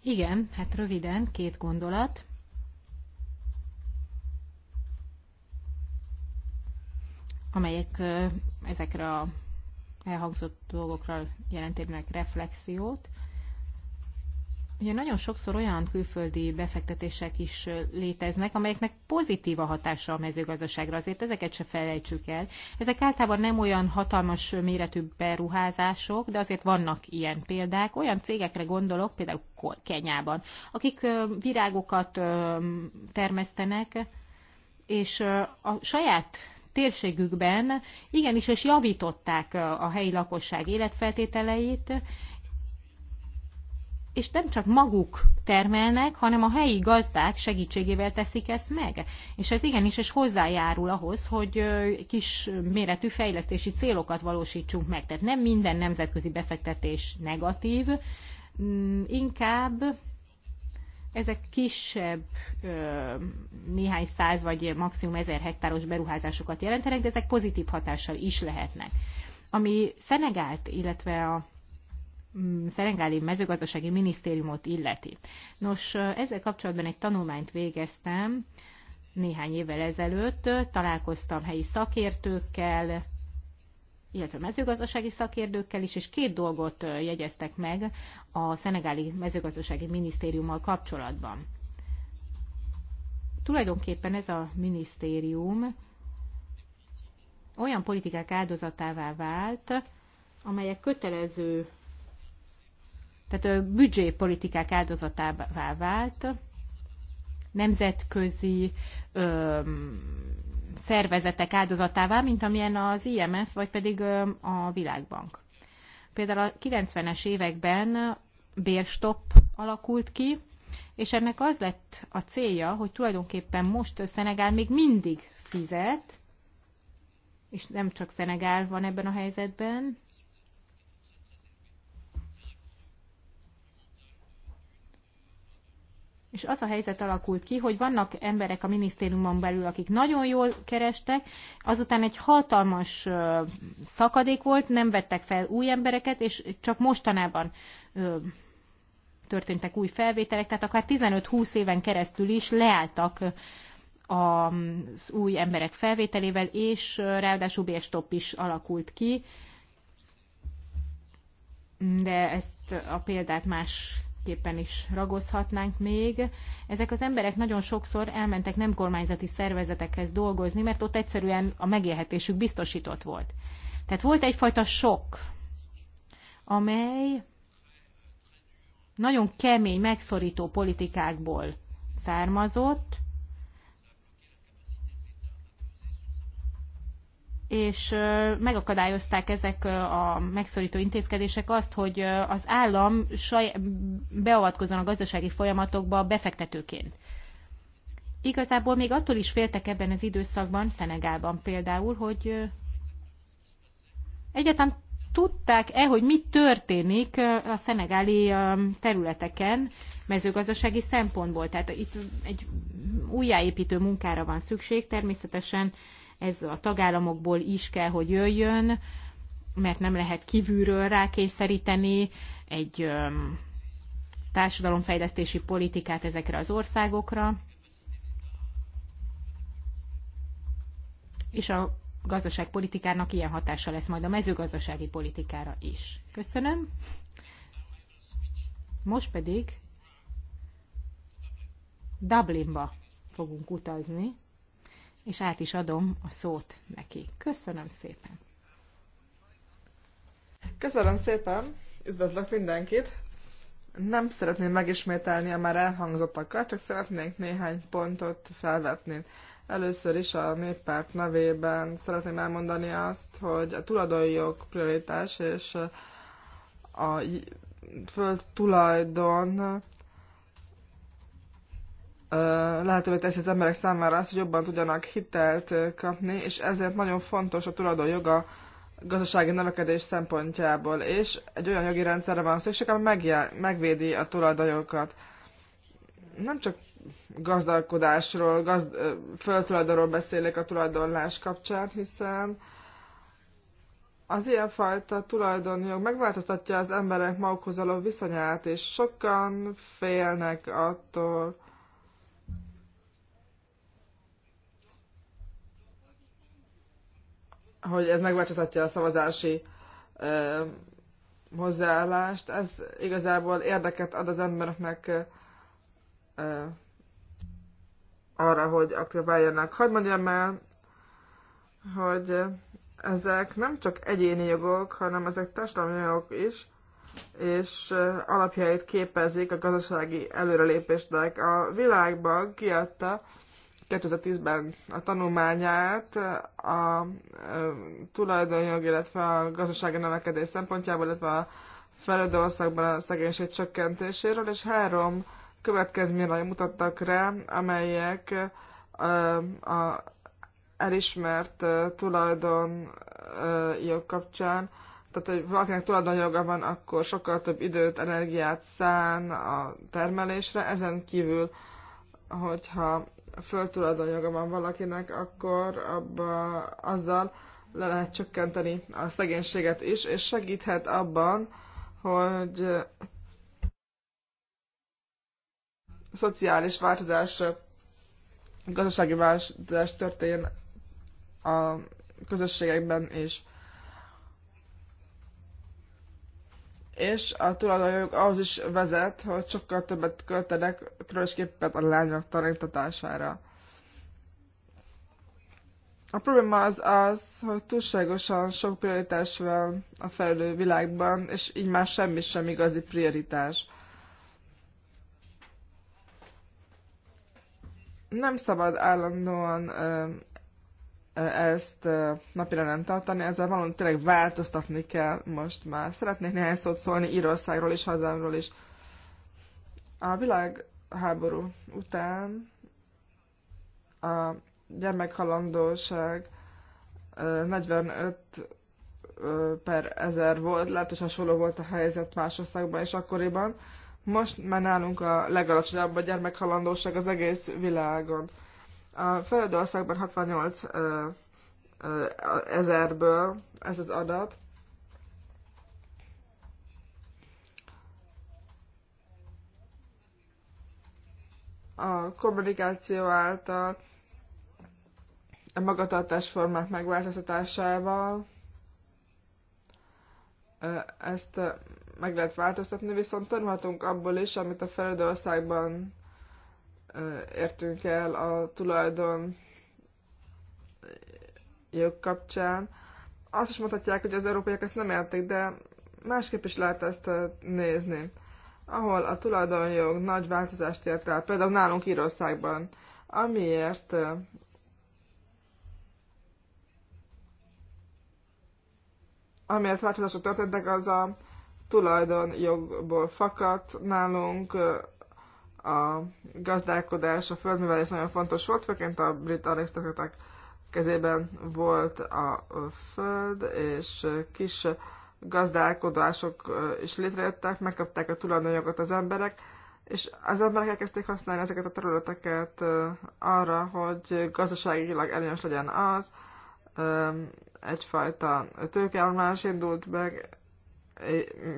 Igen, hát röviden, két gondolat. amelyek ezekre a elhangzott dolgokra jelentenek reflexiót. Ugye nagyon sokszor olyan külföldi befektetések is léteznek, amelyeknek pozitív a hatása a mezőgazdaságra, azért ezeket se felejtsük el. Ezek általában nem olyan hatalmas méretű beruházások, de azért vannak ilyen példák. Olyan cégekre gondolok, például Kenyában, akik virágokat termesztenek, és a saját térségükben igenis, és javították a helyi lakosság életfeltételeit, és nem csak maguk termelnek, hanem a helyi gazdák segítségével teszik ezt meg. És ez igenis és hozzájárul ahhoz, hogy kis méretű fejlesztési célokat valósítsunk meg. Tehát nem minden nemzetközi befektetés negatív, mm, inkább ezek kisebb, néhány száz vagy maximum ezer hektáros beruházásokat jelentenek, de ezek pozitív hatással is lehetnek. Ami Szenegált, illetve a Mm, Szerengáli mezőgazdasági minisztériumot illeti. Nos, ezzel kapcsolatban egy tanulmányt végeztem néhány évvel ezelőtt, találkoztam helyi szakértőkkel, illetve mezőgazdasági szakértőkkel is, és két dolgot jegyeztek meg a szenegáli mezőgazdasági minisztériummal kapcsolatban. Tulajdonképpen ez a minisztérium olyan politikák áldozatává vált, amelyek kötelező tehát büdzsépolitikák áldozatává vált, nemzetközi ö, szervezetek áldozatává, mint amilyen az IMF, vagy pedig ö, a Világbank. Például a 90-es években bérstopp alakult ki, és ennek az lett a célja, hogy tulajdonképpen most Szenegál még mindig fizet, és nem csak Szenegál van ebben a helyzetben, és az a helyzet alakult ki, hogy vannak emberek a minisztériumon belül, akik nagyon jól kerestek, azután egy hatalmas szakadék volt, nem vettek fel új embereket, és csak mostanában történtek új felvételek, tehát akár 15-20 éven keresztül is leálltak az új emberek felvételével, és ráadásul bérstopp is alakult ki, de ezt a példát más képen is ragozhatnánk még. Ezek az emberek nagyon sokszor elmentek nem kormányzati szervezetekhez dolgozni, mert ott egyszerűen a megélhetésük biztosított volt. Tehát volt egyfajta sok, amely nagyon kemény, megszorító politikákból származott, és megakadályozták ezek a megszorító intézkedések azt, hogy az állam saj, beavatkozzon a gazdasági folyamatokba befektetőként. Igazából még attól is féltek ebben az időszakban, Szenegálban például, hogy egyáltalán tudták-e, hogy mi történik a szenegáli területeken mezőgazdasági szempontból. Tehát itt egy újjáépítő munkára van szükség, természetesen ez a tagállamokból is kell, hogy jöjjön, mert nem lehet kívülről rákényszeríteni egy társadalomfejlesztési politikát ezekre az országokra. És a gazdaságpolitikának ilyen hatása lesz majd a mezőgazdasági politikára is. Köszönöm. Most pedig Dublinba fogunk utazni és át is adom a szót neki. Köszönöm szépen! Köszönöm szépen! Üdvözlök mindenkit! Nem szeretném megismételni a már elhangzottakat, csak szeretnék néhány pontot felvetni. Először is a néppárt nevében szeretném elmondani azt, hogy a tulajdonjog prioritás és a tulajdon lehetővé teszi az emberek számára azt, hogy jobban tudjanak hitelt kapni, és ezért nagyon fontos a joga gazdasági növekedés szempontjából, és egy olyan jogi rendszerre van szükség, ami megvédi a tulajdonjogokat. Nem csak gazdálkodásról, gazd, föltulajdonról beszélek a tulajdonlás kapcsán, hiszen az ilyenfajta tulajdonjog megváltoztatja az emberek magukhoz való viszonyát, és sokan félnek attól, hogy ez megváltoztatja a szavazási ö, hozzáállást. Ez igazából érdeket ad az embereknek ö, arra, hogy aktiváljanak. Hadd mondjam el, hogy ezek nem csak egyéni jogok, hanem ezek társadalmi jogok is, és alapjait képezik a gazdasági előrelépésnek. A világban kiadta 2010-ben a tanulmányát a tulajdonjog, illetve a gazdasági növekedés szempontjából, illetve a fejlődő országban a szegénység csökkentéséről, és három következményre mutattak rá, amelyek a elismert tulajdonjog kapcsán, tehát hogy valakinek tulajdonjoga van, akkor sokkal több időt, energiát szán a termelésre, ezen kívül hogyha földtulajdonjoga van valakinek, akkor abba, azzal le lehet csökkenteni a szegénységet is, és segíthet abban, hogy szociális változás, gazdasági változás történjen a közösségekben is. és a tulajdonjog ahhoz is vezet, hogy sokkal többet költenek, különösképpen a lányok tanítatására. A probléma az az, hogy túlságosan sok prioritás van a fejlődő világban, és így már semmi sem igazi prioritás. Nem szabad állandóan ezt napirenden tartani, ezzel valami tényleg változtatni kell most már. Szeretnék néhány szót szólni Írországról és hazámról is. A világháború után a gyermekhalandóság 45 per ezer volt, lehet, hogy hasonló volt a helyzet más országban és akkoriban. Most már nálunk a legalacsonyabb a gyermekhalandóság az egész világon. A Földországban 68 ezerből ez az adat. A kommunikáció által a magatartásformák megváltoztatásával ezt meg lehet változtatni, viszont tanulhatunk abból is, amit a fejlődő országban értünk el a tulajdon jog kapcsán. Azt is mondhatják, hogy az európaiak ezt nem értik, de másképp is lehet ezt nézni. Ahol a tulajdonjog nagy változást ért el, például nálunk Írországban, amiért amiért változások történtek, az a tulajdonjogból fakadt nálunk a gazdálkodás, a földművelés nagyon fontos volt, főként a brit arisztokraták kezében volt a föld, és kis gazdálkodások is létrejöttek, megkapták a tulajdonjogot az emberek, és az emberek elkezdték használni ezeket a területeket arra, hogy gazdaságilag előnyös legyen az, egyfajta tőkeállomás indult meg,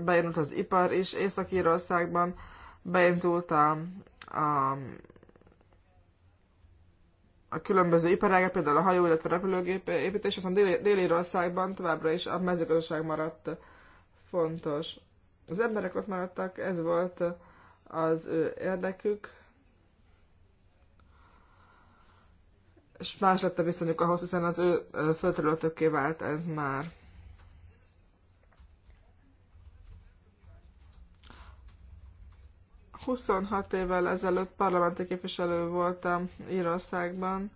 beindult az ipar is Észak-Írországban, beindult a, a, a különböző iparágak, például a hajó, illetve a repülőgép építés, aztán Dél-Írországban továbbra is a mezőgazdaság maradt fontos. Az emberek ott maradtak, ez volt az ő érdekük, és más lett a viszonyuk ahhoz, hiszen az ő földterületökké vált ez már. 26 évvel ezelőtt parlamenti képviselő voltam Írországban,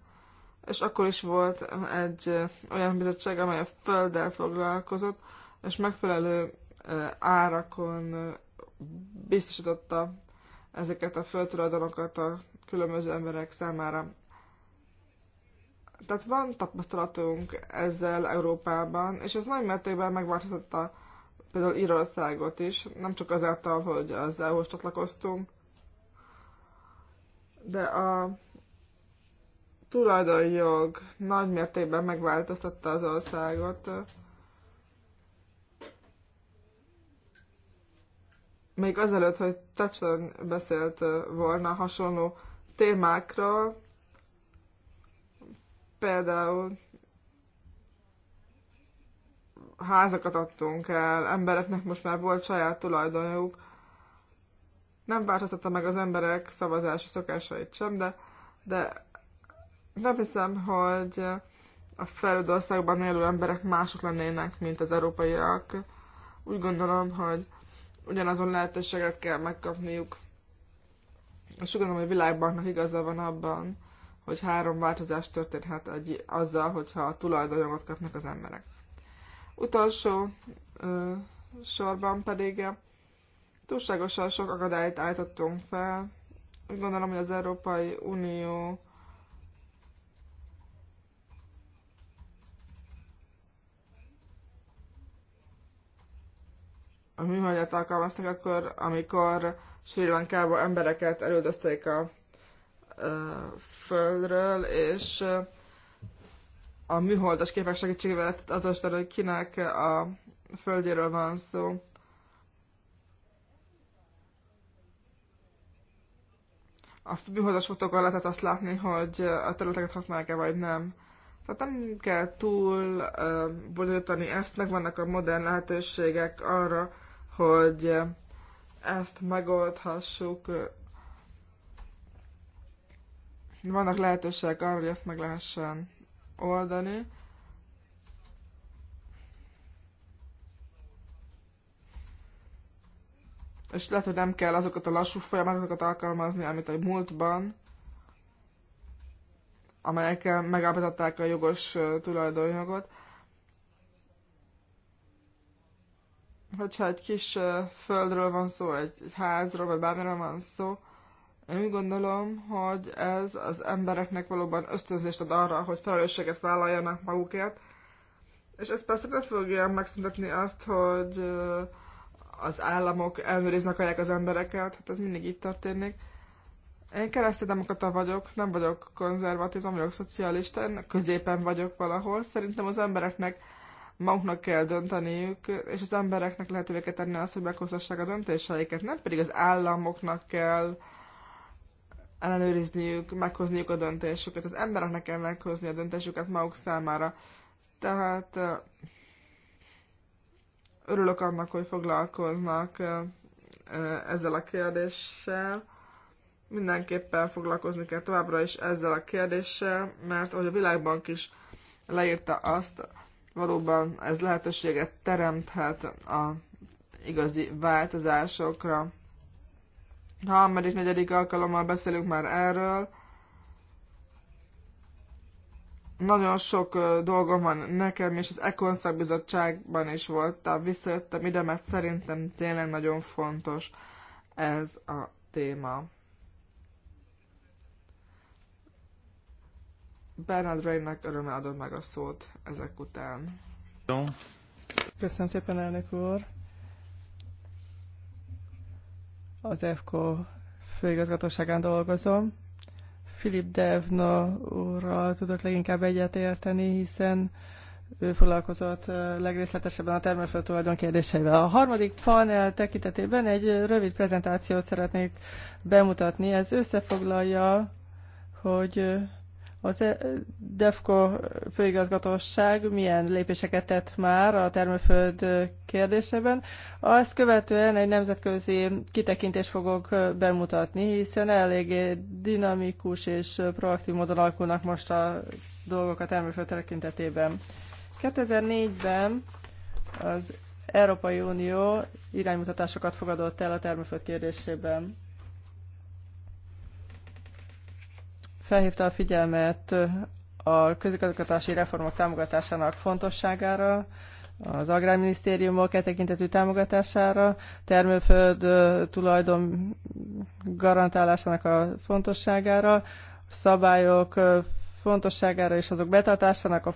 és akkor is volt egy olyan bizottság, amely a földdel foglalkozott, és megfelelő árakon biztosította ezeket a földtulajdonokat a különböző emberek számára. Tehát van tapasztalatunk ezzel Európában, és ez nagy mértékben megváltoztatta például Írországot is, nem csak azáltal, hogy az eu csatlakoztunk, de a tulajdonjog nagy mértékben megváltoztatta az országot. Még azelőtt, hogy Touchdown beszélt volna hasonló témákról, például házakat adtunk el, embereknek most már volt saját tulajdonjuk. Nem változtatta meg az emberek szavazási szokásait sem, de, de nem hiszem, hogy a fejlődő országban élő emberek mások lennének, mint az európaiak. Úgy gondolom, hogy ugyanazon lehetőséget kell megkapniuk. És úgy gondolom, hogy a világbanknak igaza van abban, hogy három változás történhet egy, azzal, hogyha a tulajdonjogot kapnak az emberek. Utolsó ö, sorban pedig túlságosan sok akadályt állítottunk fel. Úgy gondolom, hogy az Európai Unió a műhagyat alkalmaztak akkor, amikor Sri Lankába embereket elődözték a ö, földről, és ö, a műholdas képek segítségével lehetett azonosítani, hogy kinek a földjéről van szó. A műholdas fotókkal lehetett azt látni, hogy a területeket használják-e vagy nem. Tehát nem kell túl uh, bonyolítani ezt, meg vannak a modern lehetőségek arra, hogy ezt megoldhassuk. Vannak lehetőségek arra, hogy ezt meg lehessen oldani. És lehet, hogy nem kell azokat a lassú folyamatokat alkalmazni, amit a múltban, amelyekkel megállapították a jogos tulajdonjogot. Hogyha egy kis földről van szó, egy, házról, vagy bármiről van szó, én úgy gondolom, hogy ez az embereknek valóban ösztönzést ad arra, hogy felelősséget vállaljanak magukért, és ez persze nem fogja megszüntetni azt, hogy az államok elnőriznek akarják az embereket, hát ez mindig így történik. Én kereszténydemokrata vagyok, nem vagyok konzervatív, nem vagyok szocialista, én középen vagyok valahol. Szerintem az embereknek maguknak kell dönteniük, és az embereknek lehetővé kell tenni azt, hogy meghozhassák a döntéseiket. Nem pedig az államoknak kell ellenőrizniük, meghozniuk a döntésüket. Az embereknek kell meghozni a döntésüket maguk számára. Tehát örülök annak, hogy foglalkoznak ezzel a kérdéssel. Mindenképpen foglalkozni kell továbbra is ezzel a kérdéssel, mert ahogy a Világbank is leírta azt, valóban ez lehetőséget teremthet a igazi változásokra harmadik, negyedik alkalommal beszélünk már erről. Nagyon sok dolgom van nekem, és az Econ szakbizottságban is voltam, visszajöttem ide, mert szerintem tényleg nagyon fontos ez a téma. Bernard Raynek örömmel adod meg a szót ezek után. Köszönöm szépen, elnök úr! az EFKO főigazgatóságán dolgozom. Filip Devna úrral tudok leginkább egyetérteni, hiszen ő foglalkozott legrészletesebben a termőföld tulajdon kérdéseivel. A harmadik panel tekintetében egy rövid prezentációt szeretnék bemutatni. Ez összefoglalja, hogy az eh, DEFCO főigazgatóság milyen lépéseket tett már a termőföld eh, kérdésében. Azt követően egy nemzetközi kitekintést fogok eh, bemutatni, hiszen eléggé dinamikus és proaktív módon alakulnak most a dolgok a termőföld tekintetében. 2004-ben az Európai Unió iránymutatásokat fogadott el a termőföld kérdésében. felhívta a figyelmet a közigazgatási reformok támogatásának fontosságára, az agrárminisztériumok e tekintetű támogatására, termőföld tulajdon garantálásának a fontosságára, szabályok fontosságára és azok betartásának a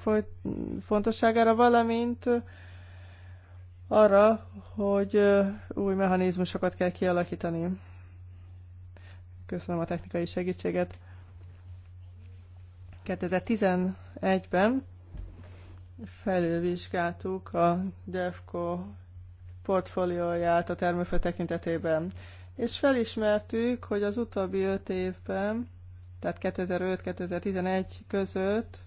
fontosságára, valamint arra, hogy új mechanizmusokat kell kialakítani. Köszönöm a technikai segítséget. 2011-ben felülvizsgáltuk a DEFCO portfólióját a termőfő tekintetében, és felismertük, hogy az utóbbi öt évben, tehát 2005-2011 között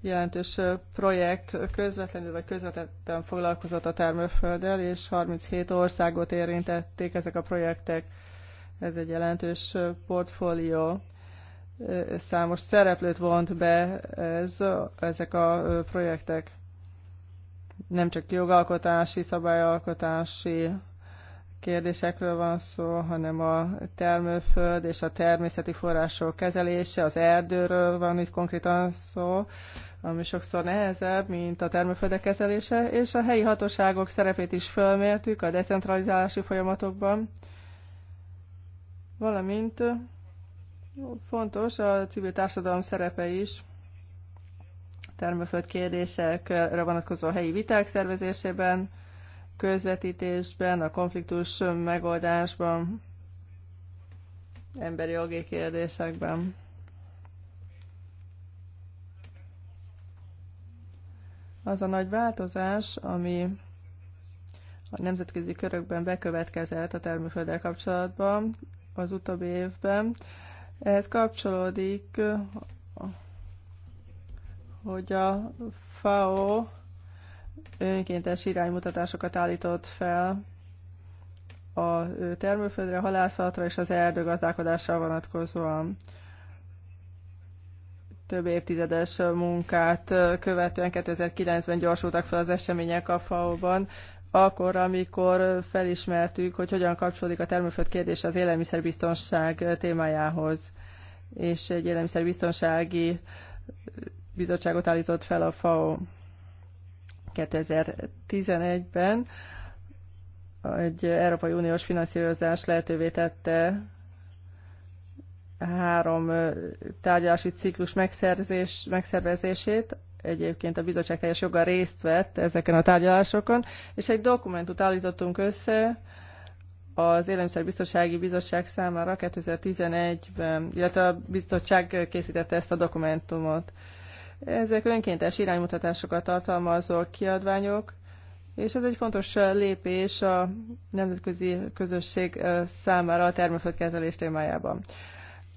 jelentős projekt közvetlenül vagy közvetetten foglalkozott a termőfölddel, és 37 országot érintették ezek a projektek. Ez egy jelentős portfólió számos szereplőt vont be ez, ezek a projektek. Nem csak jogalkotási, szabályalkotási kérdésekről van szó, hanem a termőföld és a természeti források kezelése, az erdőről van itt konkrétan szó, ami sokszor nehezebb, mint a termőföldek kezelése, és a helyi hatóságok szerepét is fölmértük a decentralizálási folyamatokban, valamint Fontos a civil társadalom szerepe is, termőföld kérdésekre vonatkozó helyi viták szervezésében, közvetítésben, a konfliktus megoldásban, emberi jogi kérdésekben. Az a nagy változás, ami a nemzetközi körökben bekövetkezett a termőfölddel kapcsolatban az utóbbi évben, ez kapcsolódik, hogy a FAO önkéntes iránymutatásokat állított fel a termőföldre, halászatra és az erdőgazdálkodásra vonatkozóan több évtizedes munkát követően 2009-ben gyorsultak fel az események a FAO-ban akkor, amikor felismertük, hogy hogyan kapcsolódik a termőföld kérdése az élelmiszerbiztonság témájához, és egy élelmiszerbiztonsági bizottságot állított fel a FAO 2011-ben. Egy Európai Uniós finanszírozás lehetővé tette három tárgyalási ciklus megszervezését, egyébként a bizottság teljes joggal részt vett ezeken a tárgyalásokon, és egy dokumentumot állítottunk össze az Élelmiszerbiztonsági Bizottság számára 2011-ben, illetve a bizottság készítette ezt a dokumentumot. Ezek önkéntes iránymutatásokat tartalmazó kiadványok, és ez egy fontos lépés a nemzetközi közösség számára a termőföldkezelés témájában.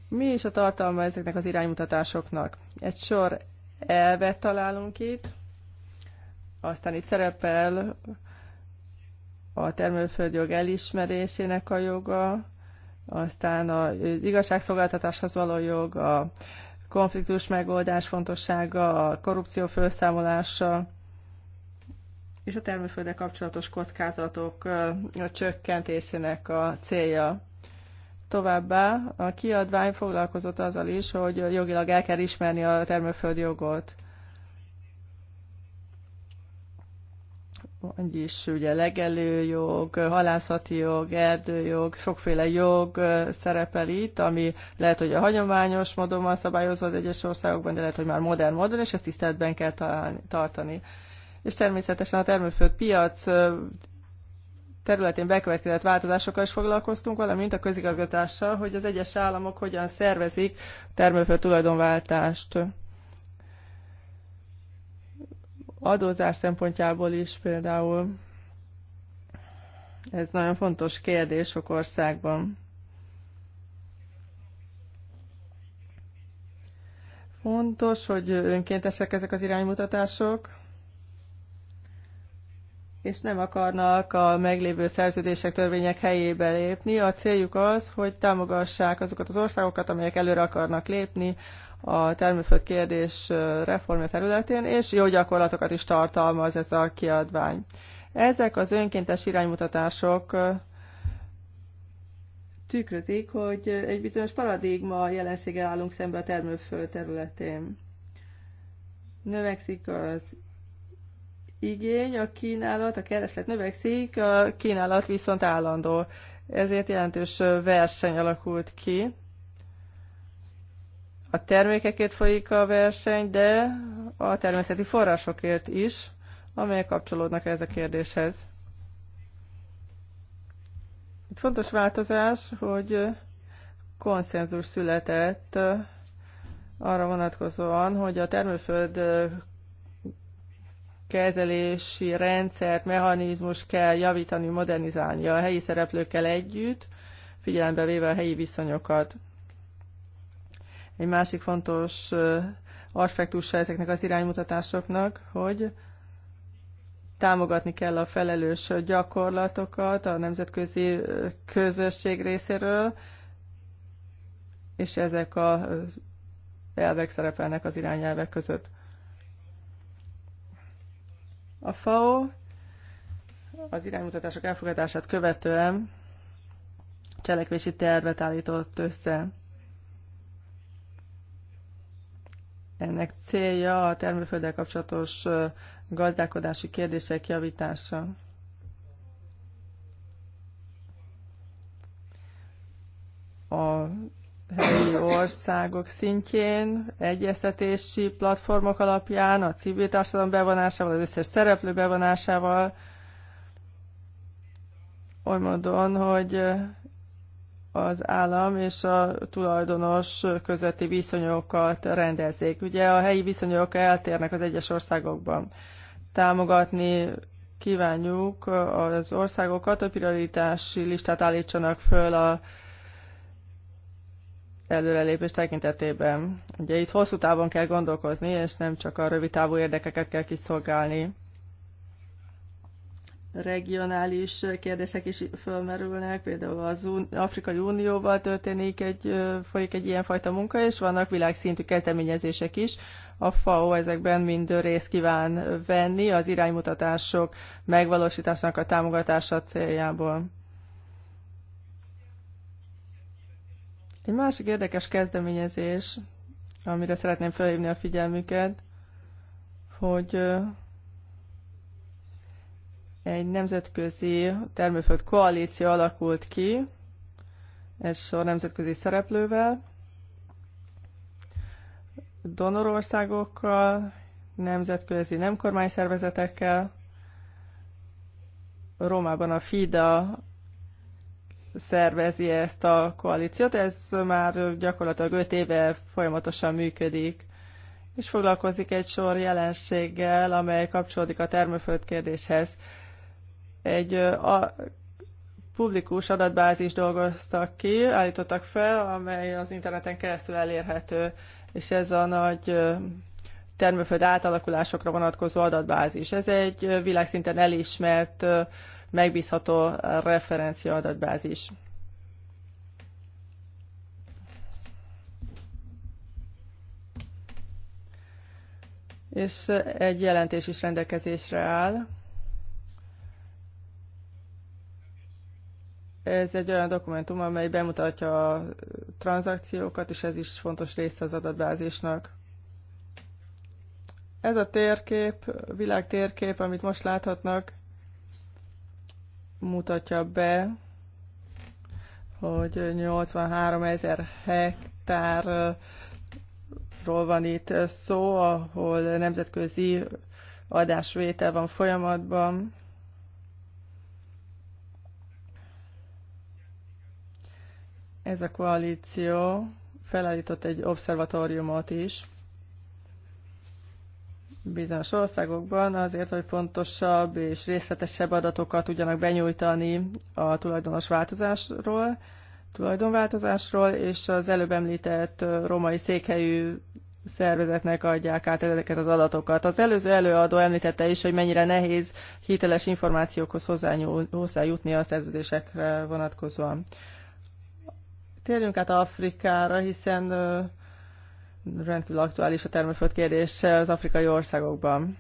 Mi is a tartalma ezeknek az iránymutatásoknak? Egy sor elvet találunk itt, aztán itt szerepel a termőföldjog elismerésének a joga, aztán az igazságszolgáltatáshoz való jog, a konfliktus megoldás fontossága, a korrupció felszámolása, és a termőföldek kapcsolatos kockázatok csökkentésének a célja. Továbbá a kiadvány foglalkozott azzal is, hogy jogilag el kell ismerni a termőföld jogot. vagyis ugye legelőjog, halászati jog, erdőjog, sokféle jog szerepel itt, ami lehet, hogy a hagyományos módon van szabályozva az egyes országokban, de lehet, hogy már modern módon, és ezt tiszteletben kell tartani. És természetesen a termőföld piac területén bekövetkezett változásokkal is foglalkoztunk, valamint a közigazgatással, hogy az egyes államok hogyan szervezik termőföld tulajdonváltást. Adózás szempontjából is például ez nagyon fontos kérdés sok országban. Fontos, hogy önkéntesek ezek az iránymutatások és nem akarnak a meglévő szerződések, törvények helyébe lépni. A céljuk az, hogy támogassák azokat az országokat, amelyek előre akarnak lépni a termőföld kérdés reformja területén, és jó gyakorlatokat is tartalmaz ez a kiadvány. Ezek az önkéntes iránymutatások tükrözik, hogy egy bizonyos paradigma jelensége állunk szembe a termőföld területén. Növekszik az igény, a kínálat, a kereslet növekszik, a kínálat viszont állandó. Ezért jelentős verseny alakult ki. A termékekért folyik a verseny, de a természeti forrásokért is, amelyek kapcsolódnak ez a kérdéshez. Egy fontos változás, hogy konszenzus született arra vonatkozóan, hogy a termőföld kezelési rendszert, mechanizmus kell javítani, modernizálni a helyi szereplőkkel együtt, figyelembe véve a helyi viszonyokat. Egy másik fontos aspektusa ezeknek az iránymutatásoknak, hogy támogatni kell a felelős gyakorlatokat a nemzetközi közösség részéről, és ezek az elvek szerepelnek az irányelvek között. A FAO az iránymutatások elfogadását követően cselekvési tervet állított össze. Ennek célja a termőfölddel kapcsolatos gazdálkodási kérdések javítása. A helyi országok szintjén, egyeztetési platformok alapján, a civil társadalom bevonásával, az összes szereplő bevonásával, oly módon, hogy az állam és a tulajdonos közötti viszonyokat rendezzék. Ugye a helyi viszonyok eltérnek az egyes országokban. Támogatni kívánjuk az országokat, a prioritási listát állítsanak föl a előrelépés tekintetében. Ugye itt hosszú távon kell gondolkozni, és nem csak a rövid távú érdekeket kell kiszolgálni. Regionális kérdések is fölmerülnek, például az Afrikai Unióval történik egy, folyik egy ilyenfajta munka, és vannak világszintű kezdeményezések is. A FAO ezekben mind részt kíván venni az iránymutatások megvalósításának a támogatása céljából Egy másik érdekes kezdeményezés, amire szeretném felhívni a figyelmüket, hogy egy nemzetközi termőföld koalíció alakult ki, egy sor nemzetközi szereplővel, donorországokkal, nemzetközi szervezetekkel, Rómában a FIDA szervezi ezt a koalíciót. Ez már gyakorlatilag 5 éve folyamatosan működik, és foglalkozik egy sor jelenséggel, amely kapcsolódik a termőföld kérdéshez. Egy a, publikus adatbázis dolgoztak ki, állítottak fel, amely az interneten keresztül elérhető, és ez a nagy termőföld átalakulásokra vonatkozó adatbázis. Ez egy világszinten elismert megbízható referencia adatbázis. És egy jelentés is rendelkezésre áll. Ez egy olyan dokumentum, amely bemutatja a tranzakciókat, és ez is fontos része az adatbázisnak. Ez a térkép, világtérkép, amit most láthatnak, mutatja be, hogy 83 ezer hektárról van itt szó, ahol nemzetközi adásvétel van folyamatban. Ez a koalíció felállított egy obszervatóriumot is, bizonyos országokban azért, hogy pontosabb és részletesebb adatokat tudjanak benyújtani a tulajdonos változásról, tulajdonváltozásról, és az előbb említett romai székhelyű szervezetnek adják át ezeket az adatokat. Az előző előadó említette is, hogy mennyire nehéz hiteles információkhoz hozzájutni a szerződésekre vonatkozóan. Térjünk át Afrikára, hiszen rendkívül aktuális a termőföld kérdése az afrikai országokban.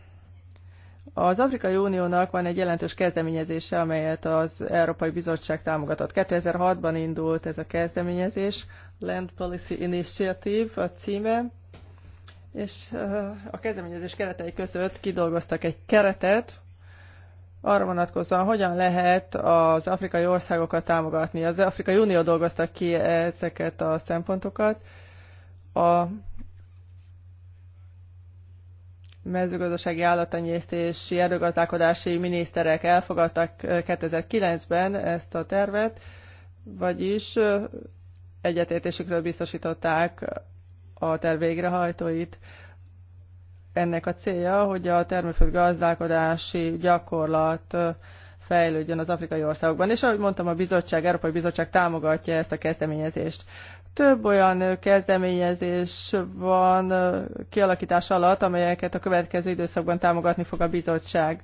Az Afrikai Uniónak van egy jelentős kezdeményezése, amelyet az Európai Bizottság támogatott. 2006-ban indult ez a kezdeményezés, Land Policy Initiative a címe, és a kezdeményezés keretei között kidolgoztak egy keretet, arra vonatkozóan, hogyan lehet az afrikai országokat támogatni. Az Afrikai Unió dolgozta ki ezeket a szempontokat. A mezőgazdasági állattenyésztési erőgazdálkodási miniszterek elfogadtak 2009-ben ezt a tervet, vagyis egyetértésükről biztosították a terv végrehajtóit. Ennek a célja, hogy a termőföld gazdálkodási gyakorlat fejlődjön az afrikai országokban. És ahogy mondtam, a bizottság, Európai Bizottság támogatja ezt a kezdeményezést több olyan kezdeményezés van kialakítás alatt, amelyeket a következő időszakban támogatni fog a bizottság.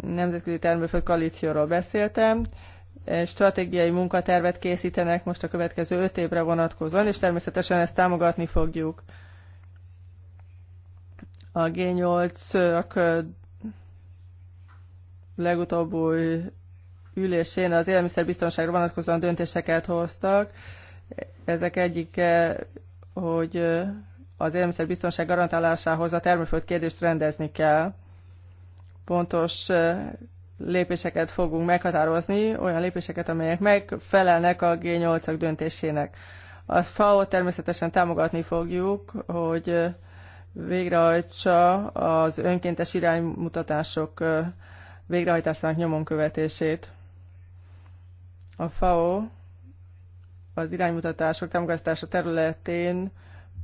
Nemzetközi Termőföld Koalícióról beszéltem. Stratégiai munkatervet készítenek most a következő öt évre vonatkozóan, és természetesen ezt támogatni fogjuk. A g 8 a legutóbbi ülésén az élelmiszerbiztonságra vonatkozóan döntéseket hoztak, ezek egyike, hogy az élelmiszerbiztonság garantálásához a termőföld kérdést rendezni kell. Pontos lépéseket fogunk meghatározni, olyan lépéseket, amelyek megfelelnek a G8-ak döntésének. A FAO természetesen támogatni fogjuk, hogy végrehajtsa az önkéntes iránymutatások végrehajtásának nyomon követését. A FAO az iránymutatások támogatása területén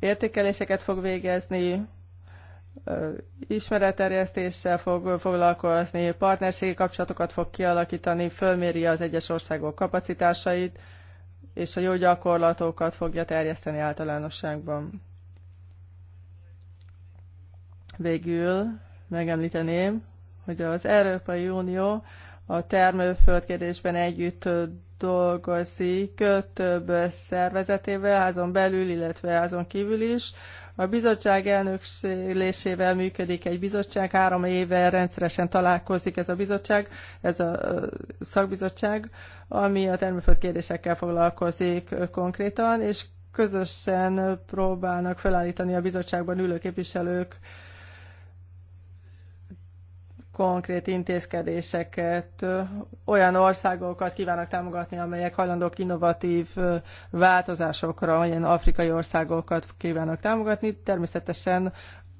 értékeléseket fog végezni, ismeretterjesztéssel fog foglalkozni, partnerségi kapcsolatokat fog kialakítani, fölméri az egyes országok kapacitásait, és a jó gyakorlatokat fogja terjeszteni általánosságban. Végül megemlíteném, hogy az Európai Unió a termőföldkérdésben együtt dolgozik több szervezetével, házon belül, illetve házon kívül is. A bizottság elnökséglésével működik egy bizottság, három éve rendszeresen találkozik ez a bizottság, ez a szakbizottság, ami a termőföld kérdésekkel foglalkozik konkrétan, és közösen próbálnak felállítani a bizottságban ülő képviselők konkrét intézkedéseket, olyan országokat kívánnak támogatni, amelyek hajlandók innovatív változásokra, olyan afrikai országokat kívánnak támogatni. Természetesen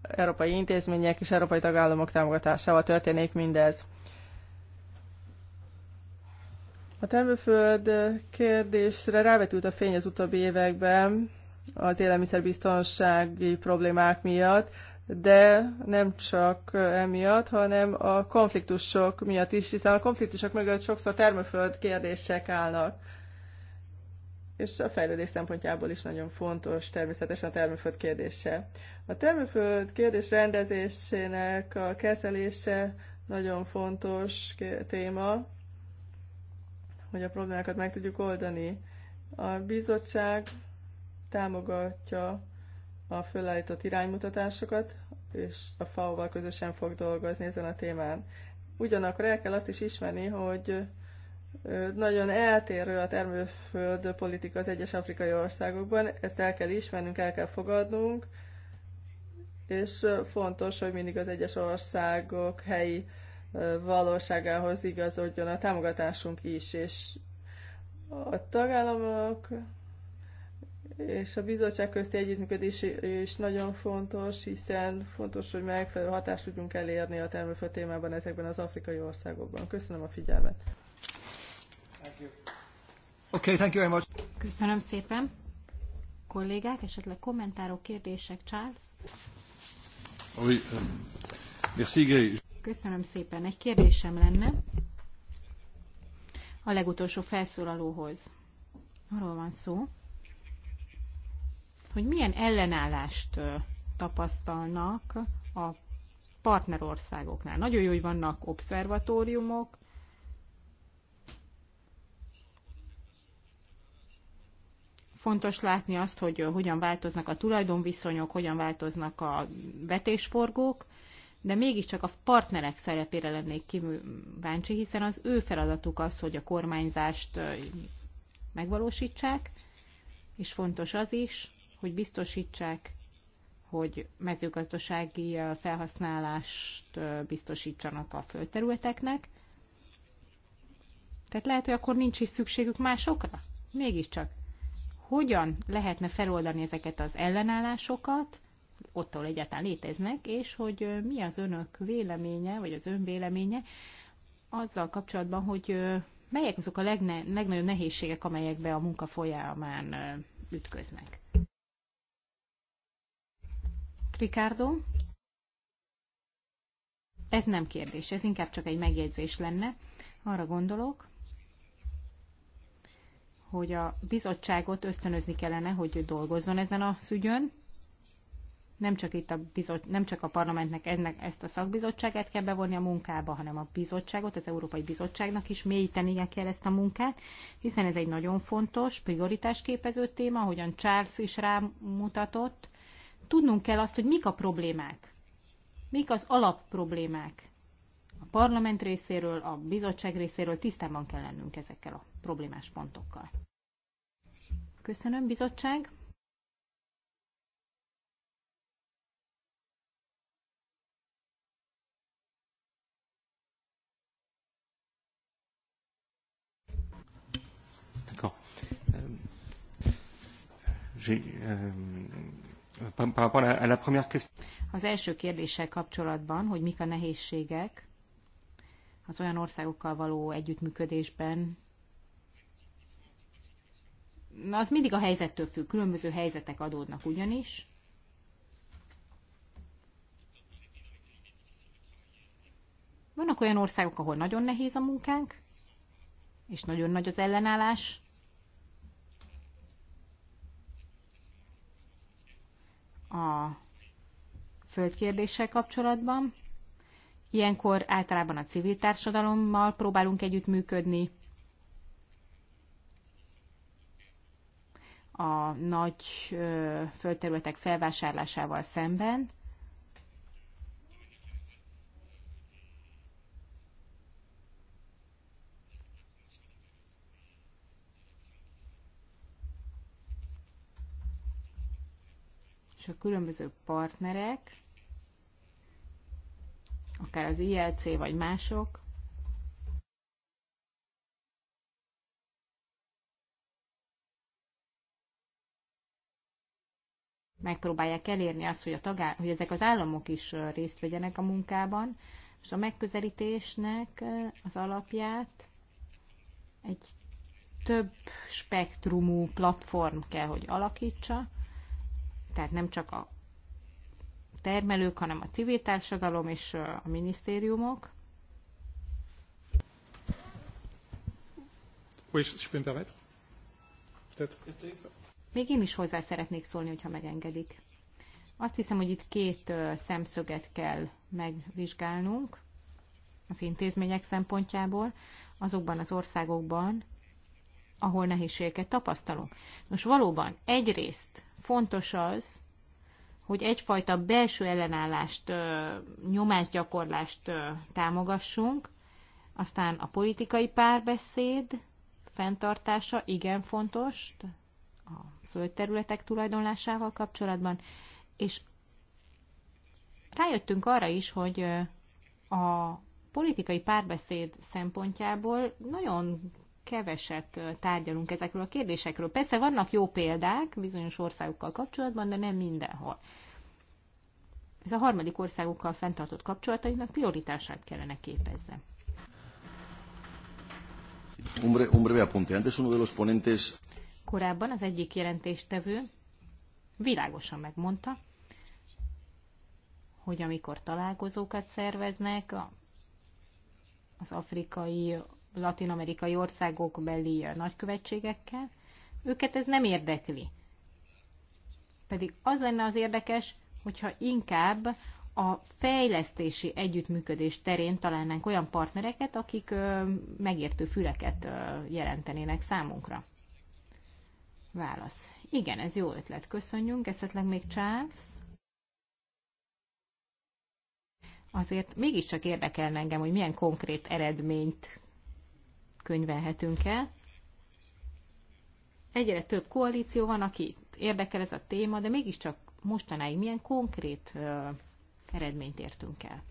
európai intézmények és európai tagállamok támogatásával történik mindez. A termőföld kérdésre rávetült a fény az utóbbi években az élelmiszerbiztonsági problémák miatt de nem csak emiatt, hanem a konfliktusok miatt is, hiszen a konfliktusok mögött sokszor termőföld kérdések állnak. És a fejlődés szempontjából is nagyon fontos természetesen a termőföld kérdése. A termőföld kérdés rendezésének a kezelése nagyon fontos téma, hogy a problémákat meg tudjuk oldani. A bizottság támogatja a fölállított iránymutatásokat, és a FAO-val közösen fog dolgozni ezen a témán. Ugyanakkor el kell azt is ismerni, hogy nagyon eltérő a termőföld politika az egyes afrikai országokban, ezt el kell ismernünk, el kell fogadnunk, és fontos, hogy mindig az egyes országok helyi valóságához igazodjon a támogatásunk is, és a tagállamok és a bizottság közti együttműködés is nagyon fontos, hiszen fontos, hogy megfelelő hatást tudjunk elérni a termőföld témában ezekben az afrikai országokban. Köszönöm a figyelmet. Thank you. Okay, thank you very much. Köszönöm szépen. Kollégák, esetleg kommentárok, kérdések, Charles? Oui. Euh, merci, Köszönöm szépen. Egy kérdésem lenne a legutolsó felszólalóhoz. Arról van szó, hogy milyen ellenállást tapasztalnak a partnerországoknál. Nagyon jó, hogy vannak obszervatóriumok, fontos látni azt, hogy hogyan változnak a tulajdonviszonyok, hogyan változnak a vetésforgók, de mégiscsak a partnerek szerepére lennék kíváncsi, hiszen az ő feladatuk az, hogy a kormányzást megvalósítsák, és fontos az is, hogy biztosítsák, hogy mezőgazdasági felhasználást biztosítsanak a földterületeknek. Tehát lehet, hogy akkor nincs is szükségük másokra? Mégiscsak. Hogyan lehetne feloldani ezeket az ellenállásokat, ottól egyáltalán léteznek, és hogy mi az önök véleménye, vagy az ön véleménye azzal kapcsolatban, hogy melyek azok a legne, legnagyobb nehézségek, amelyekbe a munka folyamán ütköznek? Ricardo? Ez nem kérdés, ez inkább csak egy megjegyzés lenne. Arra gondolok, hogy a bizottságot ösztönözni kellene, hogy dolgozzon ezen a szügyön. Nem csak, itt a bizot, nem csak a parlamentnek ennek, ezt a szakbizottságát kell bevonni a munkába, hanem a bizottságot, az Európai Bizottságnak is mélyítenie kell ezt a munkát, hiszen ez egy nagyon fontos, prioritásképező téma, ahogyan Charles is rámutatott, tudnunk kell azt, hogy mik a problémák, mik az alapproblémák. A parlament részéről, a bizottság részéről tisztában kell lennünk ezekkel a problémás pontokkal. Köszönöm, bizottság! Je, euh, az első kérdéssel kapcsolatban, hogy mik a nehézségek az olyan országokkal való együttműködésben, az mindig a helyzettől függ, különböző helyzetek adódnak ugyanis. Vannak olyan országok, ahol nagyon nehéz a munkánk, és nagyon nagy az ellenállás, a földkérdéssel kapcsolatban. Ilyenkor általában a civil társadalommal próbálunk együttműködni. a nagy földterületek felvásárlásával szemben, és a különböző partnerek, akár az ILC vagy mások, megpróbálják elérni azt, hogy, a tagá- hogy ezek az államok is részt vegyenek a munkában, és a megközelítésnek az alapját egy több spektrumú platform kell, hogy alakítsa, tehát nem csak a termelők, hanem a civil társadalom és a minisztériumok. Még én is hozzá szeretnék szólni, hogyha megengedik. Azt hiszem, hogy itt két szemszöget kell megvizsgálnunk az intézmények szempontjából azokban az országokban, ahol nehézségeket tapasztalunk. Most valóban egyrészt fontos az, hogy egyfajta belső ellenállást, nyomásgyakorlást támogassunk, aztán a politikai párbeszéd fenntartása igen fontos a földterületek tulajdonlásával kapcsolatban, és rájöttünk arra is, hogy a politikai párbeszéd szempontjából nagyon keveset tárgyalunk ezekről a kérdésekről. Persze vannak jó példák bizonyos országokkal kapcsolatban, de nem mindenhol. Ez a harmadik országokkal fenntartott kapcsolatainak prioritását kellene képezze. Korábban az egyik jelentéstevő világosan megmondta, hogy amikor találkozókat szerveznek az afrikai latin-amerikai országok beli nagykövetségekkel, őket ez nem érdekli. Pedig az lenne az érdekes, hogyha inkább a fejlesztési együttműködés terén találnánk olyan partnereket, akik ö, megértő füleket ö, jelentenének számunkra. Válasz. Igen, ez jó ötlet. Köszönjünk. Esetleg még Charles? Azért mégiscsak érdekelne engem, hogy milyen konkrét eredményt könyvelhetünk el. Egyre több koalíció van, aki érdekel ez a téma, de mégiscsak mostanáig milyen konkrét eredményt értünk el.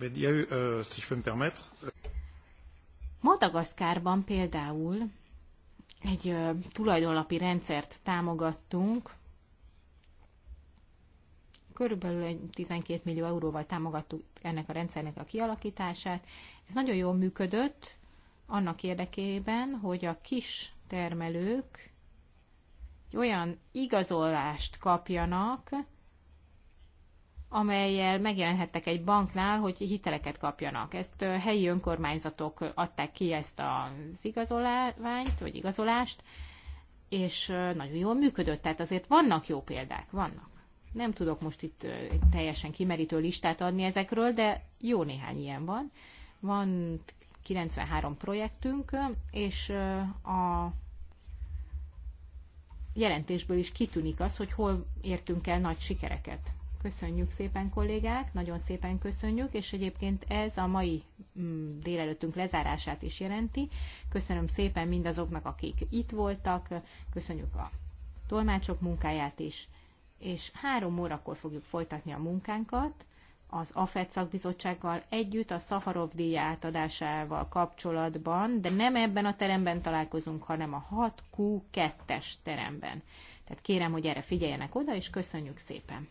Euh, euh, Madagaszkárban például egy tulajdonlapi rendszert támogattunk, körülbelül 12 millió euróval támogattuk ennek a rendszernek a kialakítását. Ez nagyon jól működött annak érdekében, hogy a kis termelők egy olyan igazolást kapjanak, amelyel megjelenhettek egy banknál, hogy hiteleket kapjanak. Ezt helyi önkormányzatok adták ki ezt az igazolványt, vagy igazolást, és nagyon jól működött. Tehát azért vannak jó példák, vannak. Nem tudok most itt egy teljesen kimerítő listát adni ezekről, de jó néhány ilyen van. Van 93 projektünk, és a jelentésből is kitűnik az, hogy hol értünk el nagy sikereket. Köszönjük szépen, kollégák, nagyon szépen köszönjük, és egyébként ez a mai mm, délelőttünk lezárását is jelenti. Köszönöm szépen mindazoknak, akik itt voltak, köszönjük a tolmácsok munkáját is és három órakor fogjuk folytatni a munkánkat, az AFED szakbizottsággal együtt a Szaharov díj átadásával kapcsolatban, de nem ebben a teremben találkozunk, hanem a 6Q2-es teremben. Tehát kérem, hogy erre figyeljenek oda, és köszönjük szépen!